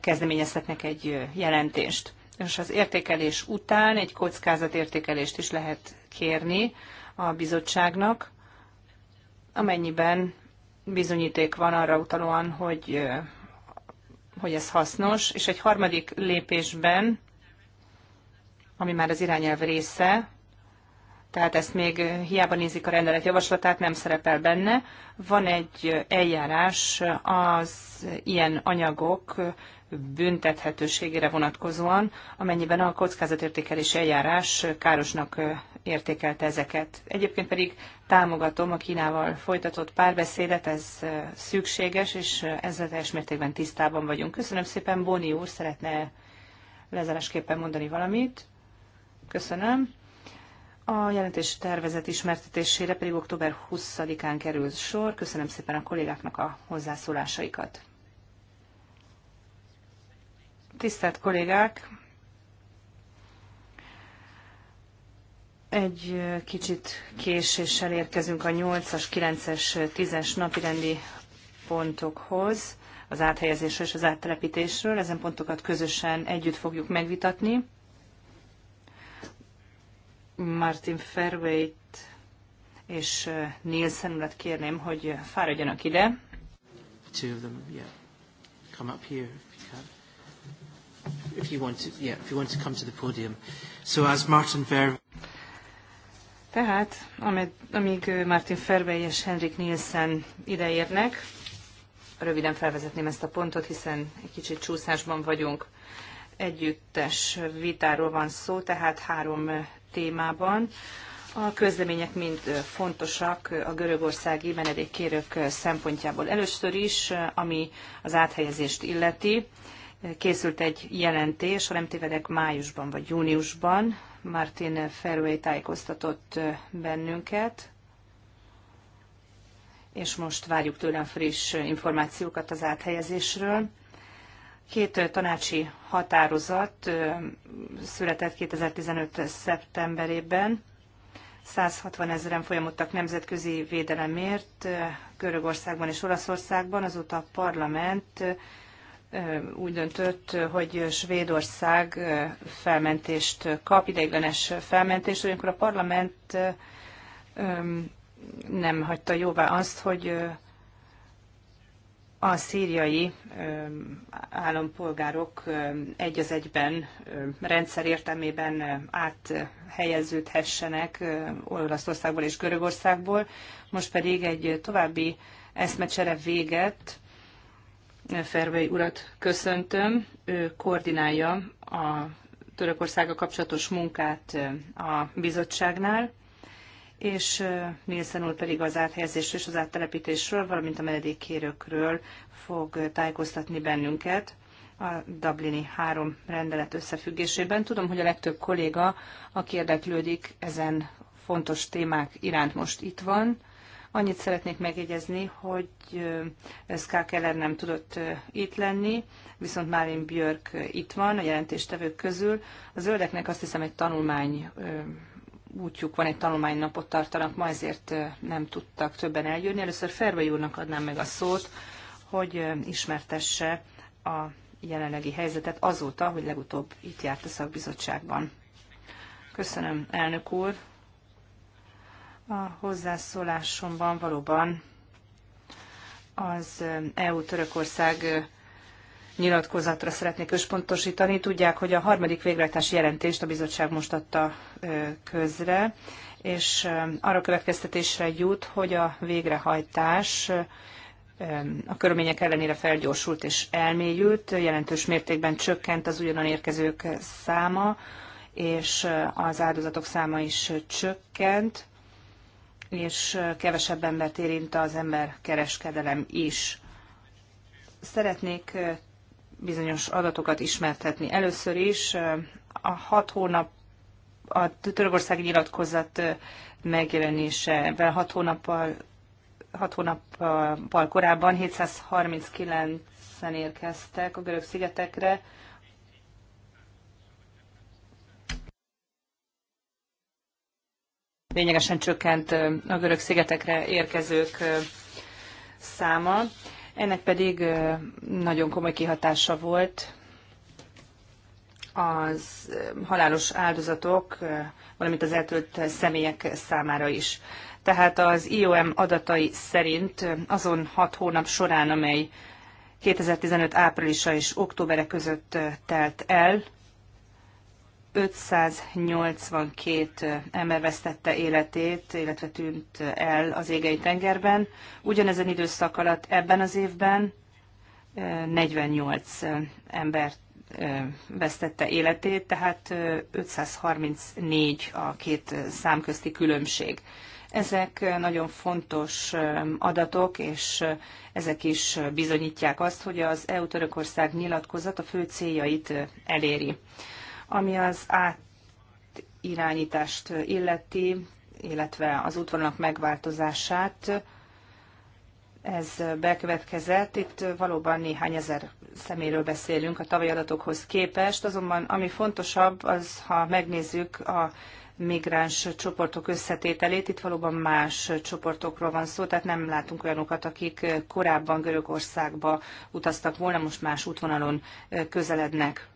kezdeményezhetnek egy jelentést és az értékelés után egy kockázatértékelést is lehet kérni a bizottságnak, amennyiben bizonyíték van arra utalóan, hogy, hogy ez hasznos, és egy harmadik lépésben, ami már az irányelv része, tehát ezt még hiába nézik a rendelet javaslatát, nem szerepel benne. Van egy eljárás az ilyen anyagok büntethetőségére vonatkozóan, amennyiben a kockázatértékelési eljárás károsnak értékelte ezeket. Egyébként pedig támogatom a Kínával folytatott párbeszédet, ez szükséges, és ezzel teljes mértékben tisztában vagyunk. Köszönöm szépen, Boni úr szeretne lezárásképpen mondani valamit. Köszönöm. A jelentés tervezet ismertetésére pedig október 20-án kerül sor. Köszönöm szépen a kollégáknak a hozzászólásaikat. Tisztelt kollégák! Egy kicsit késéssel érkezünk a 8-as, 9-es, 10-es napirendi pontokhoz, az áthelyezésről és az áttelepítésről. Ezen pontokat közösen együtt fogjuk megvitatni. Martin Fairway-t és Nielsen urat kérném, hogy fáradjanak ide. Two of them, yeah. Come up here if you want to, yeah, if you want to come to the podium. So as Martin Ver... Tehát, amíg, amíg Martin Fervey és Henrik Nielsen ideérnek, röviden felvezetném ezt a pontot, hiszen egy kicsit csúszásban vagyunk. Együttes vitáról van szó, tehát három témában. A közlemények mind fontosak a görögországi menedékkérők szempontjából. Először is, ami az áthelyezést illeti, készült egy jelentés, ha nem tévedek, májusban vagy júniusban. Martin Ferway tájékoztatott bennünket, és most várjuk tőlem friss információkat az áthelyezésről. Két tanácsi határozat született 2015. szeptemberében. 160 ezeren folyamodtak nemzetközi védelemért Görögországban és Olaszországban, azóta a parlament úgy döntött, hogy Svédország felmentést kap, ideiglenes felmentést, olyankor a parlament nem hagyta jóvá azt, hogy a szíriai állampolgárok egy az egyben rendszer értelmében áthelyeződhessenek Olaszországból és Görögországból. Most pedig egy további eszmecsere véget, Fervei urat köszöntöm. Ő koordinálja a Törökországa kapcsolatos munkát a bizottságnál, és Nielsen úr pedig az áthelyezésről és az áttelepítésről, valamint a menedékkérőkről fog tájékoztatni bennünket a Dublini három rendelet összefüggésében. Tudom, hogy a legtöbb kolléga, aki érdeklődik ezen fontos témák iránt most itt van, Annyit szeretnék megjegyezni, hogy Ská Keller nem tudott itt lenni, viszont Málin Björk itt van a jelentéstevők közül. A zöldeknek azt hiszem egy tanulmány útjuk van, egy tanulmánynapot tartanak, ma ezért nem tudtak többen eljönni. Először Fervai úrnak adnám meg a szót, hogy ismertesse a jelenlegi helyzetet azóta, hogy legutóbb itt járt a szakbizottságban. Köszönöm, elnök úr, a hozzászólásomban valóban az EU-Törökország nyilatkozatra szeretnék összpontosítani. Tudják, hogy a harmadik végrehajtási jelentést a bizottság most adta közre, és arra következtetésre jut, hogy a végrehajtás a körülmények ellenére felgyorsult és elmélyült, jelentős mértékben csökkent az ugyanan érkezők száma, és az áldozatok száma is csökkent és kevesebb embert érint az emberkereskedelem is. Szeretnék eh, bizonyos adatokat ismertetni. Először is eh, a hat hónap a Törökország nyilatkozat eh, megjelenésevel hat hónappal, hat hónappal korábban 739-en érkeztek a görög szigetekre, lényegesen csökkent a görög szigetekre érkezők száma. Ennek pedig nagyon komoly kihatása volt az halálos áldozatok, valamint az eltölt személyek számára is. Tehát az IOM adatai szerint azon hat hónap során, amely 2015 áprilisa és októbere között telt el, 582 ember vesztette életét, illetve tűnt el az égei tengerben. Ugyanezen időszak alatt ebben az évben 48 ember vesztette életét, tehát 534 a két szám közti különbség. Ezek nagyon fontos adatok, és ezek is bizonyítják azt, hogy az EU-Törökország nyilatkozat a fő céljait eléri. Ami az átirányítást illeti, illetve az útvonalak megváltozását, ez bekövetkezett. Itt valóban néhány ezer szeméről beszélünk a tavalyi adatokhoz képest, azonban ami fontosabb, az ha megnézzük a migráns csoportok összetételét, itt valóban más csoportokról van szó, tehát nem látunk olyanokat, akik korábban Görögországba utaztak volna, most más útvonalon közelednek.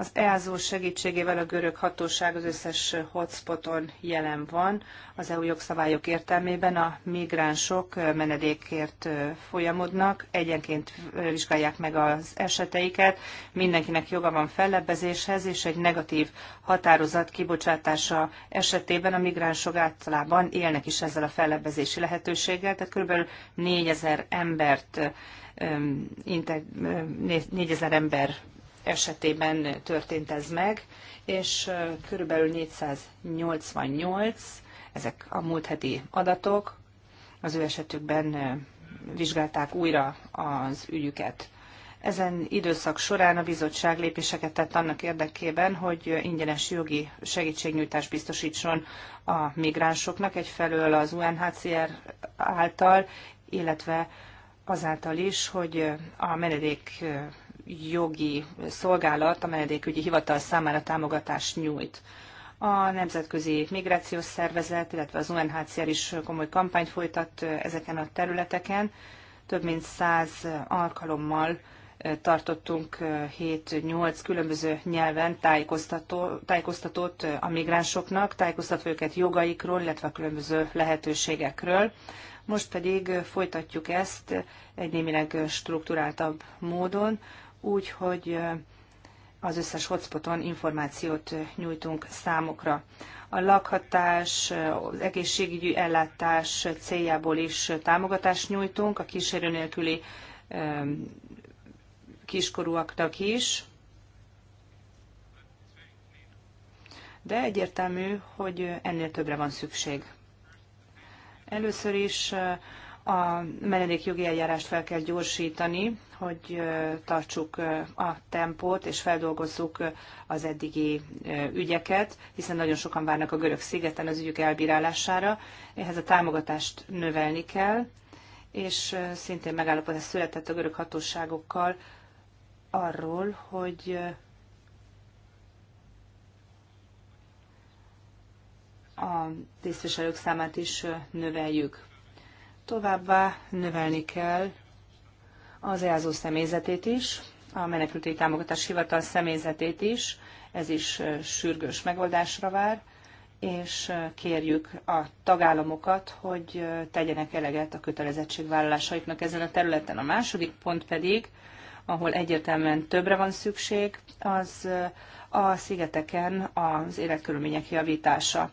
Az EASO segítségével a görög hatóság az összes hotspoton jelen van. Az EU jogszabályok értelmében a migránsok menedékért folyamodnak, egyenként vizsgálják meg az eseteiket, mindenkinek joga van fellebbezéshez, és egy negatív határozat kibocsátása esetében a migránsok általában élnek is ezzel a fellebbezési lehetőséggel, tehát kb. 4000 embert 4000 ember esetében történt ez meg, és körülbelül 488, ezek a múlt heti adatok, az ő esetükben vizsgálták újra az ügyüket. Ezen időszak során a bizottság lépéseket tett annak érdekében, hogy ingyenes jogi segítségnyújtást biztosítson a migránsoknak, egyfelől az UNHCR által, illetve azáltal is, hogy a menedék jogi szolgálat a menedékügyi hivatal számára támogatást nyújt. A Nemzetközi Migrációs Szervezet, illetve az UNHCR is komoly kampányt folytat ezeken a területeken. Több mint száz alkalommal tartottunk 7-8 különböző nyelven tájékoztató, tájékoztatót a migránsoknak, tájékoztatva őket jogaikról, illetve a különböző lehetőségekről. Most pedig folytatjuk ezt egy némileg struktúráltabb módon, úgy, hogy az összes hotspoton információt nyújtunk számukra. A lakhatás, az egészségügyi ellátás céljából is támogatást nyújtunk, a kísérő nélküli kiskorúaknak is. De egyértelmű, hogy ennél többre van szükség. Először is a menedékjogi eljárást fel kell gyorsítani, hogy tartsuk a tempót és feldolgozzuk az eddigi ügyeket, hiszen nagyon sokan várnak a görög szigeten az ügyük elbírálására. Ehhez a támogatást növelni kell, és szintén megállapodás született a görög hatóságokkal arról, hogy a tisztviselők számát is növeljük. Továbbá növelni kell az EASO személyzetét is, a menekültői támogatás hivatal személyzetét is, ez is sürgős megoldásra vár, és kérjük a tagállamokat, hogy tegyenek eleget a kötelezettségvállalásaiknak ezen a területen. A második pont pedig, ahol egyértelműen többre van szükség, az a szigeteken az életkörülmények javítása.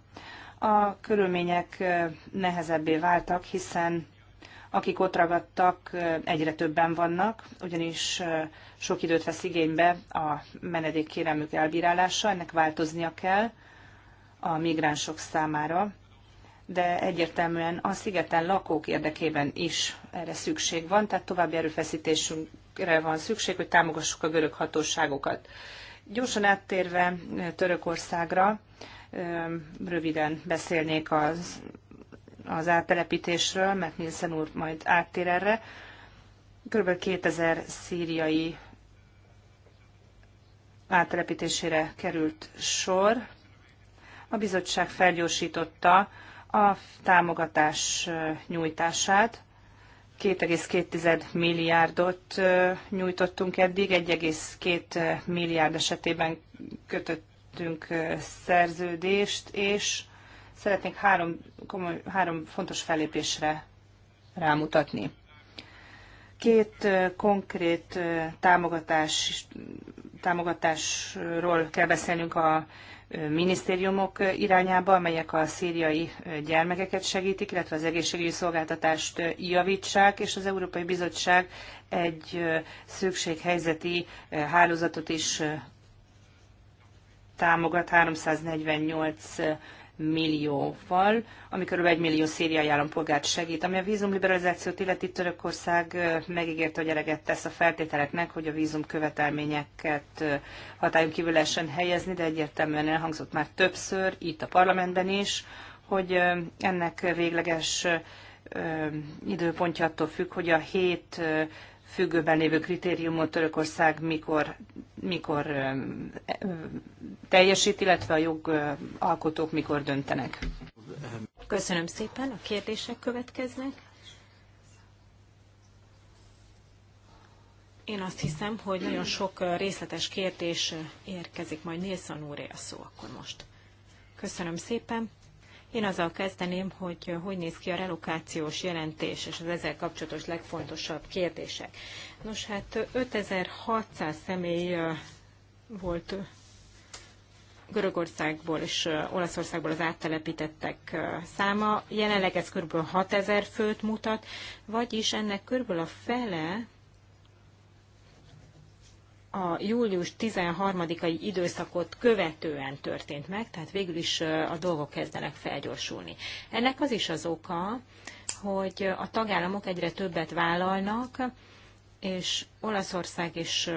A körülmények nehezebbé váltak, hiszen akik ott ragadtak, egyre többen vannak, ugyanis sok időt vesz igénybe a menedékkérelmük elbírálása, ennek változnia kell a migránsok számára, de egyértelműen a szigeten lakók érdekében is erre szükség van, tehát további erőfeszítésünkre van szükség, hogy támogassuk a görög hatóságokat. Gyorsan áttérve Törökországra, röviden beszélnék az az áttelepítésről, mert Nielsen úr majd áttér erre. Kb. 2000 szíriai áttelepítésére került sor. A bizottság felgyorsította a támogatás nyújtását. 2,2 milliárdot nyújtottunk eddig, 1,2 milliárd esetében kötöttünk szerződést, és Szeretnék három, komoly, három fontos fellépésre rámutatni. Két konkrét támogatás, támogatásról kell beszélnünk a minisztériumok irányába, amelyek a szíriai gyermekeket segítik, illetve az egészségügyi szolgáltatást javítsák, és az Európai Bizottság egy szükséghelyzeti hálózatot is támogat 348 millióval, ami körülbelül egy millió szíriai állampolgárt segít. Ami a vízumliberalizációt illeti Törökország megígérte, hogy eleget tesz a feltételeknek, hogy a vízum követelményeket hatályon kívül lehessen helyezni, de egyértelműen elhangzott már többször itt a parlamentben is, hogy ennek végleges időpontja attól függ, hogy a hét függőben lévő kritériumot Törökország mikor, mikor teljesít, illetve a jogalkotók mikor döntenek. Köszönöm szépen, a kérdések következnek. Én azt hiszem, hogy nagyon sok részletes kérdés érkezik, majd Nilsson úré a szó akkor most. Köszönöm szépen. Én azzal kezdeném, hogy hogy néz ki a relokációs jelentés és az ezzel kapcsolatos legfontosabb kérdések. Nos, hát 5600 személy volt Görögországból és Olaszországból az áttelepítettek száma. Jelenleg ez kb. 6000 főt mutat, vagyis ennek kb. a fele a július 13-ai időszakot követően történt meg, tehát végül is a dolgok kezdenek felgyorsulni. Ennek az is az oka, hogy a tagállamok egyre többet vállalnak, és Olaszország és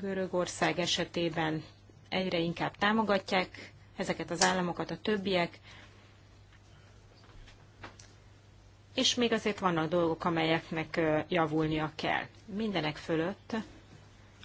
Görögország esetében egyre inkább támogatják ezeket az államokat a többiek, és még azért vannak dolgok, amelyeknek javulnia kell. Mindenek fölött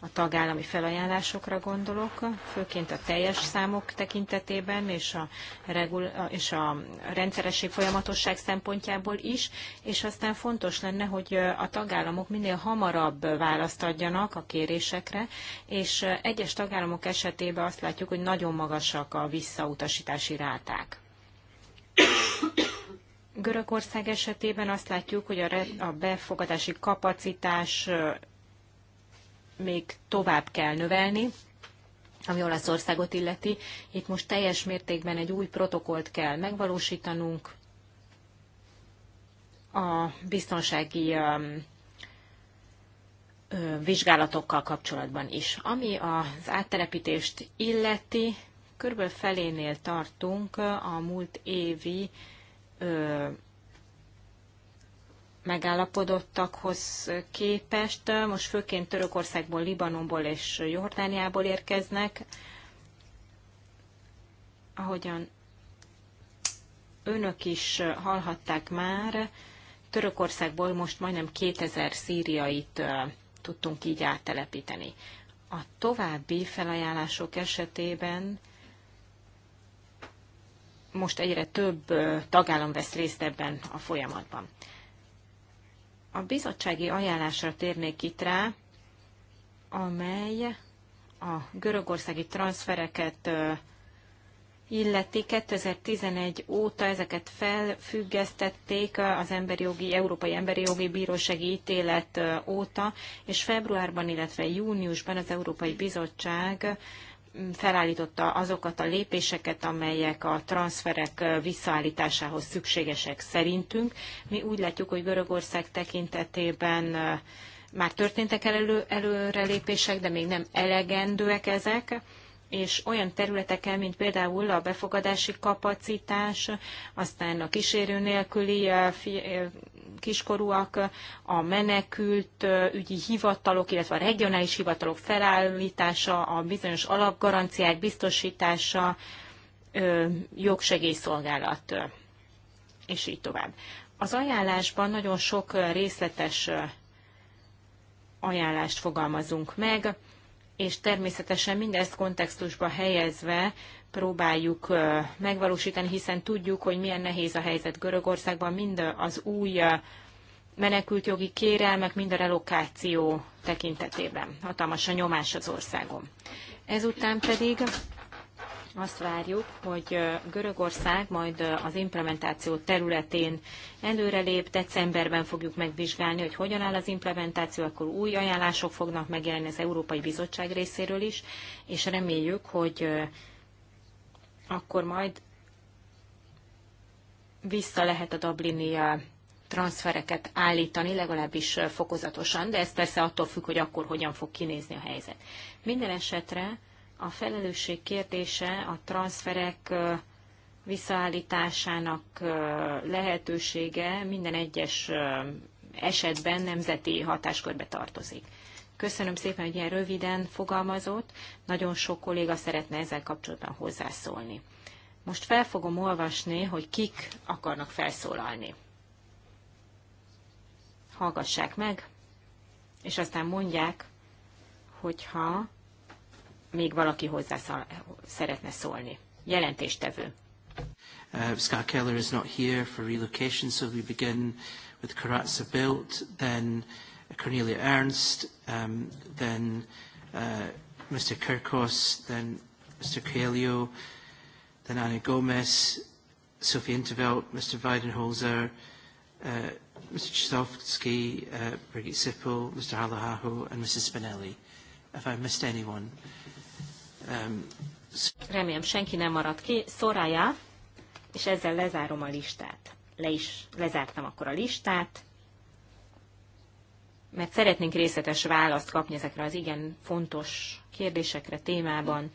a tagállami felajánlásokra gondolok, főként a teljes számok tekintetében és a, regul- és a rendszeresség folyamatosság szempontjából is, és aztán fontos lenne, hogy a tagállamok minél hamarabb választ adjanak a kérésekre, és egyes tagállamok esetében azt látjuk, hogy nagyon magasak a visszautasítási ráták. Görögország esetében azt látjuk, hogy a, a befogadási kapacitás még tovább kell növelni, ami Olaszországot illeti. Itt most teljes mértékben egy új protokolt kell megvalósítanunk a biztonsági um, vizsgálatokkal kapcsolatban is. Ami az áttelepítést illeti, körülbelül felénél tartunk a múlt évi megállapodottakhoz képest. Most főként Törökországból, Libanonból és Jordániából érkeznek. Ahogyan önök is hallhatták már, Törökországból most majdnem 2000 szíriait tudtunk így áttelepíteni. A további felajánlások esetében most egyre több tagállam vesz részt ebben a folyamatban. A bizottsági ajánlásra térnék itt rá, amely a görögországi transfereket illeti. 2011 óta ezeket felfüggesztették az emberi jogi, Európai Emberi Jogi Bírósági ítélet óta, és februárban, illetve júniusban az Európai Bizottság felállította azokat a lépéseket, amelyek a transferek visszaállításához szükségesek szerintünk. Mi úgy látjuk, hogy Görögország tekintetében már történtek elő, előrelépések, de még nem elegendőek ezek és olyan területeken, mint például a befogadási kapacitás, aztán a kísérő nélküli kiskorúak, a menekült ügyi hivatalok, illetve a regionális hivatalok felállítása, a bizonyos alapgaranciák biztosítása, jogsegélyszolgálat, és így tovább. Az ajánlásban nagyon sok részletes ajánlást fogalmazunk meg, és természetesen mindezt kontextusba helyezve próbáljuk megvalósítani, hiszen tudjuk, hogy milyen nehéz a helyzet Görögországban, mind az új menekültjogi kérelmek, mind a relokáció tekintetében. Hatalmas a nyomás az országon. Ezután pedig azt várjuk, hogy Görögország majd az implementáció területén előrelép, decemberben fogjuk megvizsgálni, hogy hogyan áll az implementáció, akkor új ajánlások fognak megjelenni az Európai Bizottság részéről is, és reméljük, hogy akkor majd vissza lehet a Dublini transfereket állítani, legalábbis fokozatosan, de ez persze attól függ, hogy akkor hogyan fog kinézni a helyzet. Minden esetre a felelősség kérdése a transferek visszaállításának lehetősége minden egyes esetben nemzeti hatáskörbe tartozik. Köszönöm szépen, hogy ilyen röviden fogalmazott. Nagyon sok kolléga szeretne ezzel kapcsolatban hozzászólni. Most fel fogom olvasni, hogy kik akarnak felszólalni. Hallgassák meg, és aztán mondják, hogyha még valaki hozzá szeretne szólni. Jelentéstevő. Uh, Scott Keller is not here for relocation, so we begin with Karatsa Built, then Cornelia Ernst, um, then uh, Mr. Kirkos, then Mr. Coelho, then Anna Gomez, Sophie Intervelt, Mr. Weidenholzer, uh, Mr. Chisovsky, uh, Brigitte Sippel, Mr. Halahaho, and Mrs. Spinelli. If I missed anyone. Um, so Remélem, senki nem maradt ki. Szorája, és ezzel lezárom a listát. Le is lezártam akkor a listát mert szeretnénk részletes választ kapni ezekre az igen fontos kérdésekre témában,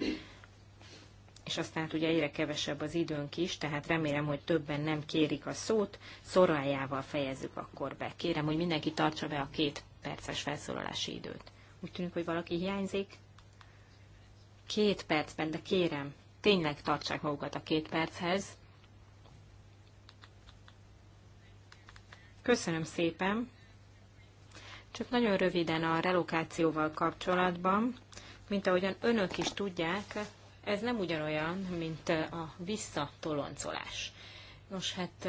és aztán hát ugye egyre kevesebb az időnk is, tehát remélem, hogy többen nem kérik a szót, szorájával fejezzük akkor be. Kérem, hogy mindenki tartsa be a két perces felszólalási időt. Úgy tűnik, hogy valaki hiányzik. Két percben, de kérem, tényleg tartsák magukat a két perchez. Köszönöm szépen! Csak nagyon röviden a relokációval kapcsolatban, mint ahogyan önök is tudják, ez nem ugyanolyan, mint a visszatoloncolás. Nos, hát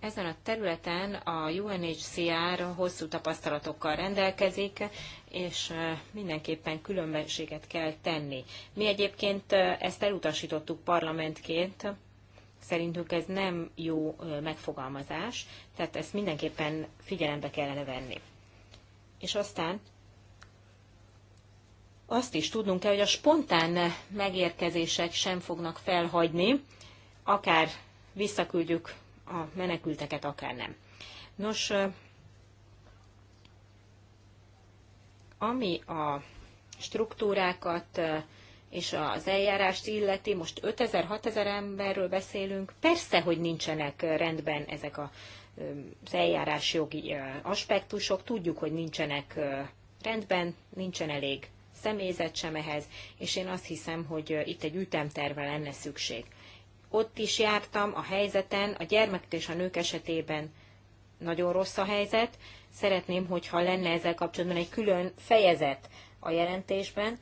ezen a területen a UNHCR hosszú tapasztalatokkal rendelkezik, és mindenképpen különbséget kell tenni. Mi egyébként ezt elutasítottuk parlamentként, Szerintünk ez nem jó megfogalmazás, tehát ezt mindenképpen figyelembe kellene venni. És aztán azt is tudnunk kell, hogy a spontán megérkezések sem fognak felhagyni, akár visszaküldjük a menekülteket, akár nem. Nos, ami a struktúrákat, és az eljárást illeti, most 5000-6000 emberről beszélünk, persze, hogy nincsenek rendben ezek a, az jogi aspektusok, tudjuk, hogy nincsenek rendben, nincsen elég személyzet sem ehhez, és én azt hiszem, hogy itt egy ütemterve lenne szükség. Ott is jártam a helyzeten, a gyermek és a nők esetében nagyon rossz a helyzet. Szeretném, hogyha lenne ezzel kapcsolatban egy külön fejezet a jelentésben,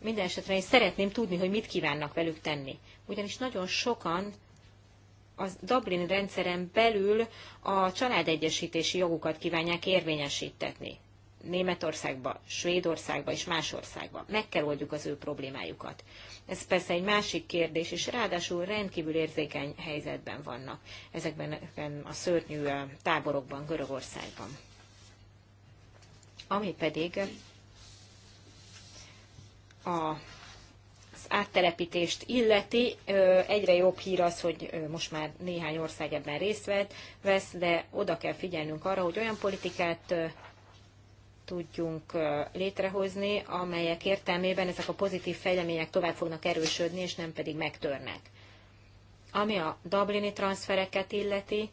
minden én szeretném tudni, hogy mit kívánnak velük tenni. Ugyanis nagyon sokan az Dublin rendszeren belül a családegyesítési jogukat kívánják érvényesítetni. Németországba, Svédországba és más országba. Meg kell oldjuk az ő problémájukat. Ez persze egy másik kérdés, és ráadásul rendkívül érzékeny helyzetben vannak ezekben a szörnyű táborokban, Görögországban. Ami pedig a az áttelepítést illeti, egyre jobb hír az, hogy most már néhány ország ebben részt vesz, de oda kell figyelnünk arra, hogy olyan politikát tudjunk létrehozni, amelyek értelmében ezek a pozitív fejlemények tovább fognak erősödni, és nem pedig megtörnek. Ami a Dublini transfereket illeti,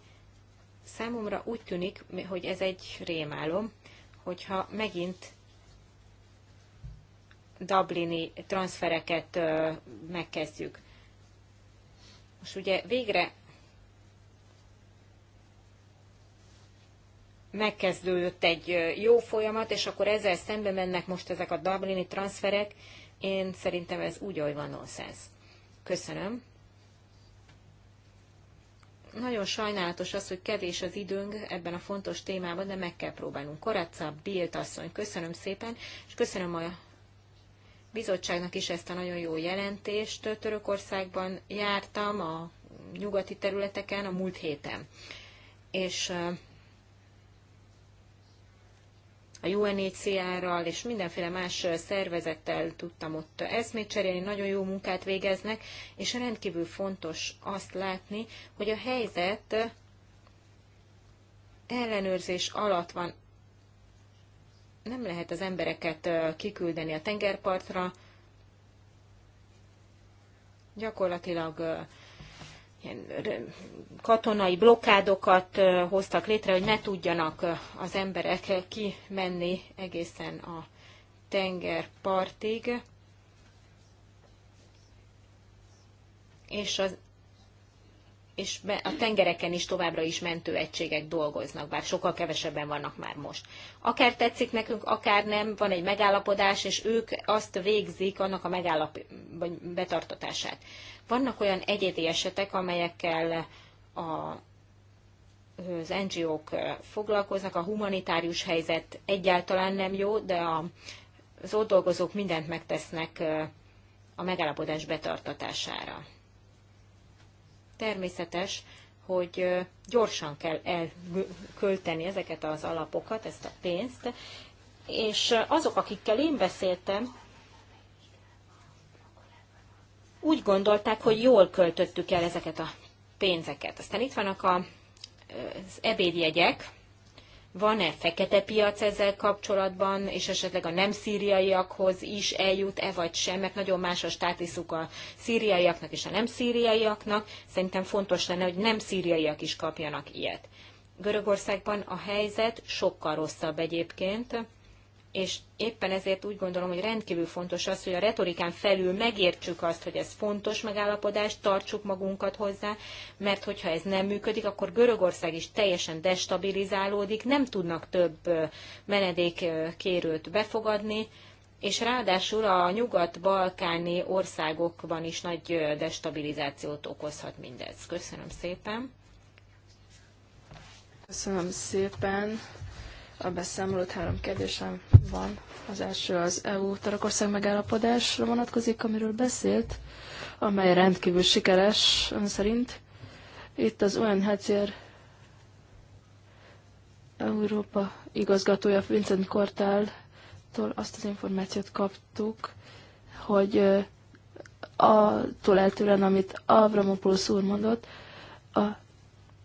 számomra úgy tűnik, hogy ez egy rémálom, hogyha megint dublini transfereket megkezdjük. Most ugye végre megkezdődött egy jó folyamat, és akkor ezzel szembe mennek most ezek a dublini transferek. Én szerintem ez úgy, ahogy van nonsense. Köszönöm. Nagyon sajnálatos az, hogy kevés az időnk ebben a fontos témában, de meg kell próbálnunk. Koratza Bilt asszony, köszönöm szépen, és köszönöm a bizottságnak is ezt a nagyon jó jelentést. Törökországban jártam a nyugati területeken a múlt héten. És a UNHCR-ral és mindenféle más szervezettel tudtam ott eszmét cserélni, nagyon jó munkát végeznek, és rendkívül fontos azt látni, hogy a helyzet ellenőrzés alatt van nem lehet az embereket kiküldeni a tengerpartra. Gyakorlatilag katonai blokkádokat hoztak létre, hogy ne tudjanak az emberek kimenni egészen a tengerpartig. És az és a tengereken is továbbra is mentőegységek dolgoznak, bár sokkal kevesebben vannak már most. Akár tetszik nekünk, akár nem, van egy megállapodás, és ők azt végzik annak a megállap vagy betartatását. Vannak olyan egyedi esetek, amelyekkel a, az NGO-k foglalkoznak, a humanitárius helyzet egyáltalán nem jó, de a, az ott dolgozók mindent megtesznek a megállapodás betartatására természetes, hogy gyorsan kell elkölteni ezeket az alapokat, ezt a pénzt, és azok, akikkel én beszéltem, úgy gondolták, hogy jól költöttük el ezeket a pénzeket. Aztán itt vannak a, az ebédjegyek, van-e fekete piac ezzel kapcsolatban, és esetleg a nem szíriaiakhoz is eljut-e vagy sem, mert nagyon más a státuszuk a szíriaiaknak és a nem szíriaiaknak. Szerintem fontos lenne, hogy nem szíriaiak is kapjanak ilyet. Görögországban a helyzet sokkal rosszabb egyébként és éppen ezért úgy gondolom, hogy rendkívül fontos az, hogy a retorikán felül megértsük azt, hogy ez fontos megállapodás, tartsuk magunkat hozzá, mert hogyha ez nem működik, akkor Görögország is teljesen destabilizálódik, nem tudnak több menedékkérőt befogadni, és ráadásul a nyugat-balkáni országokban is nagy destabilizációt okozhat mindez. Köszönöm szépen! Köszönöm szépen! a beszámolót. Három kérdésem van. Az első az eu Tarakország megállapodásra vonatkozik, amiről beszélt, amely rendkívül sikeres ön szerint. Itt az UNHCR Európa igazgatója Vincent Kortáltól azt az információt kaptuk, hogy attól eltűren, amit Avramopoulos úr mondott, a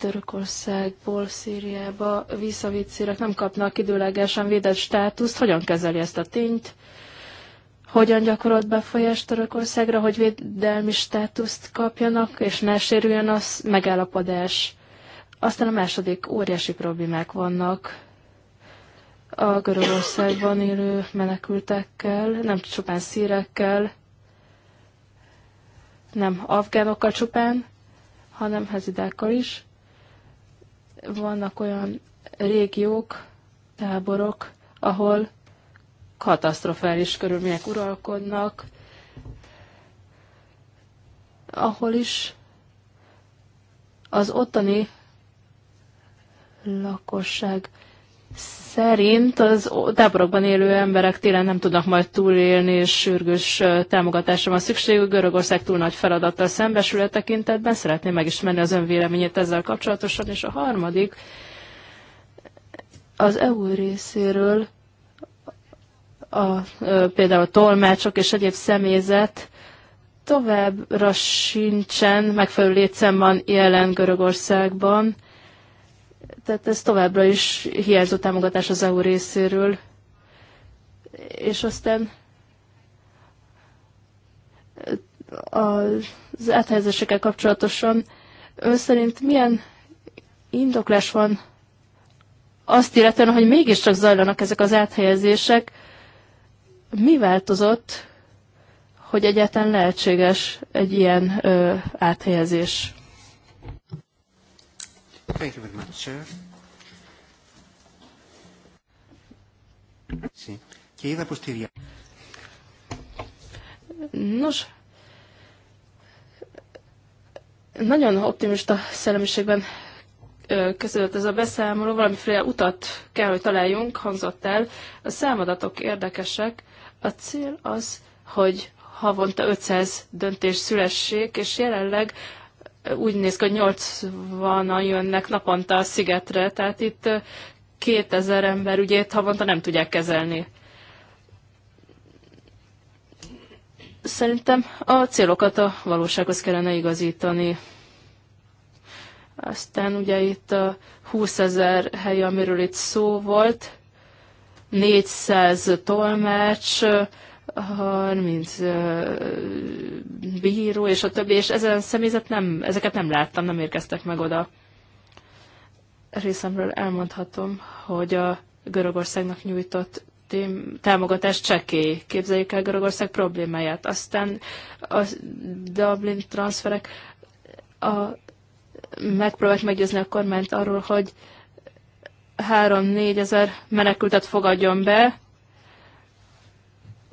Törökországból Szíriába visszavitt nem kapnak időlegesen védett státuszt. Hogyan kezeli ezt a tényt? Hogyan gyakorolt befolyást Törökországra, hogy védelmi státuszt kapjanak, és ne sérüljön az megállapodás? Aztán a második óriási problémák vannak a Görögországban élő menekültekkel, nem csupán szírekkel, nem afgánokkal csupán, hanem hezidákkal is. Vannak olyan régiók, táborok, ahol katasztrofális körülmények uralkodnak, ahol is az ottani lakosság szerint az táborokban élő emberek télen nem tudnak majd túlélni, és sürgős támogatásra van szükségük. Görögország túl nagy feladattal szembesül a e tekintetben. Szeretném megismerni az ön véleményét ezzel kapcsolatosan. És a harmadik, az EU részéről a, például a tolmácsok és egyéb személyzet továbbra sincsen megfelelő létszámban jelen Görögországban tehát ez továbbra is hiányzó támogatás az EU részéről. És aztán az áthelyezésekkel kapcsolatosan ön szerint milyen indoklás van azt illetően, hogy mégiscsak zajlanak ezek az áthelyezések, mi változott, hogy egyáltalán lehetséges egy ilyen ö, áthelyezés? Thank you very much, Chair. Sí. Nos, nagyon optimista szellemiségben köszönött ez a beszámoló, valamiféle utat kell, hogy találjunk, hangzott el. A számadatok érdekesek. A cél az, hogy havonta 500 döntés szülessék, és jelenleg úgy néz ki, hogy 80-an jönnek naponta a szigetre, tehát itt 2000 ember ügyét havonta nem tudják kezelni. Szerintem a célokat a valósághoz kellene igazítani. Aztán ugye itt a 20 ezer hely, amiről itt szó volt, 400 tolmács, 30 bíró és a többi, és ezen személyzet nem, ezeket nem láttam, nem érkeztek meg oda. Részemről elmondhatom, hogy a Görögországnak nyújtott támogatás csekély. Képzeljük el Görögország problémáját. Aztán a Dublin transferek a, megpróbált meggyőzni a kormányt arról, hogy 3-4 ezer menekültet fogadjon be,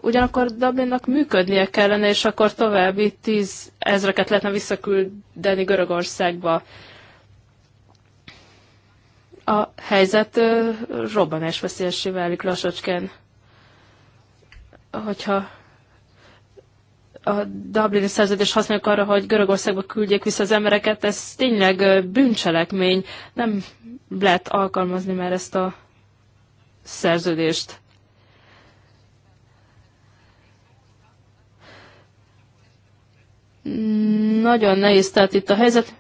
Ugyanakkor Dublinnak működnie kellene, és akkor további tíz ezreket lehetne visszaküldeni Görögországba. A helyzet robbanásveszélyessé válik lassacskán. Hogyha a Dublini szerződés használjuk arra, hogy Görögországba küldjék vissza az embereket, ez tényleg bűncselekmény. Nem lehet alkalmazni már ezt a szerződést. Nagyon nehéz tehát itt a helyzet.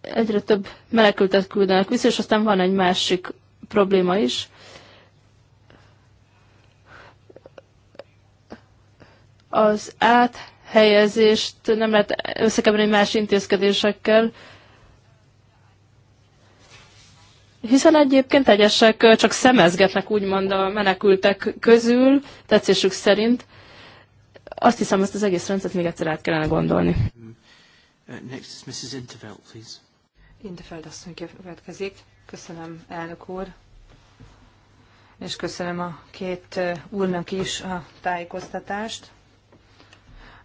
Egyre több melekültet küldenek vissza, és aztán van egy másik probléma is. Az áthelyezést nem lehet összekeverni más intézkedésekkel, hiszen egyébként egyesek csak szemezgetnek úgymond a menekültek közül, tetszésük szerint, azt hiszem, ezt az egész rendszert még egyszer át kellene gondolni. Uh, next is Mrs. Intervelt, please. Interfeld asszony következik. Köszönöm, elnök úr. És köszönöm a két uh, úrnak is a tájékoztatást.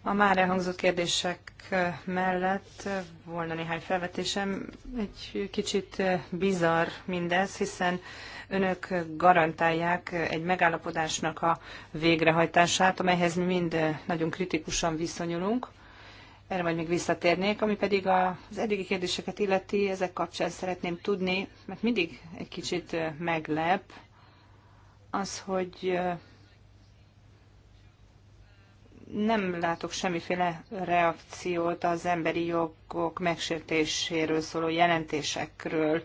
A már elhangzott kérdések uh, mellett volna néhány felvetésem. Egy kicsit bizarr mindez, hiszen önök garantálják egy megállapodásnak a végrehajtását, amelyhez mi mind nagyon kritikusan viszonyulunk. Erre majd még visszatérnék, ami pedig az eddigi kérdéseket illeti, ezek kapcsán szeretném tudni, mert mindig egy kicsit meglep az, hogy nem látok semmiféle reakciót az emberi jogok megsértéséről szóló jelentésekről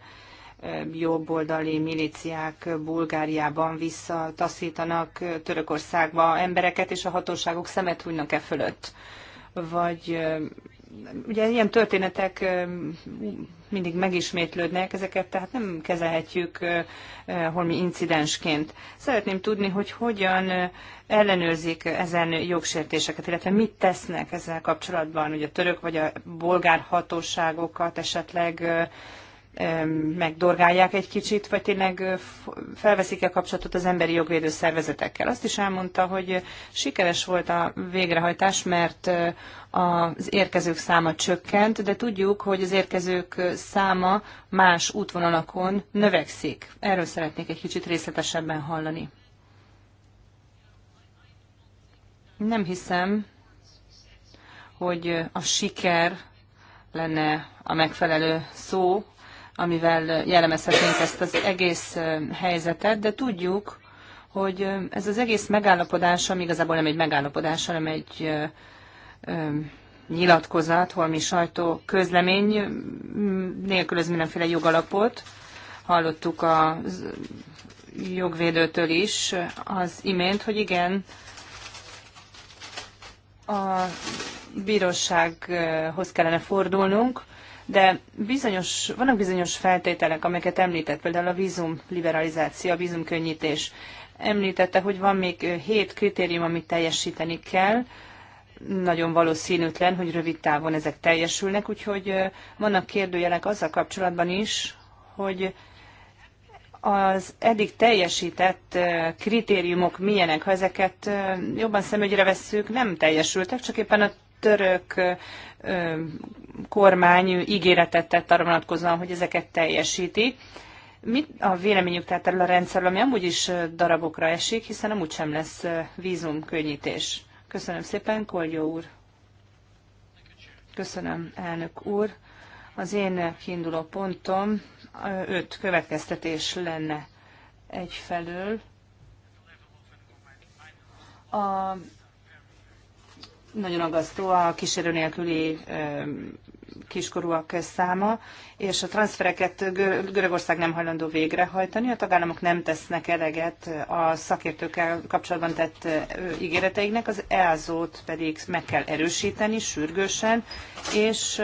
jobboldali miliciák Bulgáriában visszataszítanak Törökországba embereket, és a hatóságok szemet hunynak e fölött. Vagy ugye ilyen történetek mindig megismétlődnek, ezeket tehát nem kezelhetjük holmi incidensként. Szeretném tudni, hogy hogyan ellenőrzik ezen jogsértéseket, illetve mit tesznek ezzel kapcsolatban, hogy a török vagy a bolgár hatóságokat esetleg megdorgálják egy kicsit, vagy tényleg felveszik-e kapcsolatot az emberi jogvédő szervezetekkel. Azt is elmondta, hogy sikeres volt a végrehajtás, mert az érkezők száma csökkent, de tudjuk, hogy az érkezők száma más útvonalakon növekszik. Erről szeretnék egy kicsit részletesebben hallani. Nem hiszem, hogy a siker lenne a megfelelő szó amivel jellemezhetnénk ezt az egész helyzetet, de tudjuk, hogy ez az egész megállapodás, ami igazából nem egy megállapodás, hanem egy nyilatkozat, holmi sajtó közlemény, nélkülöz mindenféle jogalapot. Hallottuk a jogvédőtől is az imént, hogy igen, a bírósághoz kellene fordulnunk, de bizonyos, vannak bizonyos feltételek, amelyeket említett, például a vízum liberalizáció, a könnyítés Említette, hogy van még hét kritérium, amit teljesíteni kell, nagyon valószínűtlen, hogy rövid távon ezek teljesülnek, úgyhogy vannak kérdőjelek azzal kapcsolatban is, hogy az eddig teljesített kritériumok milyenek, ha ezeket jobban szemügyre vesszük, nem teljesültek, csak éppen a török kormány ígéretet tett arra vonatkozóan, hogy ezeket teljesíti. Mi a véleményük tehát erről a rendszerről, ami amúgy is darabokra esik, hiszen amúgy sem lesz vízumkönnyítés. Köszönöm szépen, Kolgyó úr. Köszönöm, elnök úr. Az én kiinduló pontom öt következtetés lenne egyfelől. A nagyon aggasztó a kísérő nélküli kiskorúak száma, és a transfereket Görögország nem hajlandó végrehajtani, a tagállamok nem tesznek eleget a szakértőkkel kapcsolatban tett ígéreteiknek, az EASO-t pedig meg kell erősíteni sürgősen, és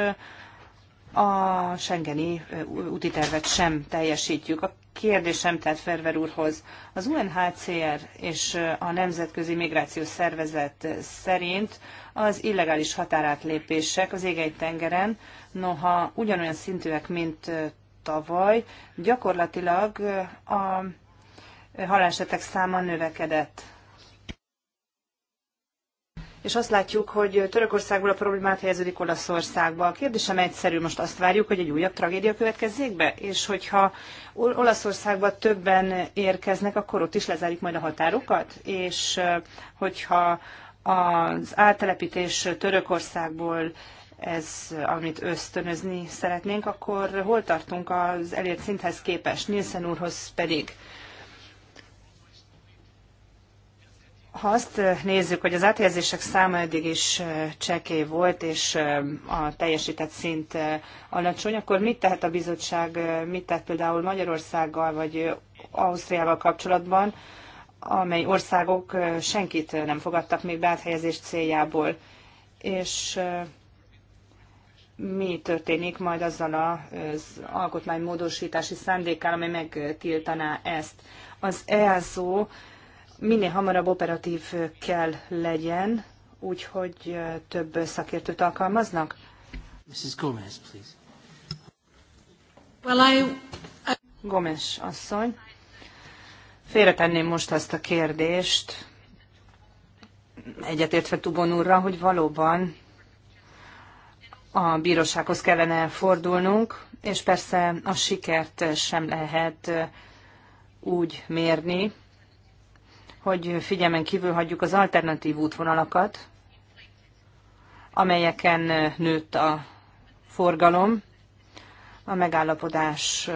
a Schengeni úti tervet sem teljesítjük. A kérdésem tehát Ferver úrhoz. Az UNHCR és a Nemzetközi Migrációs Szervezet szerint az illegális határátlépések az égei tengeren, noha ugyanolyan szintűek, mint tavaly, gyakorlatilag a halálesetek száma növekedett és azt látjuk, hogy Törökországból a problémát helyeződik Olaszországba. A kérdésem egyszerű, most azt várjuk, hogy egy újabb tragédia következzék be, és hogyha Olaszországba többen érkeznek, akkor ott is lezárjuk majd a határokat, és hogyha az áttelepítés Törökországból ez, amit ösztönözni szeretnénk, akkor hol tartunk az elért szinthez képest? Nielsen úrhoz pedig Ha azt nézzük, hogy az áthelyezések száma eddig is csekély volt, és a teljesített szint alacsony, akkor mit tehet a bizottság, mit tett például Magyarországgal vagy Ausztriával kapcsolatban, amely országok senkit nem fogadtak még beáthelyezés céljából, és mi történik majd azzal az alkotmánymódosítási szándékkal, amely megtiltaná ezt. Az EASO minél hamarabb operatív kell legyen, úgyhogy több szakértőt alkalmaznak? Mrs. Gomez, please. Well, I... Gomes asszony. Félretenném most azt a kérdést, egyetértve Tubon úrra, hogy valóban a bírósághoz kellene fordulnunk, és persze a sikert sem lehet úgy mérni, hogy figyelmen kívül hagyjuk az alternatív útvonalakat, amelyeken nőtt a forgalom a megállapodás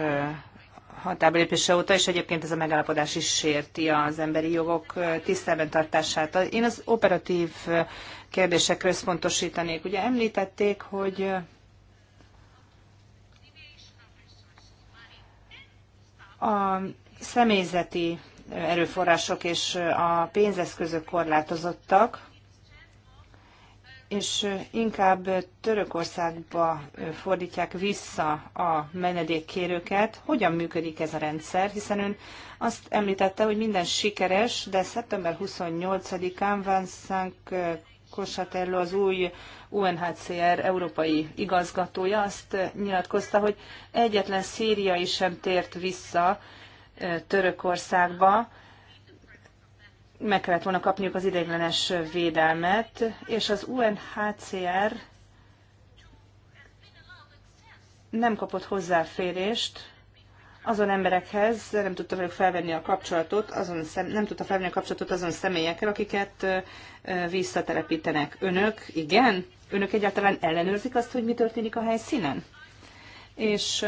hatába lépése óta, és egyébként ez a megállapodás is sérti az emberi jogok tisztelben tartását. Én az operatív kérdésekre összpontosítanék. Ugye említették, hogy a személyzeti erőforrások és a pénzeszközök korlátozottak, és inkább Törökországba fordítják vissza a menedékkérőket. Hogyan működik ez a rendszer? Hiszen ön azt említette, hogy minden sikeres, de szeptember 28-án Vincent Kosatello, az új UNHCR európai igazgatója azt nyilatkozta, hogy egyetlen szíriai sem tért vissza Törökországba, meg kellett volna kapniuk az ideiglenes védelmet, és az UNHCR nem kapott hozzáférést azon emberekhez, nem tudta velük felvenni a kapcsolatot, azon szem, nem tudta felvenni a kapcsolatot azon személyekkel, akiket visszatelepítenek. Önök, igen? Önök egyáltalán ellenőrzik azt, hogy mi történik a helyszínen? És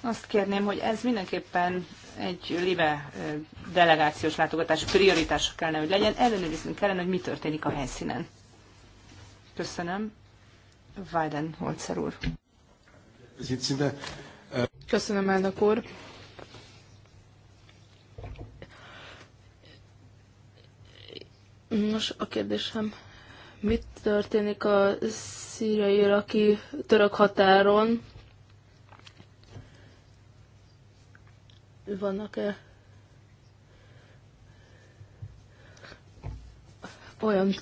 azt kérném, hogy ez mindenképpen egy libe delegációs látogatás prioritása kellene, hogy legyen. Ellenőriznünk kellene, hogy mi történik a helyszínen. Köszönöm. Weiden Holzer úr. Köszönöm, elnök úr. Nos, a kérdésem, mit történik a szíriai-iraki török határon? vannak -e olyan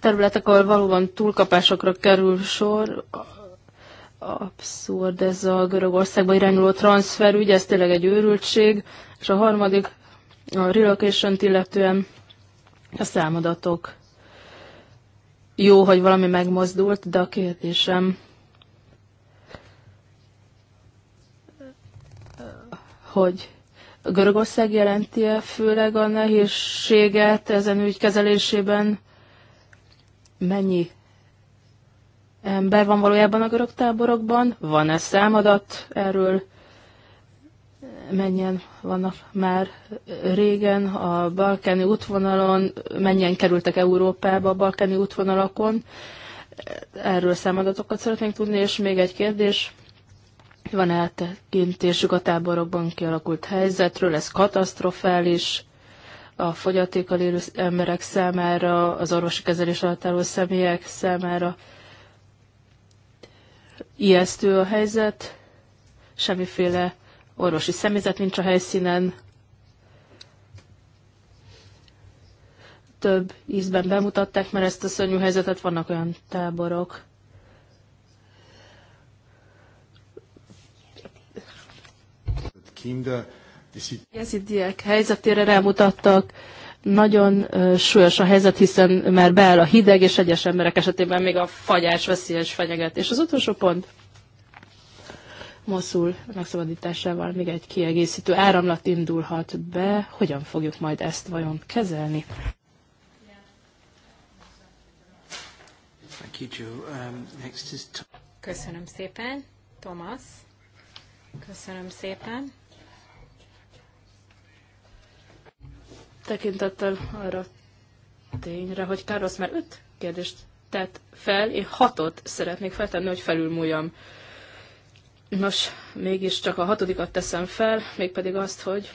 területek, ahol valóban túlkapásokra kerül sor, abszurd ez a Görögországba irányuló transferügy, ez tényleg egy őrültség, és a harmadik a relocation illetően a számadatok. Jó, hogy valami megmozdult, de a kérdésem hogy Görögország jelenti -e főleg a nehézséget ezen ügy kezelésében? Mennyi ember van valójában a görög táborokban? Van-e számadat erről? Mennyien vannak már régen a balkáni útvonalon? Mennyien kerültek Európába a balkáni útvonalakon? Erről számadatokat szeretnénk tudni, és még egy kérdés – van eltekintésük a táborokban kialakult helyzetről, ez katasztrofális a fogyatékkal élő emberek számára, az orvosi kezelés alatt álló személyek számára. Ijesztő a helyzet, semmiféle orvosi személyzet nincs a helyszínen, több ízben bemutatták, mert ezt a szörnyű helyzetet vannak olyan táborok, Jezidiek helyzetére rámutattak, nagyon súlyos a helyzet, hiszen már beáll a hideg, és egyes emberek esetében még a fagyás veszélyes fenyeget. És az utolsó pont, Moszul megszabadításával még egy kiegészítő áramlat indulhat be. Hogyan fogjuk majd ezt vajon kezelni? Um, Köszönöm szépen, Thomas. Köszönöm szépen. tekintettel arra tényre, hogy Carlos már öt kérdést tett fel, én hatot szeretnék feltenni, hogy felülmúljam. Nos, mégis csak a hatodikat teszem fel, mégpedig azt, hogy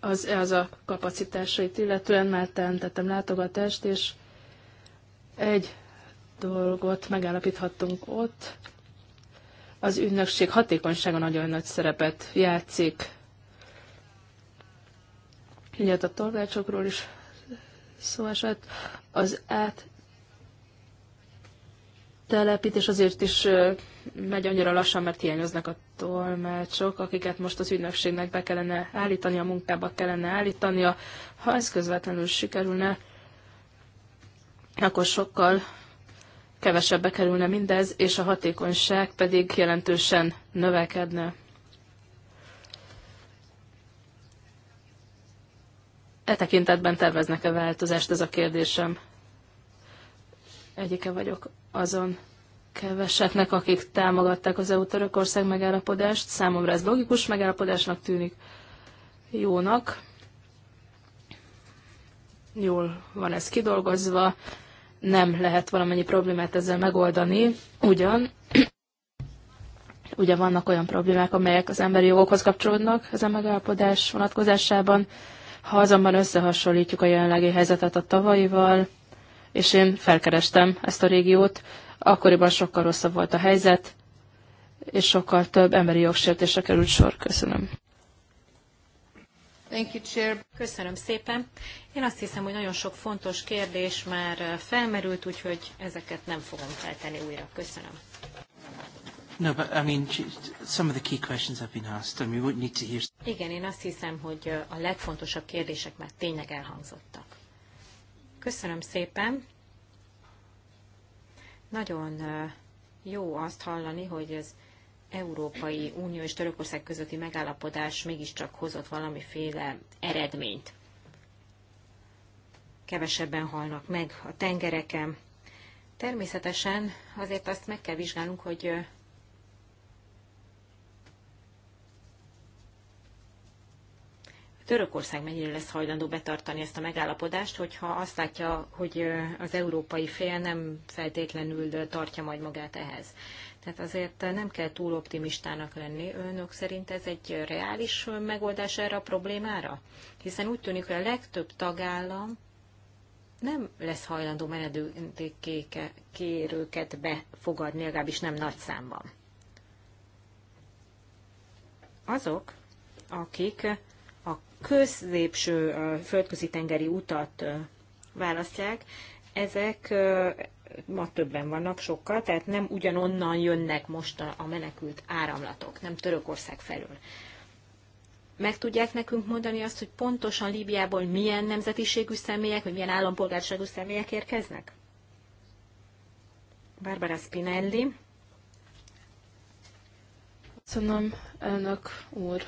az, e az a kapacitásait illetően már tettem látogatást, és egy dolgot megállapíthattunk ott, az ügynökség hatékonysága nagyon nagy szerepet játszik Mindjárt a tolgácsokról is szó esett. Az át telepítés azért is megy annyira lassan, mert hiányoznak a tolmácsok, akiket most az ügynökségnek be kellene állítani, a munkába kellene állítania. Ha ez közvetlenül sikerülne, akkor sokkal kevesebbe kerülne mindez, és a hatékonyság pedig jelentősen növekedne. E tekintetben terveznek-e változást ez a kérdésem? Egyike vagyok azon keveseknek, akik támogatták az EU-Törökország megállapodást. Számomra ez logikus megállapodásnak tűnik jónak. Jól van ez kidolgozva, nem lehet valamennyi problémát ezzel megoldani, ugyan ugye vannak olyan problémák, amelyek az emberi jogokhoz kapcsolódnak ezen megállapodás vonatkozásában, ha azonban összehasonlítjuk a jelenlegi helyzetet a tavalyival, és én felkerestem ezt a régiót, akkoriban sokkal rosszabb volt a helyzet, és sokkal több emberi jogsértésre került sor. Köszönöm. Thank you, Chair. Köszönöm szépen. Én azt hiszem, hogy nagyon sok fontos kérdés már felmerült, úgyhogy ezeket nem fogom feltenni újra. Köszönöm. No, but I mean, some of the key questions have been asked. and we would need to hear... Igen, én azt hiszem, hogy a legfontosabb kérdések már tényleg elhangzottak. Köszönöm szépen. Nagyon jó azt hallani, hogy az Európai Unió és Törökország közötti megállapodás mégiscsak hozott valamiféle eredményt. Kevesebben halnak meg a tengereken. Természetesen azért azt meg kell vizsgálnunk, hogy Törökország mennyire lesz hajlandó betartani ezt a megállapodást, hogyha azt látja, hogy az európai fél nem feltétlenül tartja majd magát ehhez. Tehát azért nem kell túl optimistának lenni. Önök szerint ez egy reális megoldás erre a problémára? Hiszen úgy tűnik, hogy a legtöbb tagállam nem lesz hajlandó menedékkérőket befogadni, legalábbis nem nagy számban. Azok, akik a közlépső földközi tengeri utat választják, ezek ma többen vannak sokkal, tehát nem ugyanonnan jönnek most a menekült áramlatok, nem Törökország felől. Meg tudják nekünk mondani azt, hogy pontosan Líbiából milyen nemzetiségű személyek, vagy milyen állampolgárságú személyek érkeznek? Barbara Spinelli. Köszönöm, elnök úr.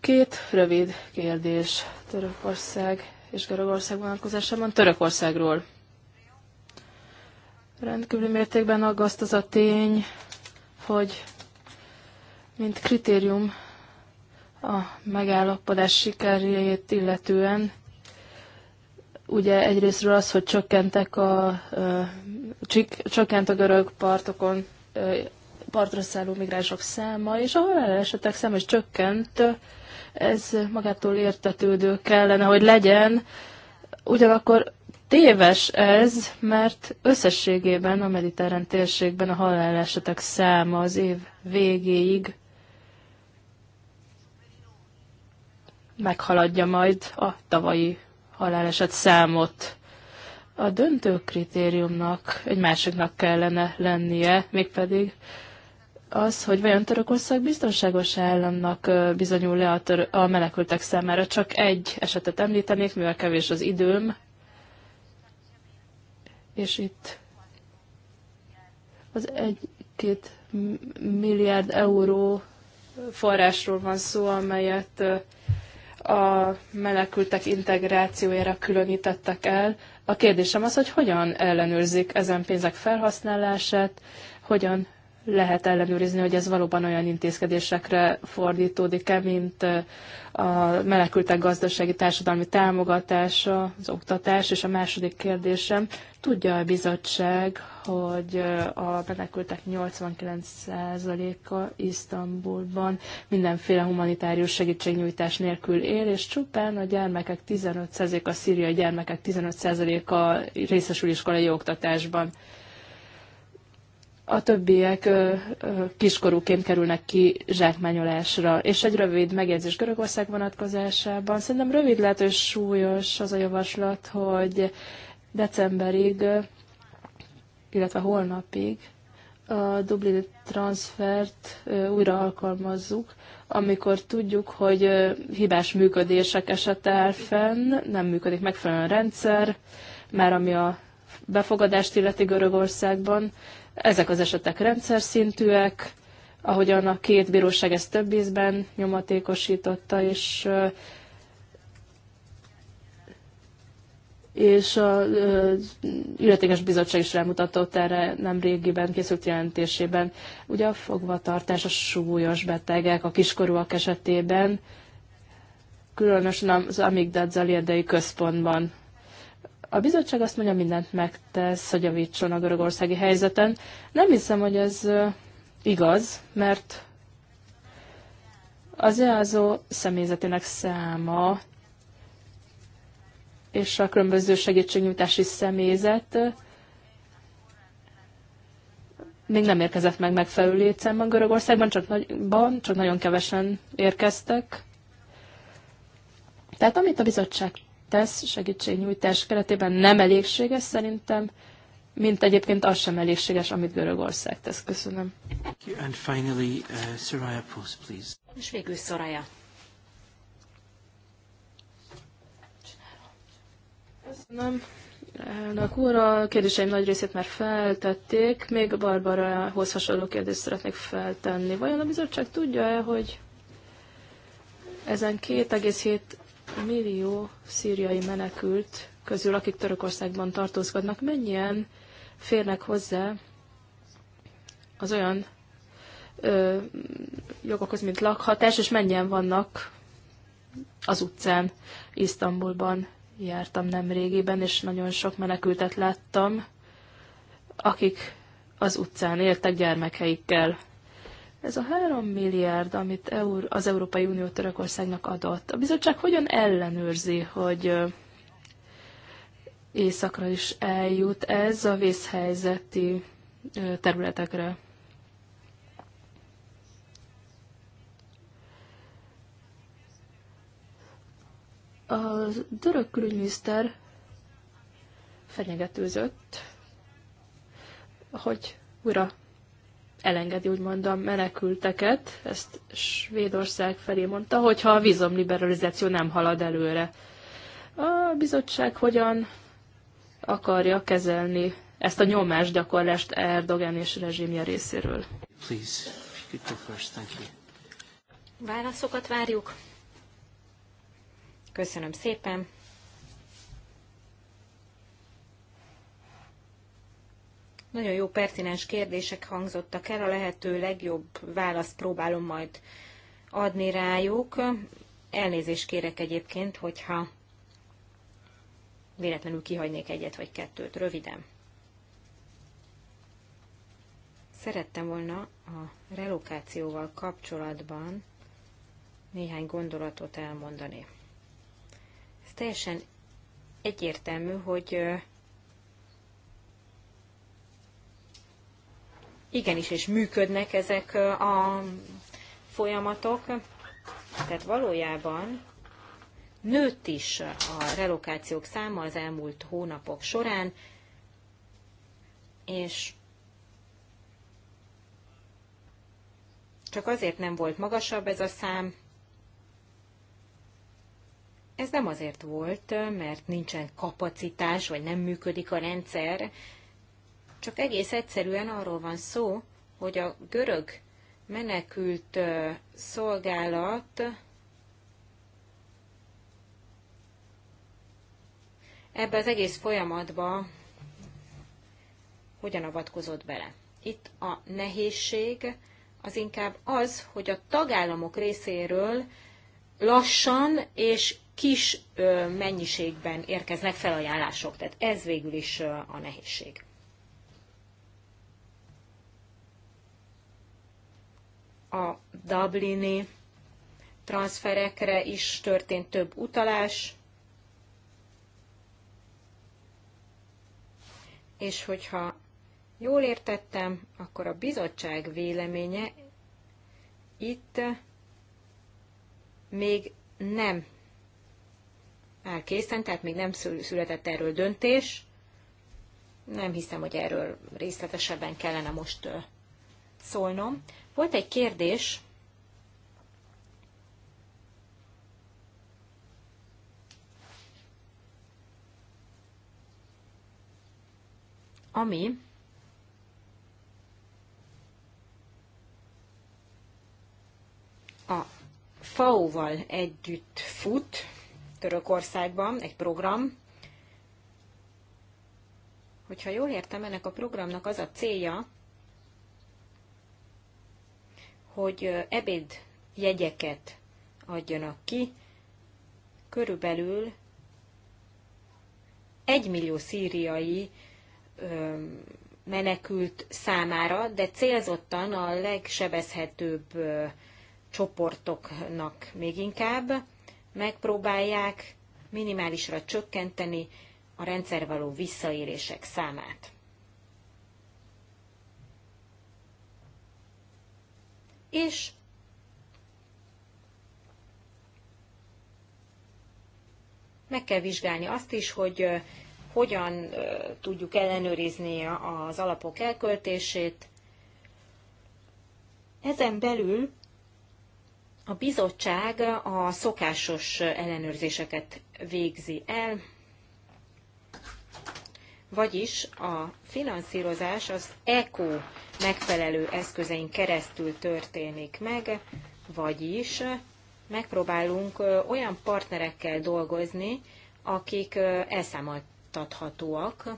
Két rövid kérdés Törökország és Görögország vonatkozásában. Törökországról rendkívül mértékben aggaszt az a tény, hogy mint kritérium a megállapodás sikerét illetően, ugye egyrésztről az, hogy csökkentek a, csik, csökkent a görög partokon partra szálló migránsok száma, és a halálesetek száma is csökkent ez magától értetődő kellene, hogy legyen. Ugyanakkor téves ez, mert összességében a mediterrán térségben a halálesetek száma az év végéig meghaladja majd a tavalyi haláleset számot. A döntő kritériumnak egy másiknak kellene lennie, mégpedig az, hogy vajon Törökország biztonságos államnak bizonyul le a, tör- a menekültek számára. Csak egy esetet említenék, mivel kevés az időm. És itt az egy-két milliárd euró forrásról van szó, amelyet a menekültek integrációjára különítettek el. A kérdésem az, hogy hogyan ellenőrzik ezen pénzek felhasználását, hogyan lehet ellenőrizni, hogy ez valóban olyan intézkedésekre fordítódik-e, mint eh, a menekültek gazdasági társadalmi támogatása, az oktatás, és a második kérdésem, tudja a bizottság, hogy eh, a menekültek 89%-a Isztambulban mindenféle humanitárius segítségnyújtás nélkül él, és csupán a gyermekek 15%-a, a szíriai gyermekek 15%-a részesül iskolai oktatásban a többiek ö, ö, kiskorúként kerülnek ki zsákmányolásra. És egy rövid megjegyzés Görögország vonatkozásában. Szerintem rövid lehet, és súlyos az a javaslat, hogy decemberig, illetve holnapig a Dublin transfert újra alkalmazzuk, amikor tudjuk, hogy hibás működések esete áll fenn, nem működik megfelelően rendszer, már ami a befogadást illeti Görögországban, ezek az esetek rendszer szintűek, ahogyan a két bíróság ezt több ízben nyomatékosította, és és a illetékes bizottság is rámutatott erre nem régiben készült jelentésében. Ugye a fogvatartás a súlyos betegek, a kiskorúak esetében, különösen az Amigdad érdei központban. A bizottság azt mondja, mindent megtesz, hogy javítson a görögországi helyzeten. Nem hiszem, hogy ez igaz, mert az EASO személyzetének száma és a különböző segítségnyújtási személyzet még nem érkezett meg megfelelő létszámban Görögországban, csak, nagyban, csak nagyon kevesen érkeztek. Tehát amit a bizottság tesz segítségnyújtás keretében nem elégséges szerintem, mint egyébként az sem elégséges, amit Görögország tesz. Köszönöm. And finally, uh, Soraya Post, please. És végül Soraya. Köszönöm. Elnök úr, a kérdéseim nagy részét már feltették. Még Barbarahoz hasonló kérdést szeretnék feltenni. Vajon a bizottság tudja-e, hogy ezen millió szíriai menekült közül, akik Törökországban tartózkodnak, mennyien férnek hozzá az olyan ö, jogokhoz, mint lakhatás, és mennyien vannak az utcán, Isztambulban jártam nem régiben, és nagyon sok menekültet láttam, akik az utcán éltek gyermekeikkel. Ez a három milliárd, amit az Európai Unió Törökországnak adott, a bizottság hogyan ellenőrzi, hogy északra is eljut ez a vészhelyzeti területekre? A török külügyminiszter fenyegetőzött, hogy újra elengedi úgymond a menekülteket, ezt Svédország felé mondta, hogyha a vízumliberalizáció nem halad előre. A bizottság hogyan akarja kezelni ezt a nyomás gyakorlást Erdogan és rezsimje részéről? Válaszokat várjuk. Köszönöm szépen. Nagyon jó pertinens kérdések hangzottak el, a lehető legjobb választ próbálom majd adni rájuk. Elnézést kérek egyébként, hogyha véletlenül kihagynék egyet vagy kettőt. Röviden. Szerettem volna a relokációval kapcsolatban néhány gondolatot elmondani. Ez teljesen egyértelmű, hogy igenis, és működnek ezek a folyamatok. Tehát valójában nőtt is a relokációk száma az elmúlt hónapok során, és csak azért nem volt magasabb ez a szám. Ez nem azért volt, mert nincsen kapacitás, vagy nem működik a rendszer, csak egész egyszerűen arról van szó, hogy a görög menekült szolgálat ebbe az egész folyamatba hogyan avatkozott bele. Itt a nehézség az inkább az, hogy a tagállamok részéről lassan és kis mennyiségben érkeznek felajánlások. Tehát ez végül is a nehézség. a Dublini transferekre is történt több utalás, és hogyha jól értettem, akkor a bizottság véleménye itt még nem áll készen, tehát még nem született erről döntés. Nem hiszem, hogy erről részletesebben kellene most szólnom. Volt egy kérdés, ami a FAO-val együtt fut Törökországban egy program. Hogyha jól értem, ennek a programnak az a célja, hogy ebéd jegyeket adjanak ki. Körülbelül egymillió millió szíriai menekült számára, de célzottan a legsebezhetőbb csoportoknak még inkább megpróbálják minimálisra csökkenteni a rendszer való visszaérések számát. és meg kell vizsgálni azt is, hogy hogyan tudjuk ellenőrizni az alapok elköltését. Ezen belül a bizottság a szokásos ellenőrzéseket végzi el, vagyis a finanszírozás az ECO megfelelő eszközein keresztül történik meg, vagyis megpróbálunk olyan partnerekkel dolgozni, akik elszámoltathatóak,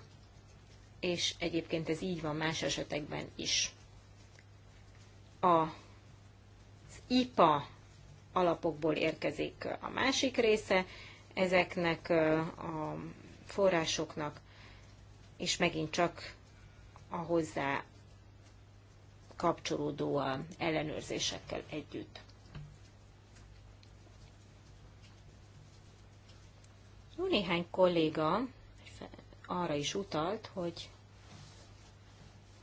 és egyébként ez így van más esetekben is. A IPA alapokból érkezik a másik része ezeknek a forrásoknak, és megint csak a hozzá kapcsolódó ellenőrzésekkel együtt. Jó néhány kolléga arra is utalt, hogy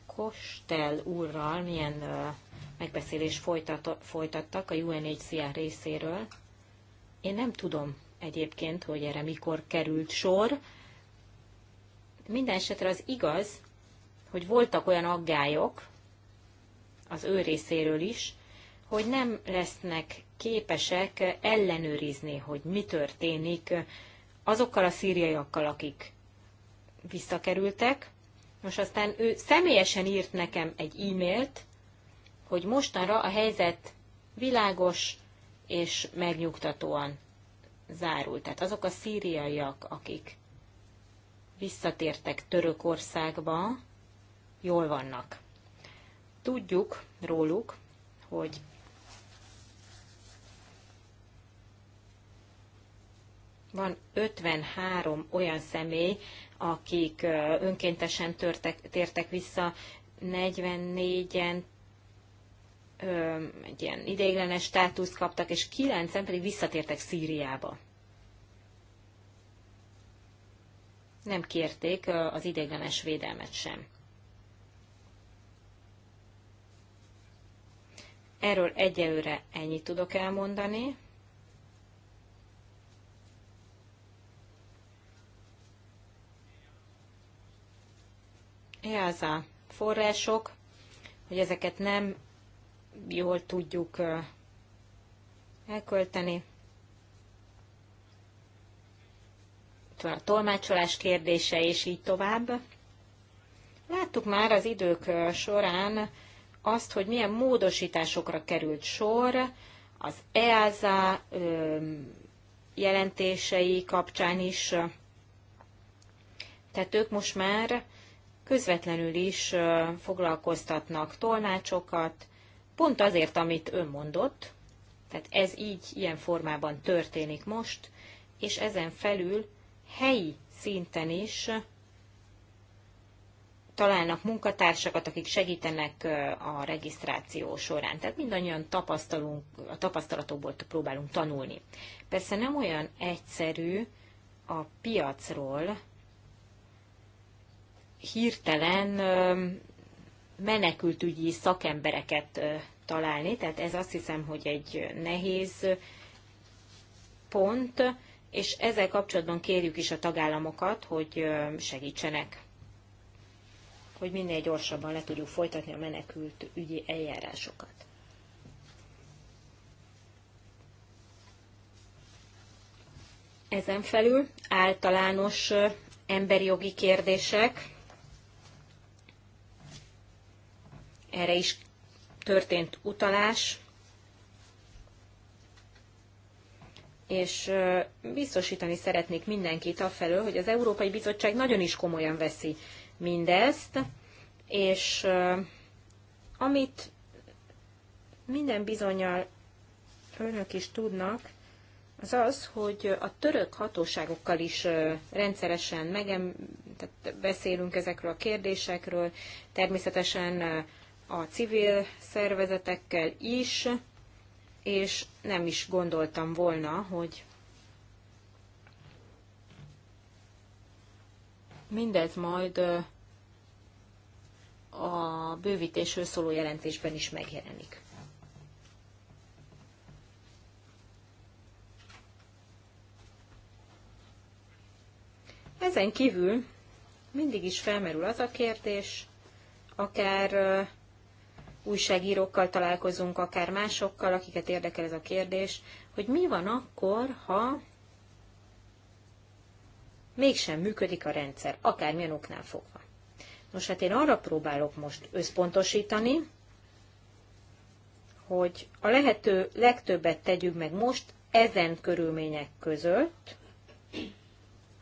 Kostel úrral milyen megbeszélés folytattak a UNHCR részéről. Én nem tudom egyébként, hogy erre mikor került sor, minden esetre az igaz, hogy voltak olyan aggályok az ő részéről is, hogy nem lesznek képesek ellenőrizni, hogy mi történik azokkal a szíriaiakkal, akik visszakerültek. Most aztán ő személyesen írt nekem egy e-mailt, hogy mostanra a helyzet világos és megnyugtatóan zárult. Tehát azok a szíriaiak, akik visszatértek Törökországba, jól vannak. Tudjuk róluk, hogy van 53 olyan személy, akik önkéntesen törtek, tértek vissza, 44-en egy ilyen ideiglenes státuszt kaptak, és 9-en pedig visszatértek Szíriába. nem kérték az ideiglenes védelmet sem. Erről egyelőre ennyit tudok elmondani. Ez a források, hogy ezeket nem jól tudjuk elkölteni. ott van a tolmácsolás kérdése, és így tovább. Láttuk már az idők során azt, hogy milyen módosításokra került sor az EASA jelentései kapcsán is. Tehát ők most már közvetlenül is foglalkoztatnak tolmácsokat, pont azért, amit ön mondott, tehát ez így, ilyen formában történik most, és ezen felül helyi szinten is találnak munkatársakat, akik segítenek a regisztráció során. Tehát mindannyian tapasztalunk, a tapasztalatokból próbálunk tanulni. Persze nem olyan egyszerű a piacról hirtelen menekültügyi szakembereket találni, tehát ez azt hiszem, hogy egy nehéz pont, és ezzel kapcsolatban kérjük is a tagállamokat, hogy segítsenek, hogy minél gyorsabban le tudjuk folytatni a menekült ügyi eljárásokat. Ezen felül általános emberi jogi kérdések. Erre is történt utalás. és biztosítani szeretnék mindenkit afelől, hogy az Európai Bizottság nagyon is komolyan veszi mindezt, és amit minden bizonyal önök is tudnak, az az, hogy a török hatóságokkal is rendszeresen megem, tehát beszélünk ezekről a kérdésekről, természetesen a civil szervezetekkel is, és nem is gondoltam volna, hogy mindez majd a bővítésről szóló jelentésben is megjelenik. Ezen kívül mindig is felmerül az a kérdés, akár újságírókkal találkozunk, akár másokkal, akiket érdekel ez a kérdés, hogy mi van akkor, ha mégsem működik a rendszer, akármilyen oknál fogva. Nos, hát én arra próbálok most összpontosítani, hogy a lehető legtöbbet tegyük meg most ezen körülmények között,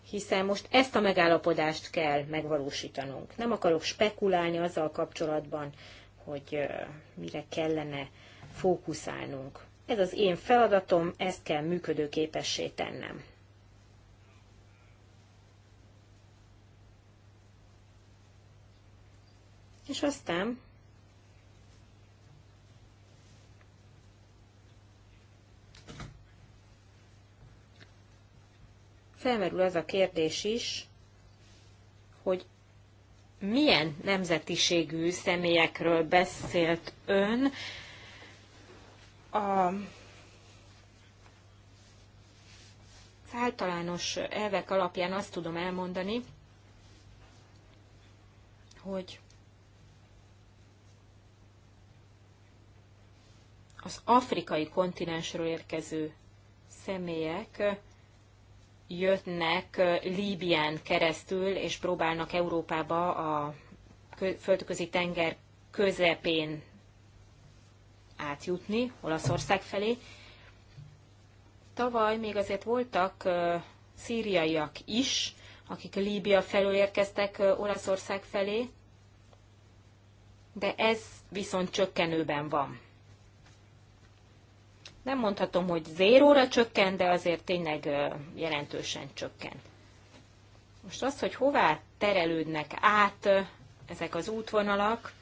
hiszen most ezt a megállapodást kell megvalósítanunk. Nem akarok spekulálni azzal kapcsolatban, hogy mire kellene fókuszálnunk. Ez az én feladatom, ezt kell működőképessé tennem. És aztán felmerül az a kérdés is, hogy milyen nemzetiségű személyekről beszélt ön a általános elvek alapján azt tudom elmondani, hogy az afrikai kontinensről érkező személyek jöttnek Líbián keresztül, és próbálnak Európába a földközi tenger közepén átjutni, Olaszország felé. Tavaly még azért voltak szíriaiak is, akik Líbia felől érkeztek Olaszország felé, de ez viszont csökkenőben van. Nem mondhatom, hogy zéróra csökken, de azért tényleg jelentősen csökken. Most az, hogy hová terelődnek át ezek az útvonalak,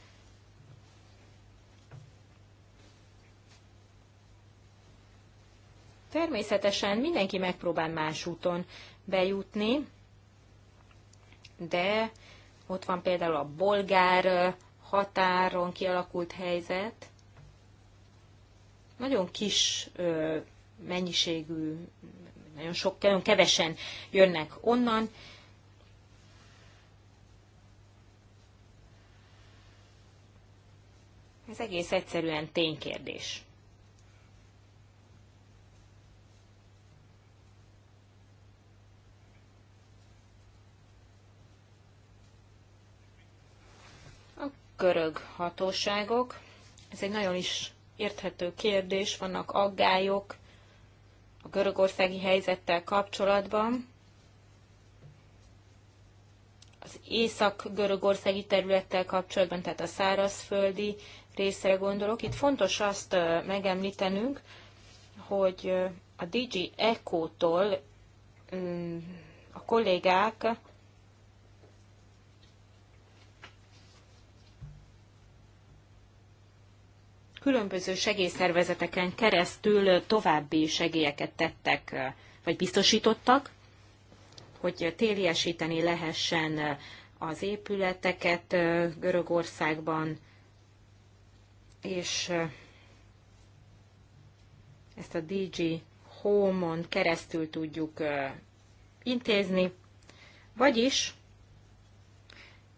természetesen mindenki megpróbál más úton bejutni, de ott van például a bolgár határon kialakult helyzet, nagyon kis mennyiségű, nagyon sok, nagyon kevesen jönnek onnan, Ez egész egyszerűen ténykérdés. A görög hatóságok, ez egy nagyon is érthető kérdés, vannak aggályok a görögországi helyzettel kapcsolatban. Az észak-görögországi területtel kapcsolatban, tehát a szárazföldi részre gondolok. Itt fontos azt megemlítenünk, hogy a DG Eco-tól mm, a kollégák különböző segélyszervezeteken keresztül további segélyeket tettek, vagy biztosítottak, hogy téliesíteni lehessen az épületeket Görögországban, és ezt a DG Home-on keresztül tudjuk intézni. Vagyis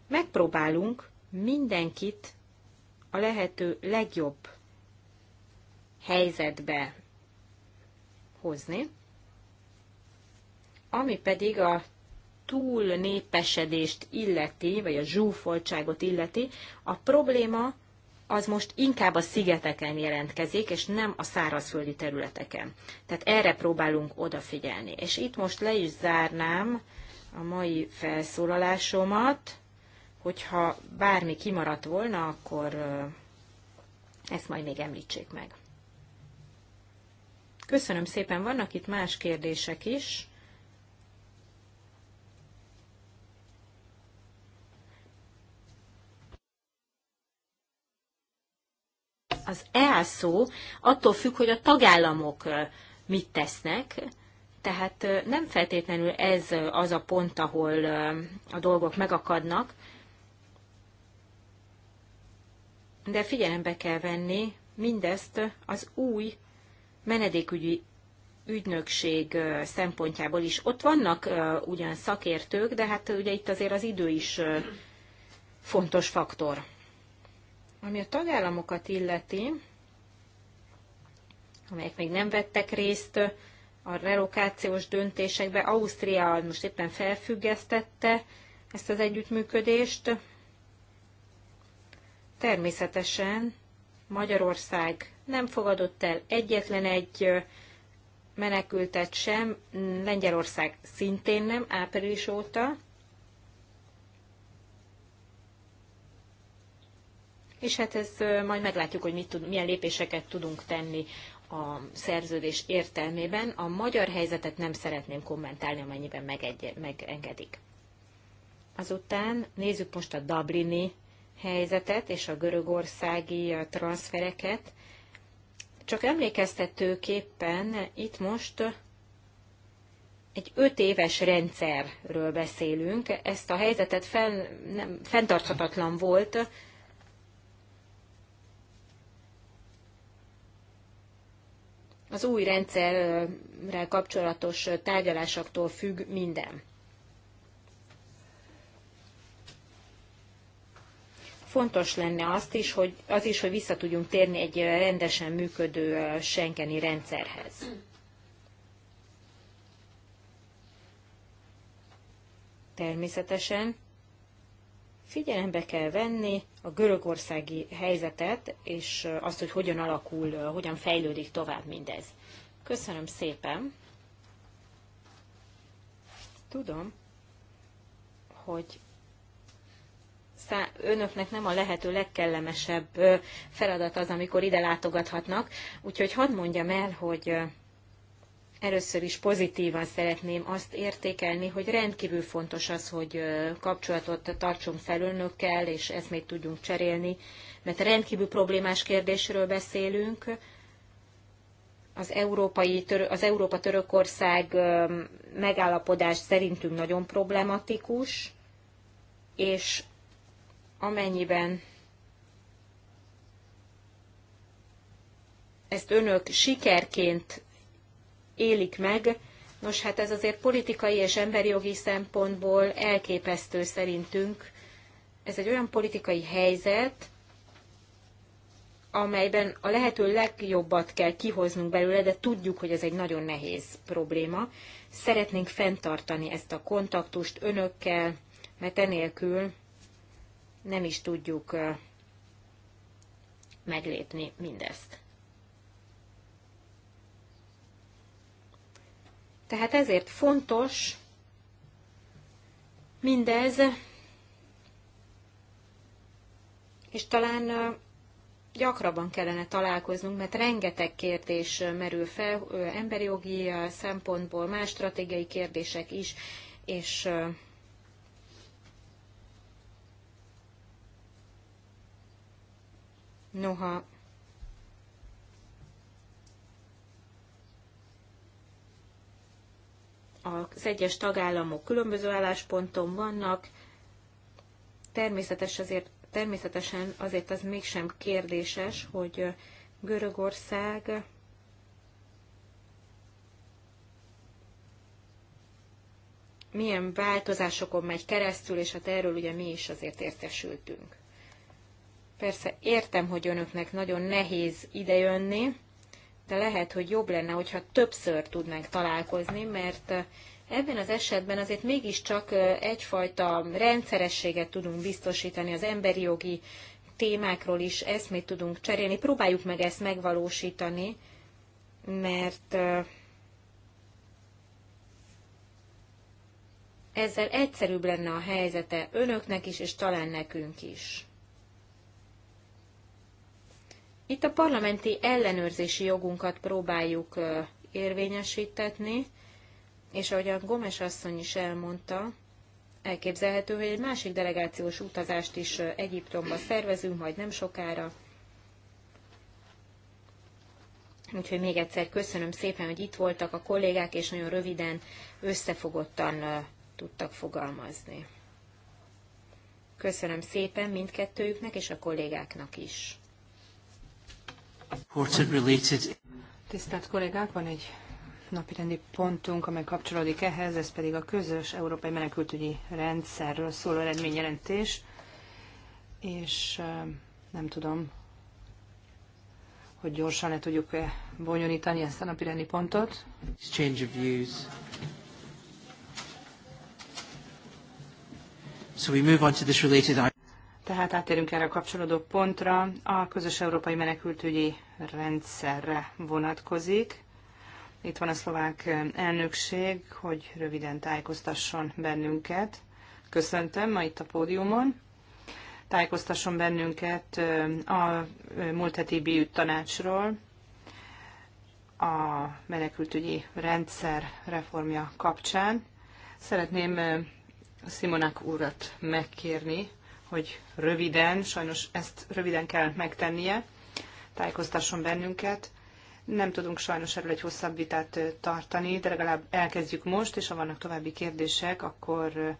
megpróbálunk mindenkit a lehető legjobb helyzetbe hozni, ami pedig a túl népesedést illeti, vagy a zsúfoltságot illeti, a probléma az most inkább a szigeteken jelentkezik, és nem a szárazföldi területeken. Tehát erre próbálunk odafigyelni. És itt most le is zárnám a mai felszólalásomat, hogyha bármi kimaradt volna, akkor ezt majd még említsék meg. Köszönöm szépen, vannak itt más kérdések is. Az elszó attól függ, hogy a tagállamok mit tesznek, tehát nem feltétlenül ez az a pont, ahol a dolgok megakadnak, de figyelembe kell venni mindezt az új menedékügyi ügynökség szempontjából is. Ott vannak ugyan szakértők, de hát ugye itt azért az idő is fontos faktor. Ami a tagállamokat illeti, amelyek még nem vettek részt a relokációs döntésekbe, Ausztria most éppen felfüggesztette ezt az együttműködést. Természetesen Magyarország nem fogadott el egyetlen egy menekültet sem, Lengyelország szintén nem április óta, És hát ez majd meglátjuk, hogy mit tud, milyen lépéseket tudunk tenni a szerződés értelmében. A magyar helyzetet nem szeretném kommentálni, amennyiben megegy, megengedik. Azután nézzük most a Dublini helyzetet és a görögországi transfereket. Csak emlékeztetőképpen itt most egy öt éves rendszerről beszélünk. Ezt a helyzetet fenn, nem, fenntarthatatlan volt az új rendszerrel kapcsolatos tárgyalásoktól függ minden. fontos lenne azt is, hogy, az is, hogy vissza tudjunk térni egy rendesen működő senkeni rendszerhez. Természetesen figyelembe kell venni a görögországi helyzetet, és azt, hogy hogyan alakul, hogyan fejlődik tovább mindez. Köszönöm szépen. Tudom, hogy szá- önöknek nem a lehető legkellemesebb feladat az, amikor ide látogathatnak. Úgyhogy hadd mondjam el, hogy Először is pozitívan szeretném azt értékelni, hogy rendkívül fontos az, hogy kapcsolatot tartsunk fel önökkel, és ezt még tudjunk cserélni, mert rendkívül problémás kérdésről beszélünk. Az, európai, az Európa-Törökország megállapodás szerintünk nagyon problematikus, és amennyiben ezt önök sikerként élik meg, nos hát ez azért politikai és emberi jogi szempontból elképesztő szerintünk. Ez egy olyan politikai helyzet, amelyben a lehető legjobbat kell kihoznunk belőle, de tudjuk, hogy ez egy nagyon nehéz probléma. Szeretnénk fenntartani ezt a kontaktust önökkel, mert enélkül nem is tudjuk meglépni mindezt. Tehát ezért fontos mindez, és talán gyakrabban kellene találkoznunk, mert rengeteg kérdés merül fel, emberi jogi szempontból, más stratégiai kérdések is, és Noha az egyes tagállamok különböző állásponton vannak, természetes azért, természetesen azért az mégsem kérdéses, hogy Görögország milyen változásokon megy keresztül, és hát erről ugye mi is azért értesültünk. Persze értem, hogy önöknek nagyon nehéz idejönni, de lehet, hogy jobb lenne, hogyha többször tudnánk találkozni, mert eh, ebben az esetben azért mégiscsak eh, egyfajta rendszerességet tudunk biztosítani az emberi jogi témákról is eszmét tudunk cserélni. Próbáljuk meg ezt megvalósítani, mert eh, ezzel egyszerűbb lenne a helyzete önöknek is, és talán nekünk is. Itt a parlamenti ellenőrzési jogunkat próbáljuk érvényesítetni, és ahogy a Gomes asszony is elmondta, elképzelhető, hogy egy másik delegációs utazást is Egyiptomba szervezünk, majd nem sokára. Úgyhogy még egyszer köszönöm szépen, hogy itt voltak a kollégák, és nagyon röviden, összefogottan tudtak fogalmazni. Köszönöm szépen mindkettőjüknek és a kollégáknak is. Tisztelt kollégák, van egy napirendi pontunk, amely kapcsolódik ehhez, ez pedig a közös európai menekültügyi rendszerről szóló eredményjelentés, és nem tudom, hogy gyorsan le tudjuk-e bonyolítani ezt a napirendi pontot. Exchange of views. So we move on to this related tehát átérünk erre a kapcsolódó pontra. A közös európai menekültügyi rendszerre vonatkozik. Itt van a szlovák elnökség, hogy röviden tájékoztasson bennünket. Köszöntöm ma itt a pódiumon. Tájékoztasson bennünket a múlt heti BÜ tanácsról, a menekültügyi rendszer reformja kapcsán. Szeretném Simonák úrat megkérni, hogy röviden, sajnos ezt röviden kell megtennie, tájékoztasson bennünket. Nem tudunk sajnos erről egy hosszabb vitát tartani, de legalább elkezdjük most, és ha vannak további kérdések, akkor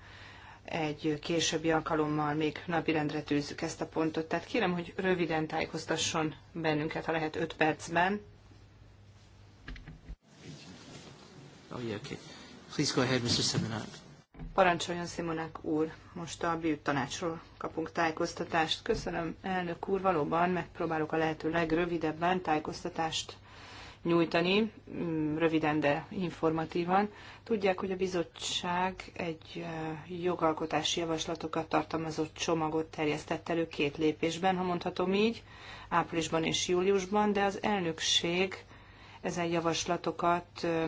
egy későbbi alkalommal még napirendre tűzzük ezt a pontot. Tehát kérem, hogy röviden tájékoztasson bennünket, ha lehet 5 percben. Oh, yeah, okay. Please go ahead, Mr. Seminar. Parancsoljon Szimonák úr, most a BIUT tanácsról kapunk tájékoztatást. Köszönöm, elnök úr, valóban megpróbálok a lehető legrövidebben tájékoztatást nyújtani, mm, röviden, de informatívan. Tudják, hogy a bizottság egy e, jogalkotási javaslatokat tartalmazott csomagot terjesztett elő két lépésben, ha mondhatom így, áprilisban és júliusban, de az elnökség ezen javaslatokat e,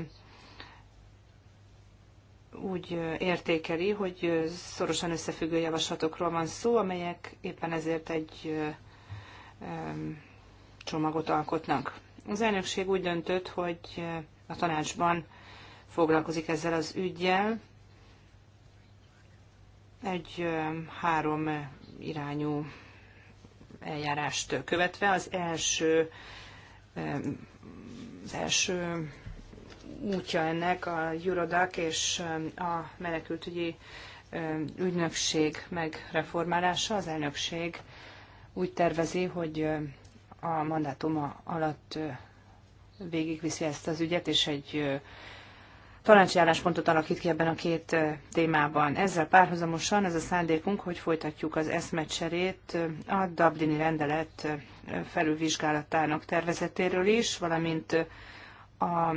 úgy értékeli, hogy szorosan összefüggő javaslatokról van szó, amelyek éppen ezért egy csomagot alkotnak. Az elnökség úgy döntött, hogy a tanácsban foglalkozik ezzel az ügyjel. Egy három irányú eljárást követve az első az első útja ennek a Eurodac és um, a menekültügyi um, ügynökség megreformálása. Az elnökség úgy tervezi, hogy um, a mandátuma alatt uh, végigviszi ezt az ügyet, és egy uh, tanácsi álláspontot alakít ki ebben a két uh, témában. Ezzel párhuzamosan ez a szándékunk, hogy folytatjuk az eszmecserét a Dublini rendelet felülvizsgálatának tervezetéről is, valamint a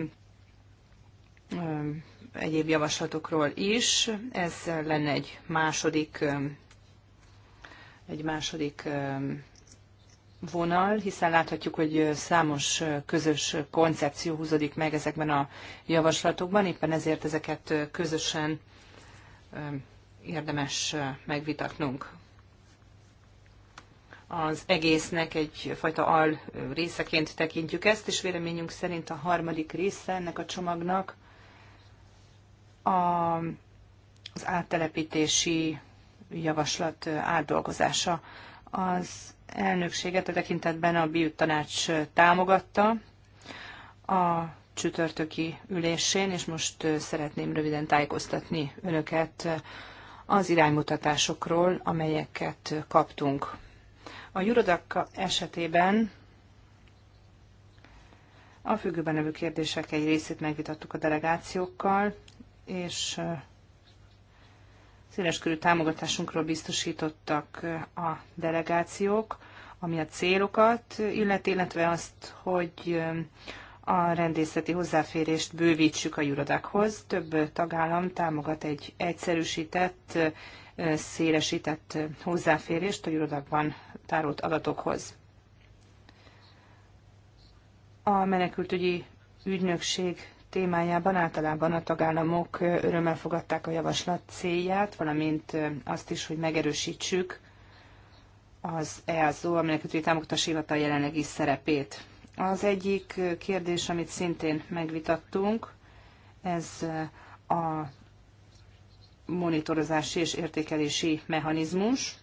egyéb javaslatokról is. Ez lenne egy második, egy második vonal, hiszen láthatjuk, hogy számos közös koncepció húzódik meg ezekben a javaslatokban, éppen ezért ezeket közösen érdemes megvitatnunk. Az egésznek egyfajta al részeként tekintjük ezt, és véleményünk szerint a harmadik része ennek a csomagnak a, az áttelepítési javaslat átdolgozása. Az elnökséget a tekintetben a BIU tanács támogatta a csütörtöki ülésén, és most szeretném röviden tájékoztatni önöket az iránymutatásokról, amelyeket kaptunk. A Jurodak esetében a függőben nevű kérdések egy részét megvitattuk a delegációkkal, és széleskörű támogatásunkról biztosítottak a delegációk, ami a célokat illeti illetve azt, hogy a rendészeti hozzáférést bővítsük a jurodákhoz. Több tagállam támogat egy egyszerűsített, szélesített hozzáférést a jurodákban tárolt adatokhoz. A menekültügyi ügynökség témájában általában a tagállamok örömmel fogadták a javaslat célját, valamint azt is, hogy megerősítsük az EASZO, aminek menekültügyi támogatási hivatal jelenlegi szerepét. Az egyik kérdés, amit szintén megvitattunk, ez a monitorozási és értékelési mechanizmus.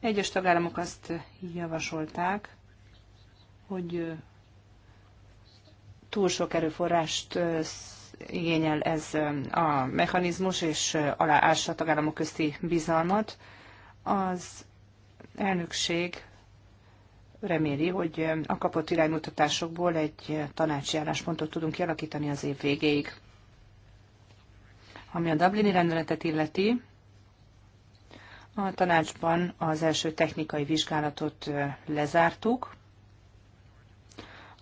Egyes tagállamok azt javasolták, hogy túl sok erőforrást igényel ez a mechanizmus, és aláássa a tagállamok közti bizalmat. Az elnökség reméli, hogy a kapott iránymutatásokból egy tanácsi álláspontot tudunk kialakítani az év végéig. Ami a Dublini rendeletet illeti, a tanácsban az első technikai vizsgálatot lezártuk,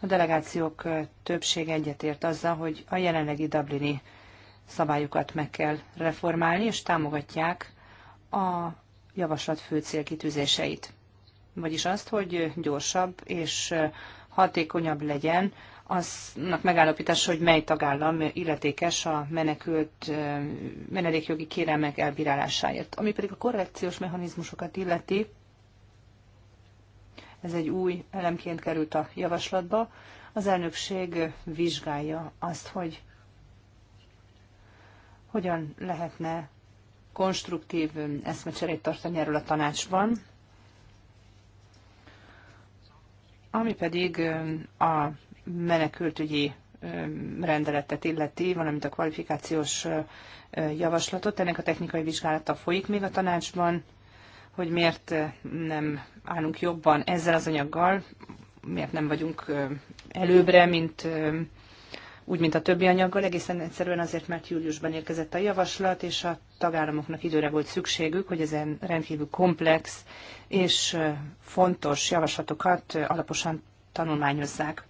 a delegációk többsége egyetért azzal, hogy a jelenlegi Dublini szabályokat meg kell reformálni, és támogatják a javaslat fő célkitűzéseit. Vagyis azt, hogy gyorsabb és hatékonyabb legyen aznak megállapítása, hogy mely tagállam illetékes a menekült menedékjogi kérelmek elbírálásáért. Ami pedig a korrekciós mechanizmusokat illeti, ez egy új elemként került a javaslatba. Az elnökség vizsgálja azt, hogy hogyan lehetne konstruktív eszmecserét tartani erről a tanácsban, ami pedig a menekültügyi rendeletet illeti, valamint a kvalifikációs javaslatot. Ennek a technikai vizsgálata folyik még a tanácsban, hogy miért eh, nem állunk jobban ezzel az anyaggal, miért nem vagyunk eh, előbbre, mint eh, úgy, mint a többi anyaggal, egészen egyszerűen azért, mert júliusban érkezett a javaslat, és a tagállamoknak időre volt szükségük, hogy ezen rendkívül komplex és fontos javaslatokat alaposan tanulmányozzák.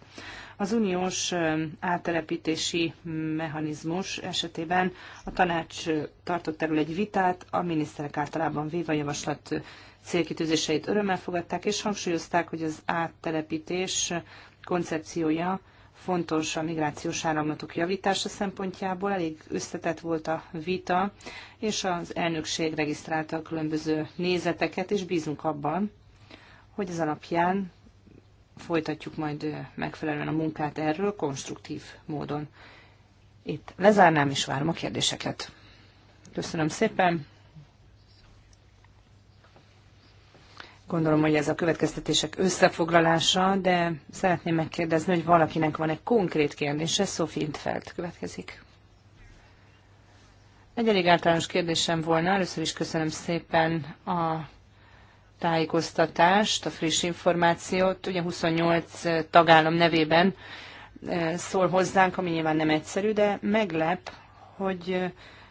Az uniós áttelepítési mechanizmus esetében a tanács tartott erről egy vitát, a miniszterek általában véve a javaslat célkitűzéseit örömmel fogadták, és hangsúlyozták, hogy az áttelepítés koncepciója fontos a migrációs áramlatok javítása szempontjából. Elég összetett volt a vita, és az elnökség regisztrálta a különböző nézeteket, és bízunk abban, hogy ez alapján folytatjuk majd megfelelően a munkát erről konstruktív módon. Itt lezárnám és várom a kérdéseket. Köszönöm szépen. Gondolom, hogy ez a következtetések összefoglalása, de szeretném megkérdezni, hogy valakinek van egy konkrét kérdése. Sophie Intfeld következik. Egy elég általános kérdésem volna. Először is köszönöm szépen a tájékoztatást, a friss információt. Ugye 28 tagállam nevében eh, szól hozzánk, ami nyilván nem egyszerű, de meglep, hogy eh,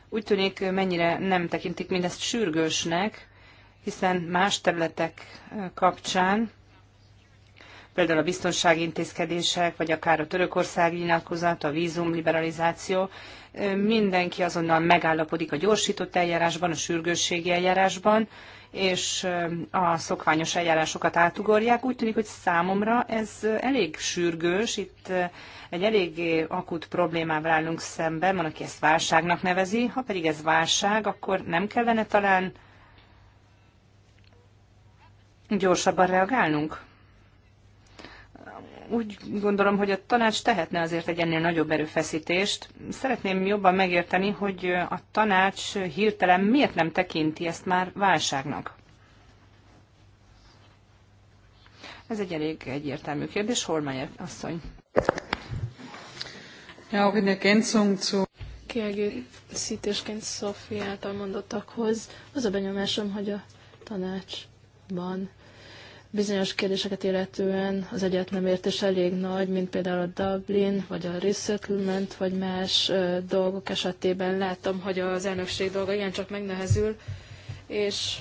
úgy tűnik, mennyire nem tekintik mindezt sürgősnek, hiszen más területek eh, kapcsán, például a biztonsági intézkedések, vagy akár a törökország nyilatkozat, a vízum liberalizáció, mindenki azonnal megállapodik a gyorsított eljárásban, a sürgősségi eljárásban, és a szokványos eljárásokat átugorják. Úgy tűnik, hogy számomra ez elég sürgős, itt egy eléggé akut problémával állunk szemben, van, aki ezt válságnak nevezi, ha pedig ez válság, akkor nem kellene talán gyorsabban reagálnunk? úgy gondolom, hogy a tanács tehetne azért egy ennél nagyobb erőfeszítést. Szeretném jobban megérteni, hogy a tanács hirtelen miért nem tekinti ezt már válságnak. Ez egy elég egyértelmű kérdés. Holmeyer asszony. Ja, eine Ergänzung zu kiegészítésként Szofi által mondottakhoz, az a benyomásom, hogy a tanácsban Bizonyos kérdéseket illetően az értés elég nagy, mint például a Dublin, vagy a resettlement, vagy más dolgok esetében láttam, hogy az elnökség dolga csak megnehezül, és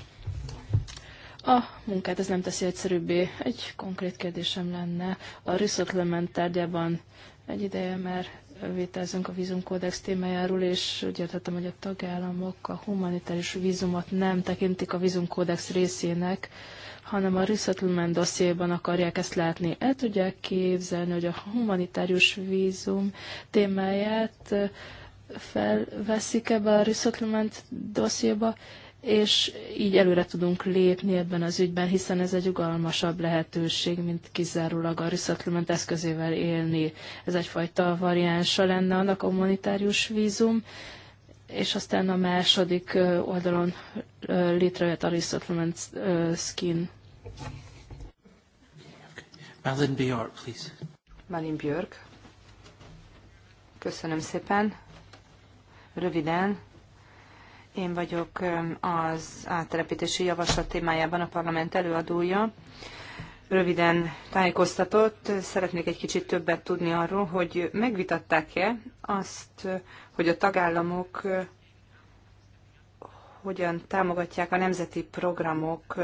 a munkát ez nem teszi egyszerűbbé. Egy konkrét kérdésem lenne. A resettlement tárgyában egy ideje már vételzünk a vízumkódex témájáról, és úgy értettem, hogy a tagállamok a humanitárius vízumot nem tekintik a vízumkódex részének, hanem a resettlement dossziéban akarják ezt látni. El tudják képzelni, hogy a humanitárius vízum témáját felveszik ebbe a resettlement dossziéba, és így előre tudunk lépni ebben az ügyben, hiszen ez egy ugalmasabb lehetőség, mint kizárólag a resettlement eszközével élni. Ez egyfajta variánsa lenne annak a humanitárius vízum, és aztán a második oldalon létrejött a resettlement skin Malin Björk, please. Malin Björk. Köszönöm szépen. Röviden, én vagyok az áttelepítési javaslat témájában a parlament előadója. Röviden tájékoztatott, szeretnék egy kicsit többet tudni arról, hogy megvitatták-e azt, hogy a tagállamok hogyan támogatják a nemzeti programok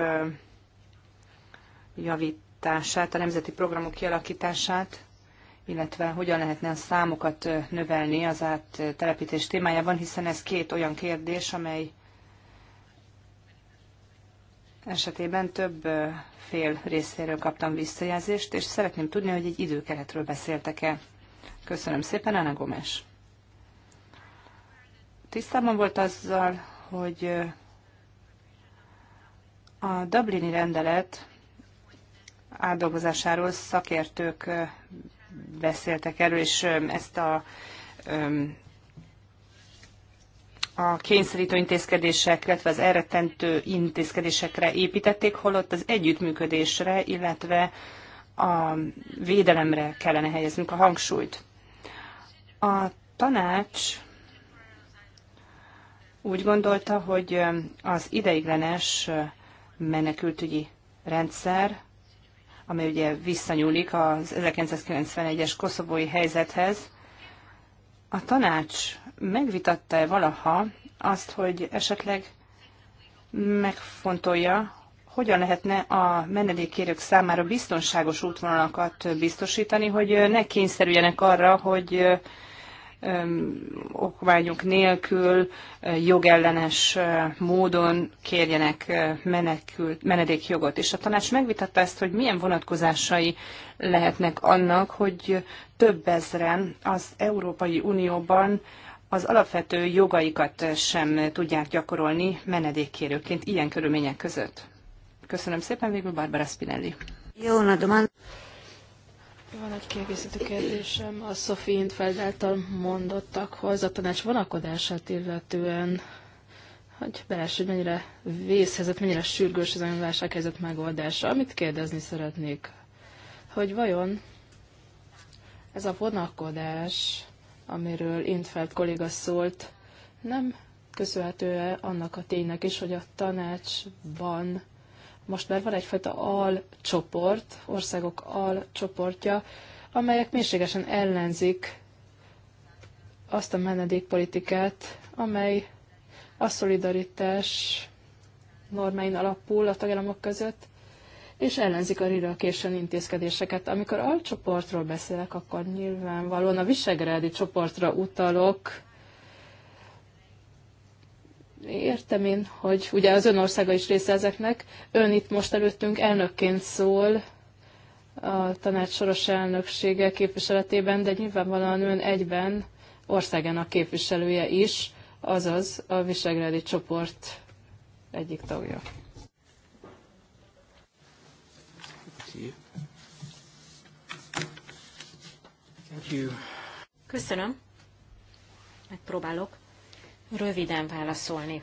javítását, a nemzeti programok kialakítását, illetve hogyan lehetne a számokat növelni az áttelepítés témájában, hiszen ez két olyan kérdés, amely esetében több fél részéről kaptam visszajelzést, és szeretném tudni, hogy egy időkeretről beszéltek-e. Köszönöm szépen, Ana Gomes. Tisztában volt azzal, hogy a Dublini rendelet átdolgozásáról szakértők beszéltek erről, és ezt a a kényszerítő intézkedések, illetve az elrettentő intézkedésekre építették, holott az együttműködésre, illetve a védelemre kellene helyeznünk a hangsúlyt. A tanács úgy gondolta, hogy az ideiglenes menekültügyi rendszer amely ugye visszanyúlik az 1991-es koszovói helyzethez. A tanács megvitatta-e valaha azt, hogy esetleg megfontolja, hogyan lehetne a menedékkérők számára biztonságos útvonalakat biztosítani, hogy ne kényszerüljenek arra, hogy okmányok nélkül jogellenes módon kérjenek menekült, menedékjogot. És a tanács megvitatta ezt, hogy milyen vonatkozásai lehetnek annak, hogy több ezren az Európai Unióban az alapvető jogaikat sem tudják gyakorolni menedékkérőként ilyen körülmények között. Köszönöm szépen, végül Barbara Spinelli. Jó, na, van egy kiegészítő kérdésem a Sophie Infeld által mondottakhoz, a tanács vonakodását illetően, hogy belső hogy mennyire vészhelyzet, mennyire sürgős az olyan helyzet megoldása. Amit kérdezni szeretnék, hogy vajon ez a vonakodás, amiről Intfeld kolléga szólt, nem köszönhető -e annak a ténynek is, hogy a tanácsban most már van egyfajta alcsoport, országok alcsoportja, amelyek mélységesen ellenzik azt a menedékpolitikát, amely a szolidaritás normáin alapul a tagállamok között, és ellenzik a relocation intézkedéseket. Amikor alcsoportról beszélek, akkor nyilvánvalóan a visegrádi csoportra utalok, értem én, hogy ugye az ön országa is része ezeknek. Ön itt most előttünk elnökként szól a tanács soros elnöksége képviseletében, de nyilvánvalóan ön egyben országának képviselője is, azaz a Visegrádi csoport egyik tagja. Köszönöm. Megpróbálok röviden válaszolni.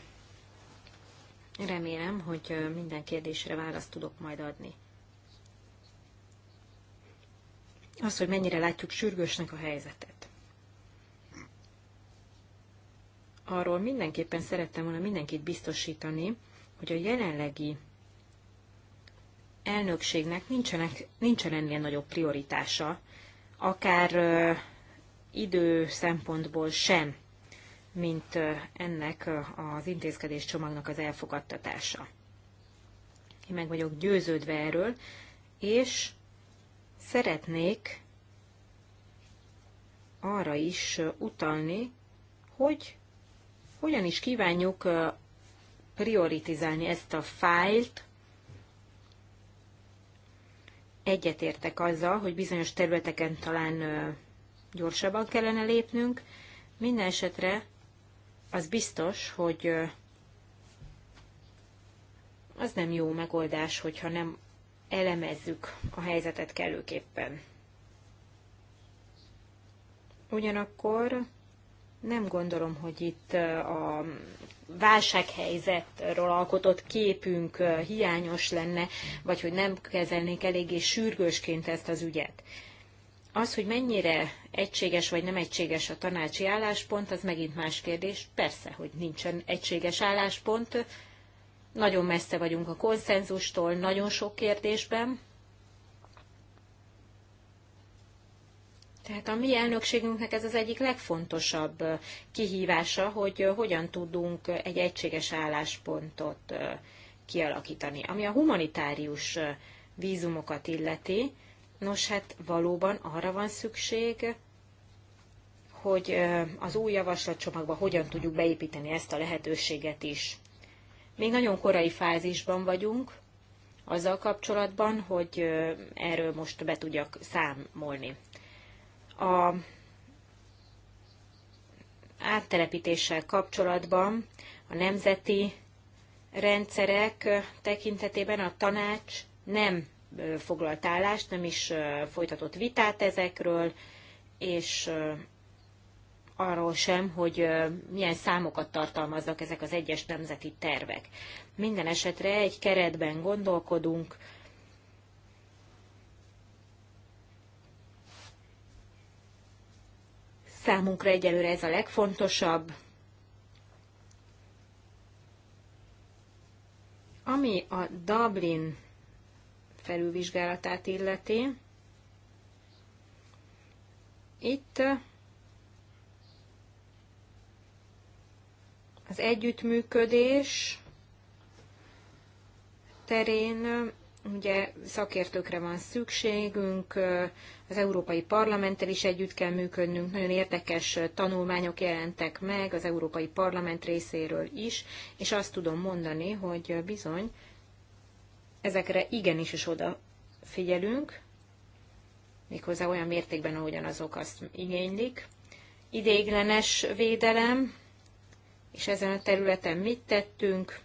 Remélem, hogy minden kérdésre választ tudok majd adni. Az, hogy mennyire látjuk sürgősnek a helyzetet. Arról mindenképpen szerettem volna mindenkit biztosítani, hogy a jelenlegi elnökségnek nincsenek, nincsen ennél nagyobb prioritása, akár ö, idő szempontból sem mint ennek az intézkedés csomagnak az elfogadtatása. Én meg vagyok győződve erről, és szeretnék arra is utalni, hogy hogyan is kívánjuk prioritizálni ezt a fájlt. Egyetértek azzal, hogy bizonyos területeken talán gyorsabban kellene lépnünk. Minden esetre az biztos, hogy az nem jó megoldás, hogyha nem elemezzük a helyzetet kellőképpen. Ugyanakkor nem gondolom, hogy itt a válsághelyzetről alkotott képünk hiányos lenne, vagy hogy nem kezelnék eléggé sürgősként ezt az ügyet. Az, hogy mennyire egységes vagy nem egységes a tanácsi álláspont, az megint más kérdés. Persze, hogy nincsen egységes álláspont. Nagyon messze vagyunk a konszenzustól, nagyon sok kérdésben. Tehát a mi elnökségünknek ez az egyik legfontosabb kihívása, hogy hogyan tudunk egy egységes álláspontot kialakítani. Ami a humanitárius vízumokat illeti, Nos, hát valóban arra van szükség, hogy az új javaslatcsomagba hogyan tudjuk beépíteni ezt a lehetőséget is. Még nagyon korai fázisban vagyunk, azzal kapcsolatban, hogy erről most be tudjak számolni. A áttelepítéssel kapcsolatban a nemzeti rendszerek tekintetében a tanács nem foglalt állást, nem is folytatott vitát ezekről, és arról sem, hogy milyen számokat tartalmaznak ezek az egyes nemzeti tervek. Minden esetre egy keretben gondolkodunk, Számunkra egyelőre ez a legfontosabb. Ami a Dublin felülvizsgálatát illeti. Itt az együttműködés terén ugye szakértőkre van szükségünk, az Európai Parlamenttel is együtt kell működnünk, nagyon érdekes tanulmányok jelentek meg az Európai Parlament részéről is, és azt tudom mondani, hogy bizony ezekre igenis is odafigyelünk, méghozzá olyan mértékben, ahogyan azok azt igénylik. Ideiglenes védelem, és ezen a területen mit tettünk.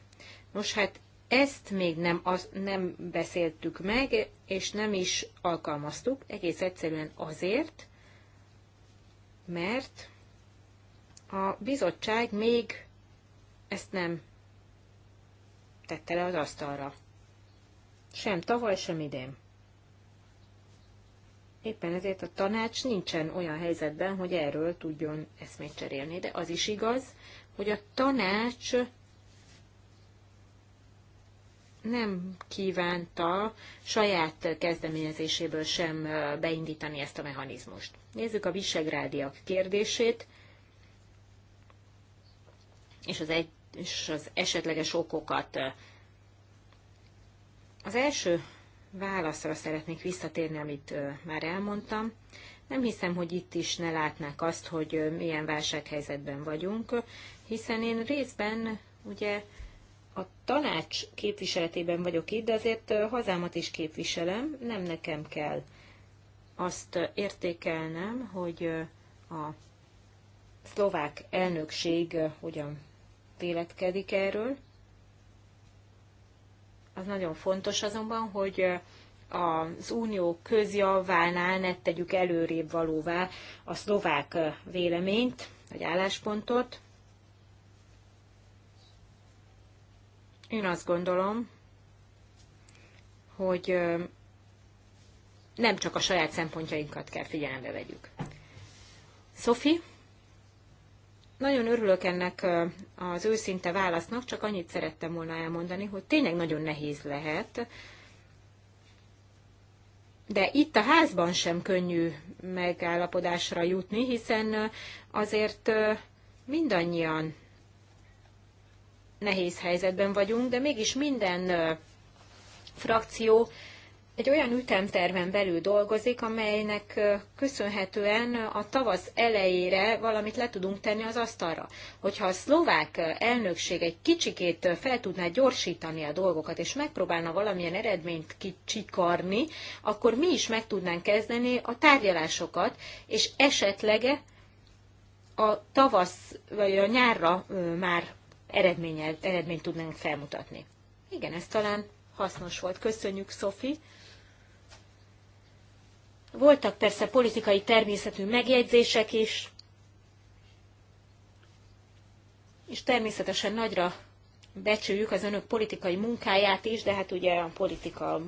Nos, hát ezt még nem, az, nem beszéltük meg, és nem is alkalmaztuk, egész egyszerűen azért, mert a bizottság még ezt nem tette le az asztalra. Sem tavaly, sem idén. Éppen ezért a tanács nincsen olyan helyzetben, hogy erről tudjon eszmét cserélni. De az is igaz, hogy a tanács nem kívánta saját kezdeményezéséből sem beindítani ezt a mechanizmust. Nézzük a visegrádiak kérdését, és az, egy, és az esetleges okokat az első válaszra szeretnék visszatérni, amit már elmondtam. Nem hiszem, hogy itt is ne látnák azt, hogy milyen válsághelyzetben vagyunk, hiszen én részben ugye a tanács képviseletében vagyok itt, de azért hazámat is képviselem, nem nekem kell azt értékelnem, hogy a szlovák elnökség hogyan véletkedik erről. Az nagyon fontos azonban, hogy az unió közjavánál ne tegyük előrébb valóvá a szlovák véleményt, vagy álláspontot. Én azt gondolom, hogy nem csak a saját szempontjainkat kell figyelembe vegyük. Sophie? Nagyon örülök ennek az őszinte válasznak, csak annyit szerettem volna elmondani, hogy tényleg nagyon nehéz lehet, de itt a házban sem könnyű megállapodásra jutni, hiszen azért mindannyian nehéz helyzetben vagyunk, de mégis minden frakció egy olyan ütemterven belül dolgozik, amelynek köszönhetően a tavasz elejére valamit le tudunk tenni az asztalra. Hogyha a szlovák elnökség egy kicsikét fel tudná gyorsítani a dolgokat, és megpróbálna valamilyen eredményt kicsikarni, akkor mi is meg tudnánk kezdeni a tárgyalásokat, és esetleg a tavasz vagy a nyárra már eredményt tudnánk felmutatni. Igen, ez talán hasznos volt. Köszönjük, Sophie! Voltak persze politikai természetű megjegyzések is, és természetesen nagyra becsüljük az önök politikai munkáját is, de hát ugye a politika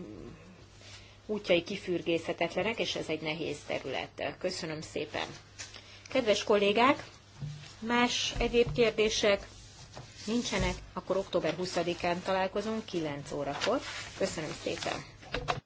útjai kifürgészhetetlenek, és ez egy nehéz terület. Köszönöm szépen. Kedves kollégák, más egyéb kérdések nincsenek, akkor október 20-án találkozunk 9 órakor. Köszönöm szépen.